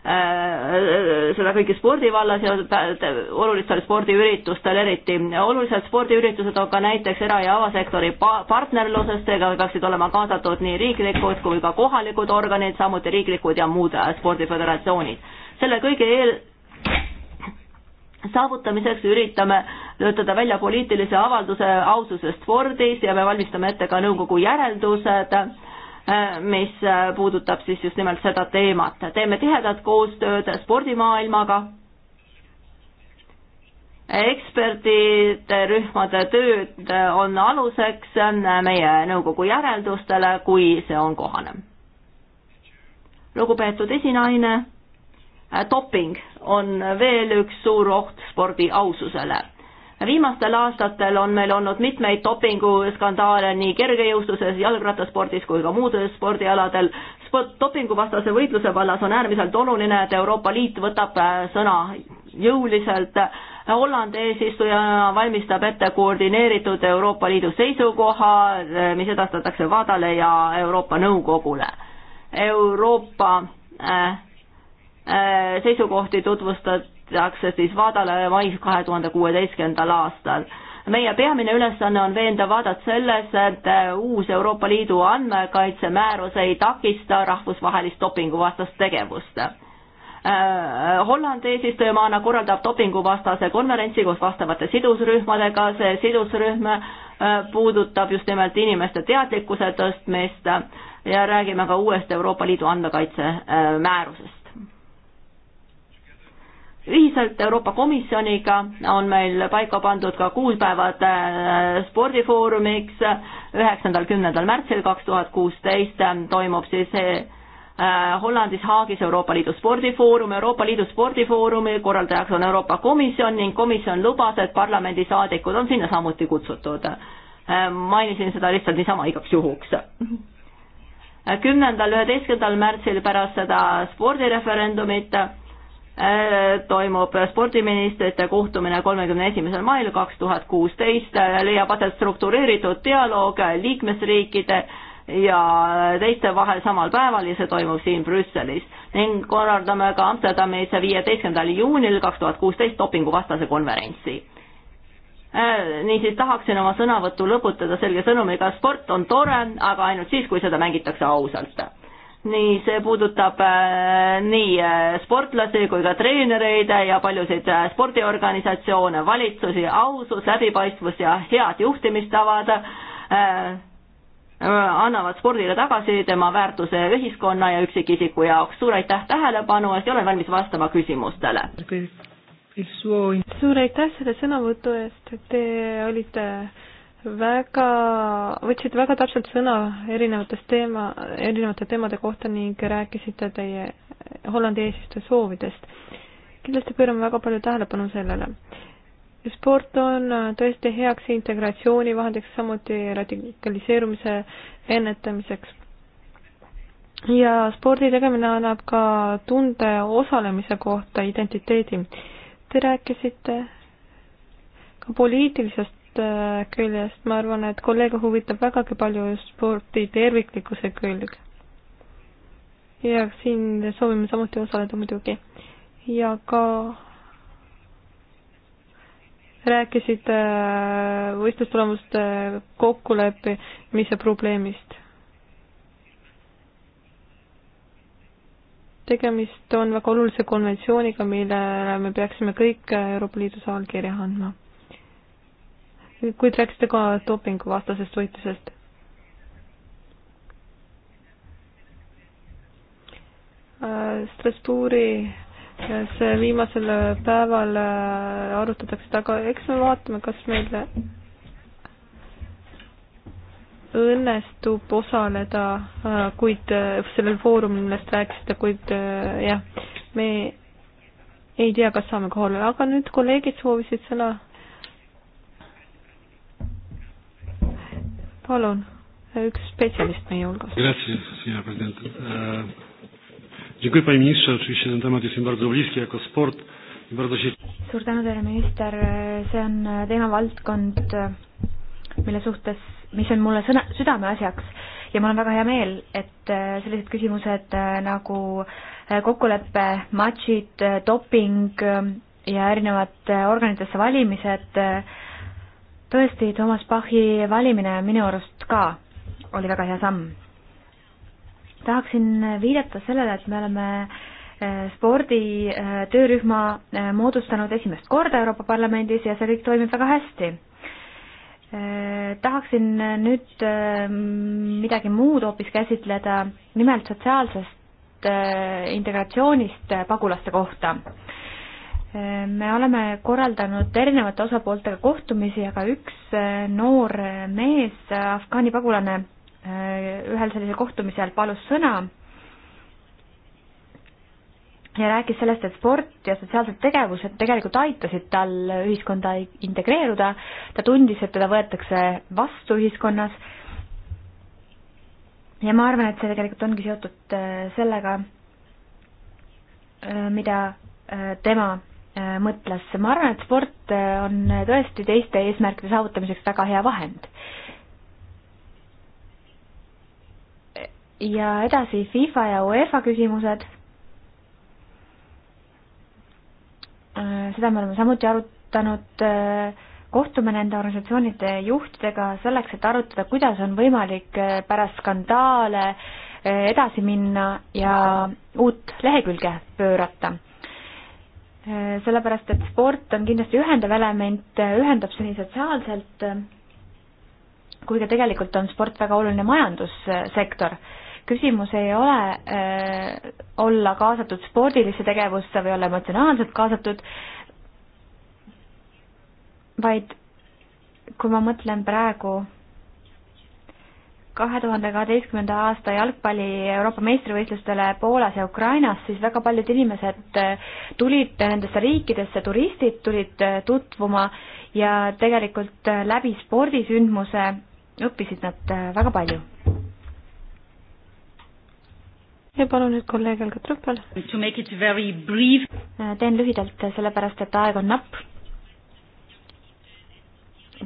Äh, äh, seda kõike spordivallas ja olulistel spordiüritustel eriti. olulised spordiüritused on ka näiteks era- ja avasektori partnerluses, seega peaksid olema kaasatud nii riiklikud kui ka kohalikud organid, samuti riiklikud ja muud äh, spordiföderatsioonid. selle kõige eel saavutamiseks üritame töötada välja poliitilise avalduse aususest spordis ja me valmistame ette ka nõukogu järeldused Äh, mis äh, puudutab siis just nimelt seda teemat. teeme tihedat koostööd spordimaailmaga, ekspertide rühmade tööd on aluseks meie nõukogu järeldustele, kui see on kohane. lugupeetud esinaine, äh, doping on veel üks suur oht spordi aususele viimastel aastatel on meil olnud mitmeid dopinguskandaale nii kergejõustuses, jalgrattaspordis kui ka muudel spordialadel. dopinguvastase võitluse vallas on äärmiselt oluline, et Euroopa Liit võtab äh, sõna jõuliselt. Hollandi eesistujana valmistab ette koordineeritud Euroopa Liidu seisukoha, äh, mis edastatakse WADA-le ja Euroopa Nõukogule. Euroopa äh, seisukohti tutvustati võetakse siis vaadale mais kahe tuhande kuueteistkümnendal aastal meie peamine ülesanne on veenda vaadet selles, et äh, uus Euroopa Liidu andmekaitsemäärus ei takista rahvusvahelist dopinguvastast tegevust. Äh, Hollandi eesistujamaana korraldab dopinguvastase konverentsi koos vastavate sidusrühmadega, see sidusrühm äh, puudutab just nimelt inimeste teadlikkuse tõstmist ja räägime ka uuest Euroopa Liidu andmekaitsemäärusest ühiselt Euroopa Komisjoniga on meil paika pandud ka kuulpäevad äh, spordifoorumiks, üheksandal, kümnendal märtsil kaks tuhat kuusteist toimub siis äh, Hollandis Haagis Euroopa Liidu spordifoorum, Euroopa Liidu spordifoorumi korraldajaks on Euroopa Komisjon ning komisjon lubas, et parlamendisaadikud on sinna samuti kutsutud. Äh, mainisin seda lihtsalt niisama igaks juhuks. kümnendal, üheteistkümnendal märtsil pärast seda spordireferendumit Äh, toimub spordiministrite kohtumine kolmekümne esimesel mail kaks tuhat kuusteist, äh, leiab aset struktureeritud dialoog äh, liikmesriikide ja teiste vahel samal päeval ja see toimub siin Brüsselis. ning korraldame ka Amsterdamis viieteistkümnendal juunil kaks tuhat kuusteist dopinguvastase konverentsi niisiis tahaksin oma sõnavõttu lõputada selge sõnumiga, sport on tore, aga ainult siis, kui seda mängitakse ausalt nii see puudutab äh, nii äh, sportlasi kui ka treenereid ja paljusid äh, spordiorganisatsioone, valitsusi, ausus, läbipaistvus ja head juhtimistavad annavad spordile tagasi tema väärtuse ühiskonna ja üksikisiku jaoks. suur aitäh tähelepanu eest ja olen valmis vastama küsimustele. suur aitäh selle sõnavõtu eest, te olite väga, võtsite väga täpselt sõna erinevatest teema, erinevate teemade kohta ning rääkisite teie Hollandi eesistuja soovidest. kindlasti pöörame väga palju tähelepanu sellele. sport on tõesti heaks integratsioonivahendiks, samuti radikaliseerumise ennetamiseks. ja spordi tegemine annab ka tunde osalemise kohta identiteedi. Te rääkisite ka poliitilisest Äh, küljest, ma arvan, et kolleege huvitab vägagi palju just spordi terviklikkuse külg. ja siin soovime samuti osaleda muidugi. ja ka rääkisid äh, võistlustulemuste äh, kokkuleppimise probleemist. tegemist on väga olulise konventsiooniga, millele me peaksime kõik Euroopa Liidus allkirja andma kuid rääkisite ka dopinguvastasest võitlusest. Strasbourgi äh, see viimasel päeval äh, arutatakse seda, aga eks me vaatame, kas meil õnnestub osaleda, äh, kuid sellel foorumil, millest rääkisite, kuid jah, me ei tea, kas saame kohale, aga nüüd kolleegid soovisid sõna palun, üks spetsialist meie hulgas. Eh, dziękuję panie ministrze, oczywiście ten temat jest mi bardzo bliski jako sport i bardzo się... suur tänu teile, minister, see on eh, teemavaldkond, eh, mille suhtes, mis on mulle sõna, südameasjaks ja mul on väga hea meel, et sellised küsimused nagu kokkulepe, matšid, doping ja erinevad organitesse valimised äh, tõesti, Toomas Pachi valimine minu arust ka oli väga hea samm. tahaksin viidata sellele, et me oleme eh, spordi eh, töörühma eh, moodustanud esimest korda Euroopa Parlamendis ja see kõik toimib väga hästi. Tahaksin nüüd midagi muud hoopis käsitleda, nimelt sotsiaalsest integratsioonist pagulaste kohta me oleme korraldanud erinevate osapooltega kohtumisi, aga üks äh, noor mees, Afgaani pagulane, äh, ühel sellisel kohtumisel palus sõna ja rääkis sellest, et sport ja sotsiaalsed tegevused tegelikult aitasid tal ühiskonda integreeruda, ta tundis, et teda võetakse vastu ühiskonnas ja ma arvan, et see tegelikult ongi seotud äh, sellega, mida tema Äh, mõtles. ma arvan, et sport äh, on tõesti teiste eesmärkide saavutamiseks väga hea vahend. ja edasi FIFA ja UEFA küsimused. Äh, seda me oleme samuti arutanud. kohtume nende organisatsioonide juhtidega selleks, et arutada, kuidas on võimalik pärast skandaale edasi minna ja uut lehekülge pöörata Äh, sellepärast, et sport on kindlasti ühendav element, äh, ühendab see nii sotsiaalselt äh, kui ka tegelikult on sport väga oluline majandussektor. küsimus ei ole äh, olla kaasatud spordilisse tegevusse või olla emotsionaalselt kaasatud, vaid kui ma mõtlen praegu kahe tuhande kaheteistkümnenda aasta jalgpalli Euroopa meistrivõistlustele Poolas ja Ukrainas, siis väga paljud inimesed eh, tulid nendesse riikidesse, turistid tulid eh, tutvuma ja tegelikult eh, läbi spordisündmuse õppisid nad väga palju. ja palun nüüd kolleeg Helga Trüppel. teen lühidalt, sellepärast et aeg on napp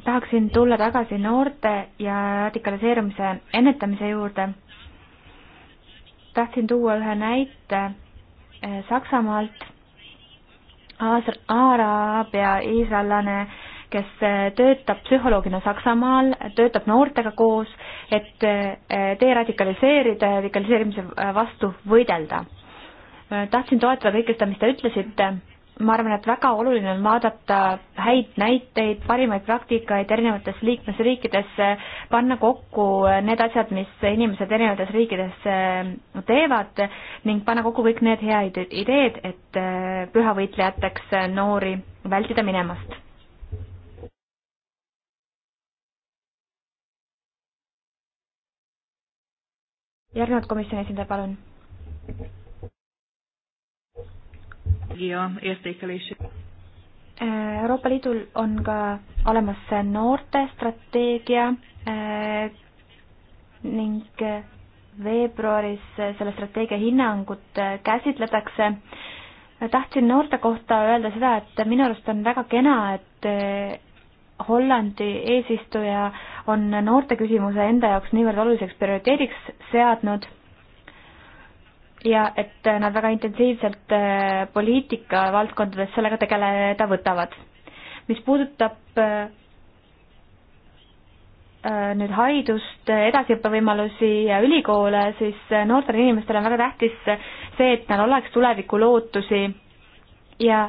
tahaksin tulla tagasi noorte ja radikaliseerumise ennetamise juurde. tahtsin tuua ühe näite eh, Saksamaalt. Araabia iisraellane, kes eh, töötab psühholoogina Saksamaal, töötab noortega koos, et eh, deradikaliseerida ja radikaliseerimise vastu võidelda. tahtsin toetada kõike seda, mis te ütlesite ma arvan, et väga oluline on vaadata häid näiteid, parimaid praktikaid erinevates liikmesriikides, panna kokku need asjad, mis inimesed erinevates riikides äh, teevad ning panna kokku kõik need head ideed, et äh, pühavõitlejateks noori vältida minemast. järgnevalt komisjoni esindaja, palun ja értékelési. Äh, Euroopa Liidul on ka olemas noorte strateegia äh, ning äh, veebruaris selle strateegia hinnangut käsitletakse. tahtsin noorte kohta öelda seda, et minu arust on väga kena, et Hollandi eesistuja on noorte küsimuse enda jaoks niivõrd oluliseks prioriteediks seadnud ja et nad väga intensiivselt äh, poliitika valdkondades sellega tegeleda võtavad. mis puudutab äh, äh, nüüd haridust, edasiõppevõimalusi ja ülikoole, siis noortele inimestele on väga tähtis see, et neil oleks tulevikulootusi ja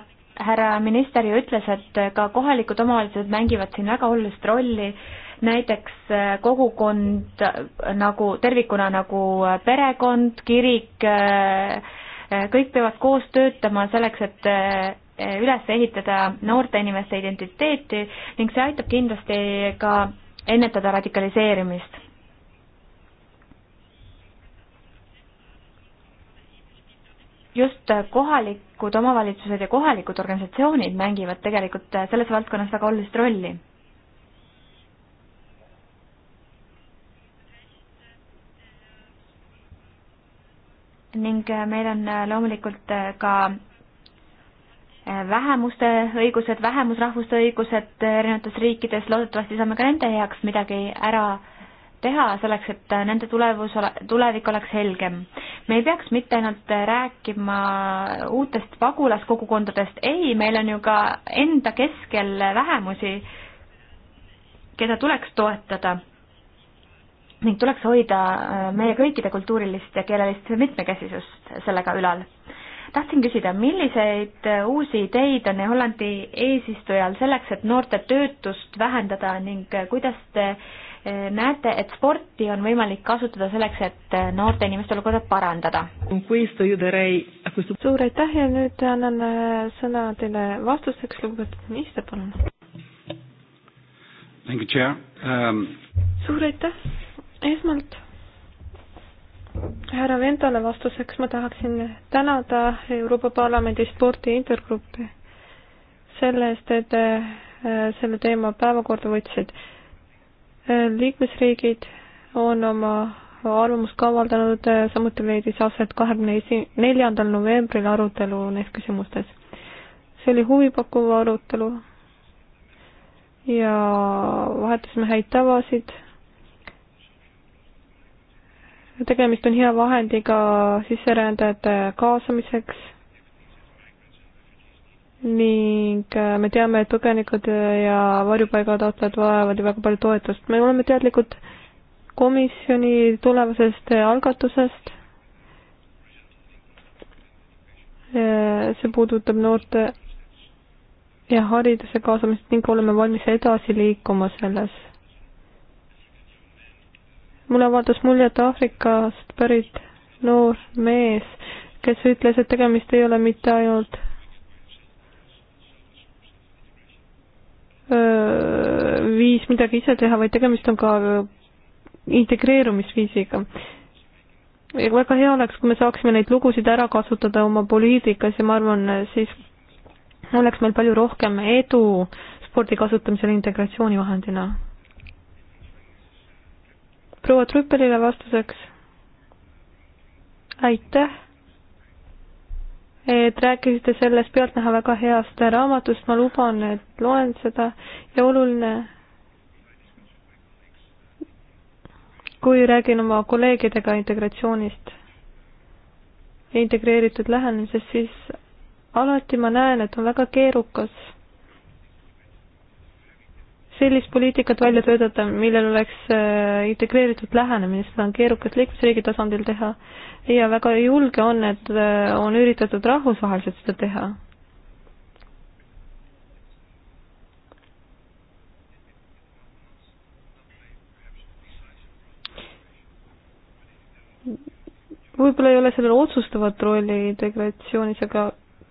härra minister ju ütles, et ka kohalikud omavalitsused mängivad siin väga olulist rolli äh, näiteks äh, kogukond äh, nagu tervikuna nagu äh, perekond, kirik, kõik peavad koos töötama selleks, et üles ehitada noorte inimeste identiteeti ning see aitab kindlasti ka ennetada radikaliseerimist. just kohalikud omavalitsused ja kohalikud organisatsioonid mängivad tegelikult selles valdkonnas väga olulist rolli ning äh, meil on äh, loomulikult äh, ka vähemuste õigused, vähemusrahvuste õigused erinevates riikides, loodetavasti saame ka nende heaks midagi ära teha selleks, et nende tulevus, tulevik oleks helgem. me ei peaks mitte ainult rääkima uutest pagulaskogukondadest, ei, meil on ju ka enda keskel vähemusi, keda tuleks toetada ning tuleks hoida äh, meie kõikide kultuurilist ja keelelist mitmekesisust sellega ülal. tahtsin küsida, milliseid äh, uusi ideid on Hollandi eesistujal selleks, et noorte töötust vähendada ning äh, kuidas te näete, et sporti on võimalik kasutada selleks, et noorte inimeste olukorda parandada? suur aitäh ja nüüd annan sõna teile vastuseks, lugupeetud minister, palun. Thank you, Chair. Um... Suur aitäh! esmalt härra Ventale vastuseks ma tahaksin tänada Euroopa Parlamendi spordi intergruppi selle eest, et äh, selle teema päevakorda võtsid. Äh, liikmesriigid on oma arvamust ka avaldanud, äh, samuti leidis aset kahekümne esi-, neljandal novembril arutelu neis küsimustes. see oli huvipakkuv arutelu ja vahetasime häid tavasid tegemist on hea vahendiga sisserändajate kaasamiseks ning äh, me teame, et põgenikud ja varjupaigataotlejad vajavad ju väga palju toetust. me oleme teadlikud komisjoni tulevasest äh, algatusest. Äh, see puudutab noorte ja hariduse kaasamist ning oleme valmis edasi liikuma selles mulle avaldas muljet Aafrikast pärit noor mees, kes ütles, et tegemist ei ole mitte ainult viis midagi ise teha, vaid tegemist on ka integreerumisviisiga. väga hea oleks, kui me saaksime neid lugusid ära kasutada oma poliitikas ja ma arvan, siis oleks meil palju rohkem edu spordi kasutamisel integratsioonivahendina proua Trüppelile vastuseks. aitäh, et rääkisite sellest pealtnäha väga heast raamatust, ma luban, et loen seda ja oluline, kui räägin oma kolleegidega integratsioonist ja integreeritud lähenemisest, siis alati ma näen, et on väga keerukas sellist poliitikat välja töötada, millel oleks äh, integreeritud lähenemine, seda on keerukas liikmesriigi tasandil teha ja väga julge on, et äh, on üritatud rahvusvaheliselt seda teha. võib-olla ei ole sellel otsustavat rolli integratsioonis, aga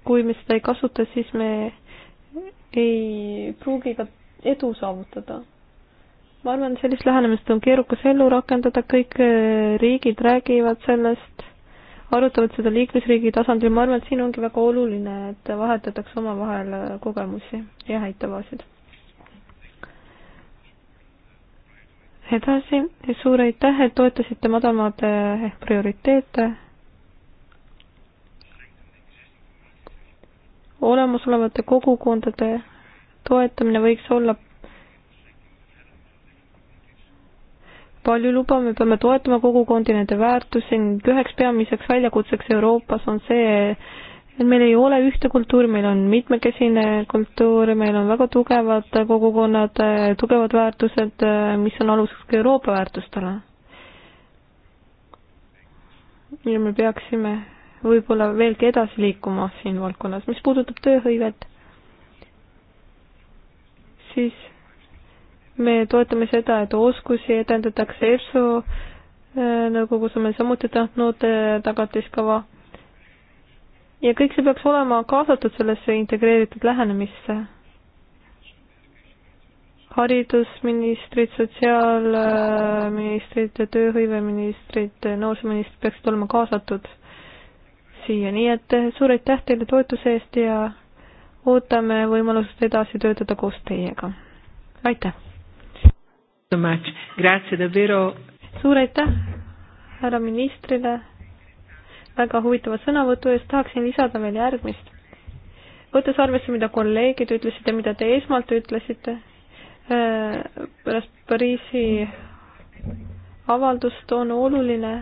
kui me seda ei kasuta, siis me ei pruugi ka edu saavutada. ma arvan, sellist lähenemist on keerukas ellu rakendada, kõik eh, riigid räägivad sellest, arutavad seda liikmesriigi tasandil, ma arvan, et siin ongi väga oluline, et vahetatakse omavahel eh, kogemusi ja häid tavasid. edasi, suur aitäh, et toetasite madalmaade eh, prioriteete olemasolevate kogukondade toetamine võiks olla palju luba, me peame toetama kogukondi, nende väärtusi ning üheks peamiseks väljakutseks Euroopas on see, et meil ei ole ühte kultuuri, meil on mitmekesine kultuur, meil on väga tugevad kogukonnad, tugevad väärtused, mis on aluseks ka Euroopa väärtustele. ja me peaksime võib-olla veelgi edasi liikuma siin valdkonnas, mis puudutab tööhõivet siis me toetame seda, et oskusi edendatakse ERSO äh, nõukogus on meil samuti tahtnud äh, tagatiskava. ja kõik see peaks olema kaasatud sellesse integreeritud lähenemisse. haridusministrid, sotsiaalministrid, tööhõiveministrid, noorsooministrid peaksid olema kaasatud siia, nii et äh, suur aitäh teile toetuse eest ja ootame võimalust edasi töötada koos teiega. aitäh! suur aitäh härra ministrile väga huvitava sõnavõtu eest, tahaksin lisada veel järgmist. võttes arvesse, mida kolleegid ütlesid ja mida te esmalt ütlesite äh, pärast Pariisi avaldust, on oluline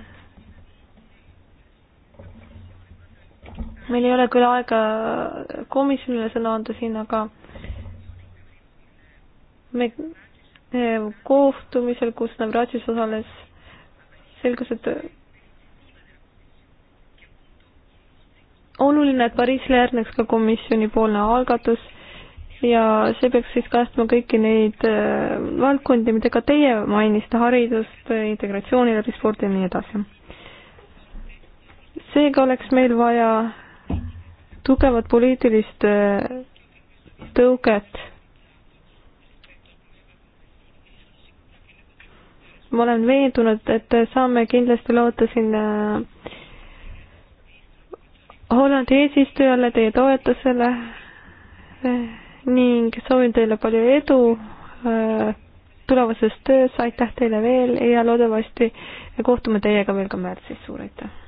meil ei ole küll aega komisjonile sõna anda siin, aga me e, kohtumisel, kus Navratšis osales, selgus, et oluline, et Pariisile järgneks ka komisjonipoolne algatus ja see peaks siis kajastama kõiki neid e, valdkondi, mida ka teie mainisite, haridust, integratsiooni läbi spordi ja nii edasi. seega oleks meil vaja tugevat poliitilist äh, tõuget. ma olen veendunud, et saame kindlasti loota siin äh, Hollandi eesistujale, teie toetusele äh, ning soovin teile palju edu tulevases töös, aitäh teile veel ja loodetavasti kohtume teiega veel ka märtsis, suur aitäh!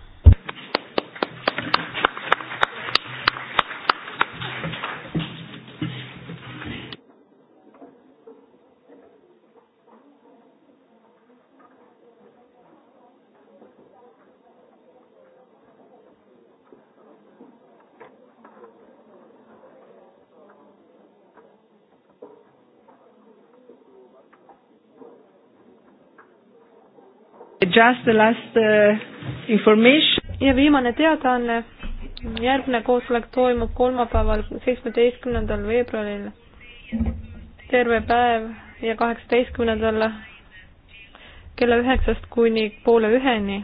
Just the last uh, information. ja viimane teadaanne, järgmine koosolek toimub kolmapäeval, seitsmeteistkümnendal veebruaril, terve päev ja kaheksateistkümnendal kella üheksast kuni poole üheni.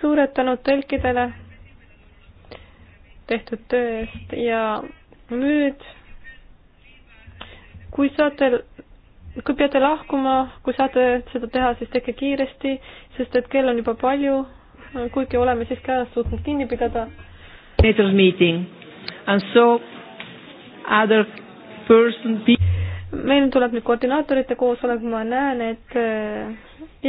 suured tänud tõlkidele tehtud töö eest ja nüüd, kui saate kui peate lahkuma, kui saate seda teha, siis tehke kiiresti, sest et kell on juba palju, kuigi oleme siiski ajast suutnud kinni pidada. Person... meil tuleb nüüd koordinaatorite koosolek, ma näen, et eh,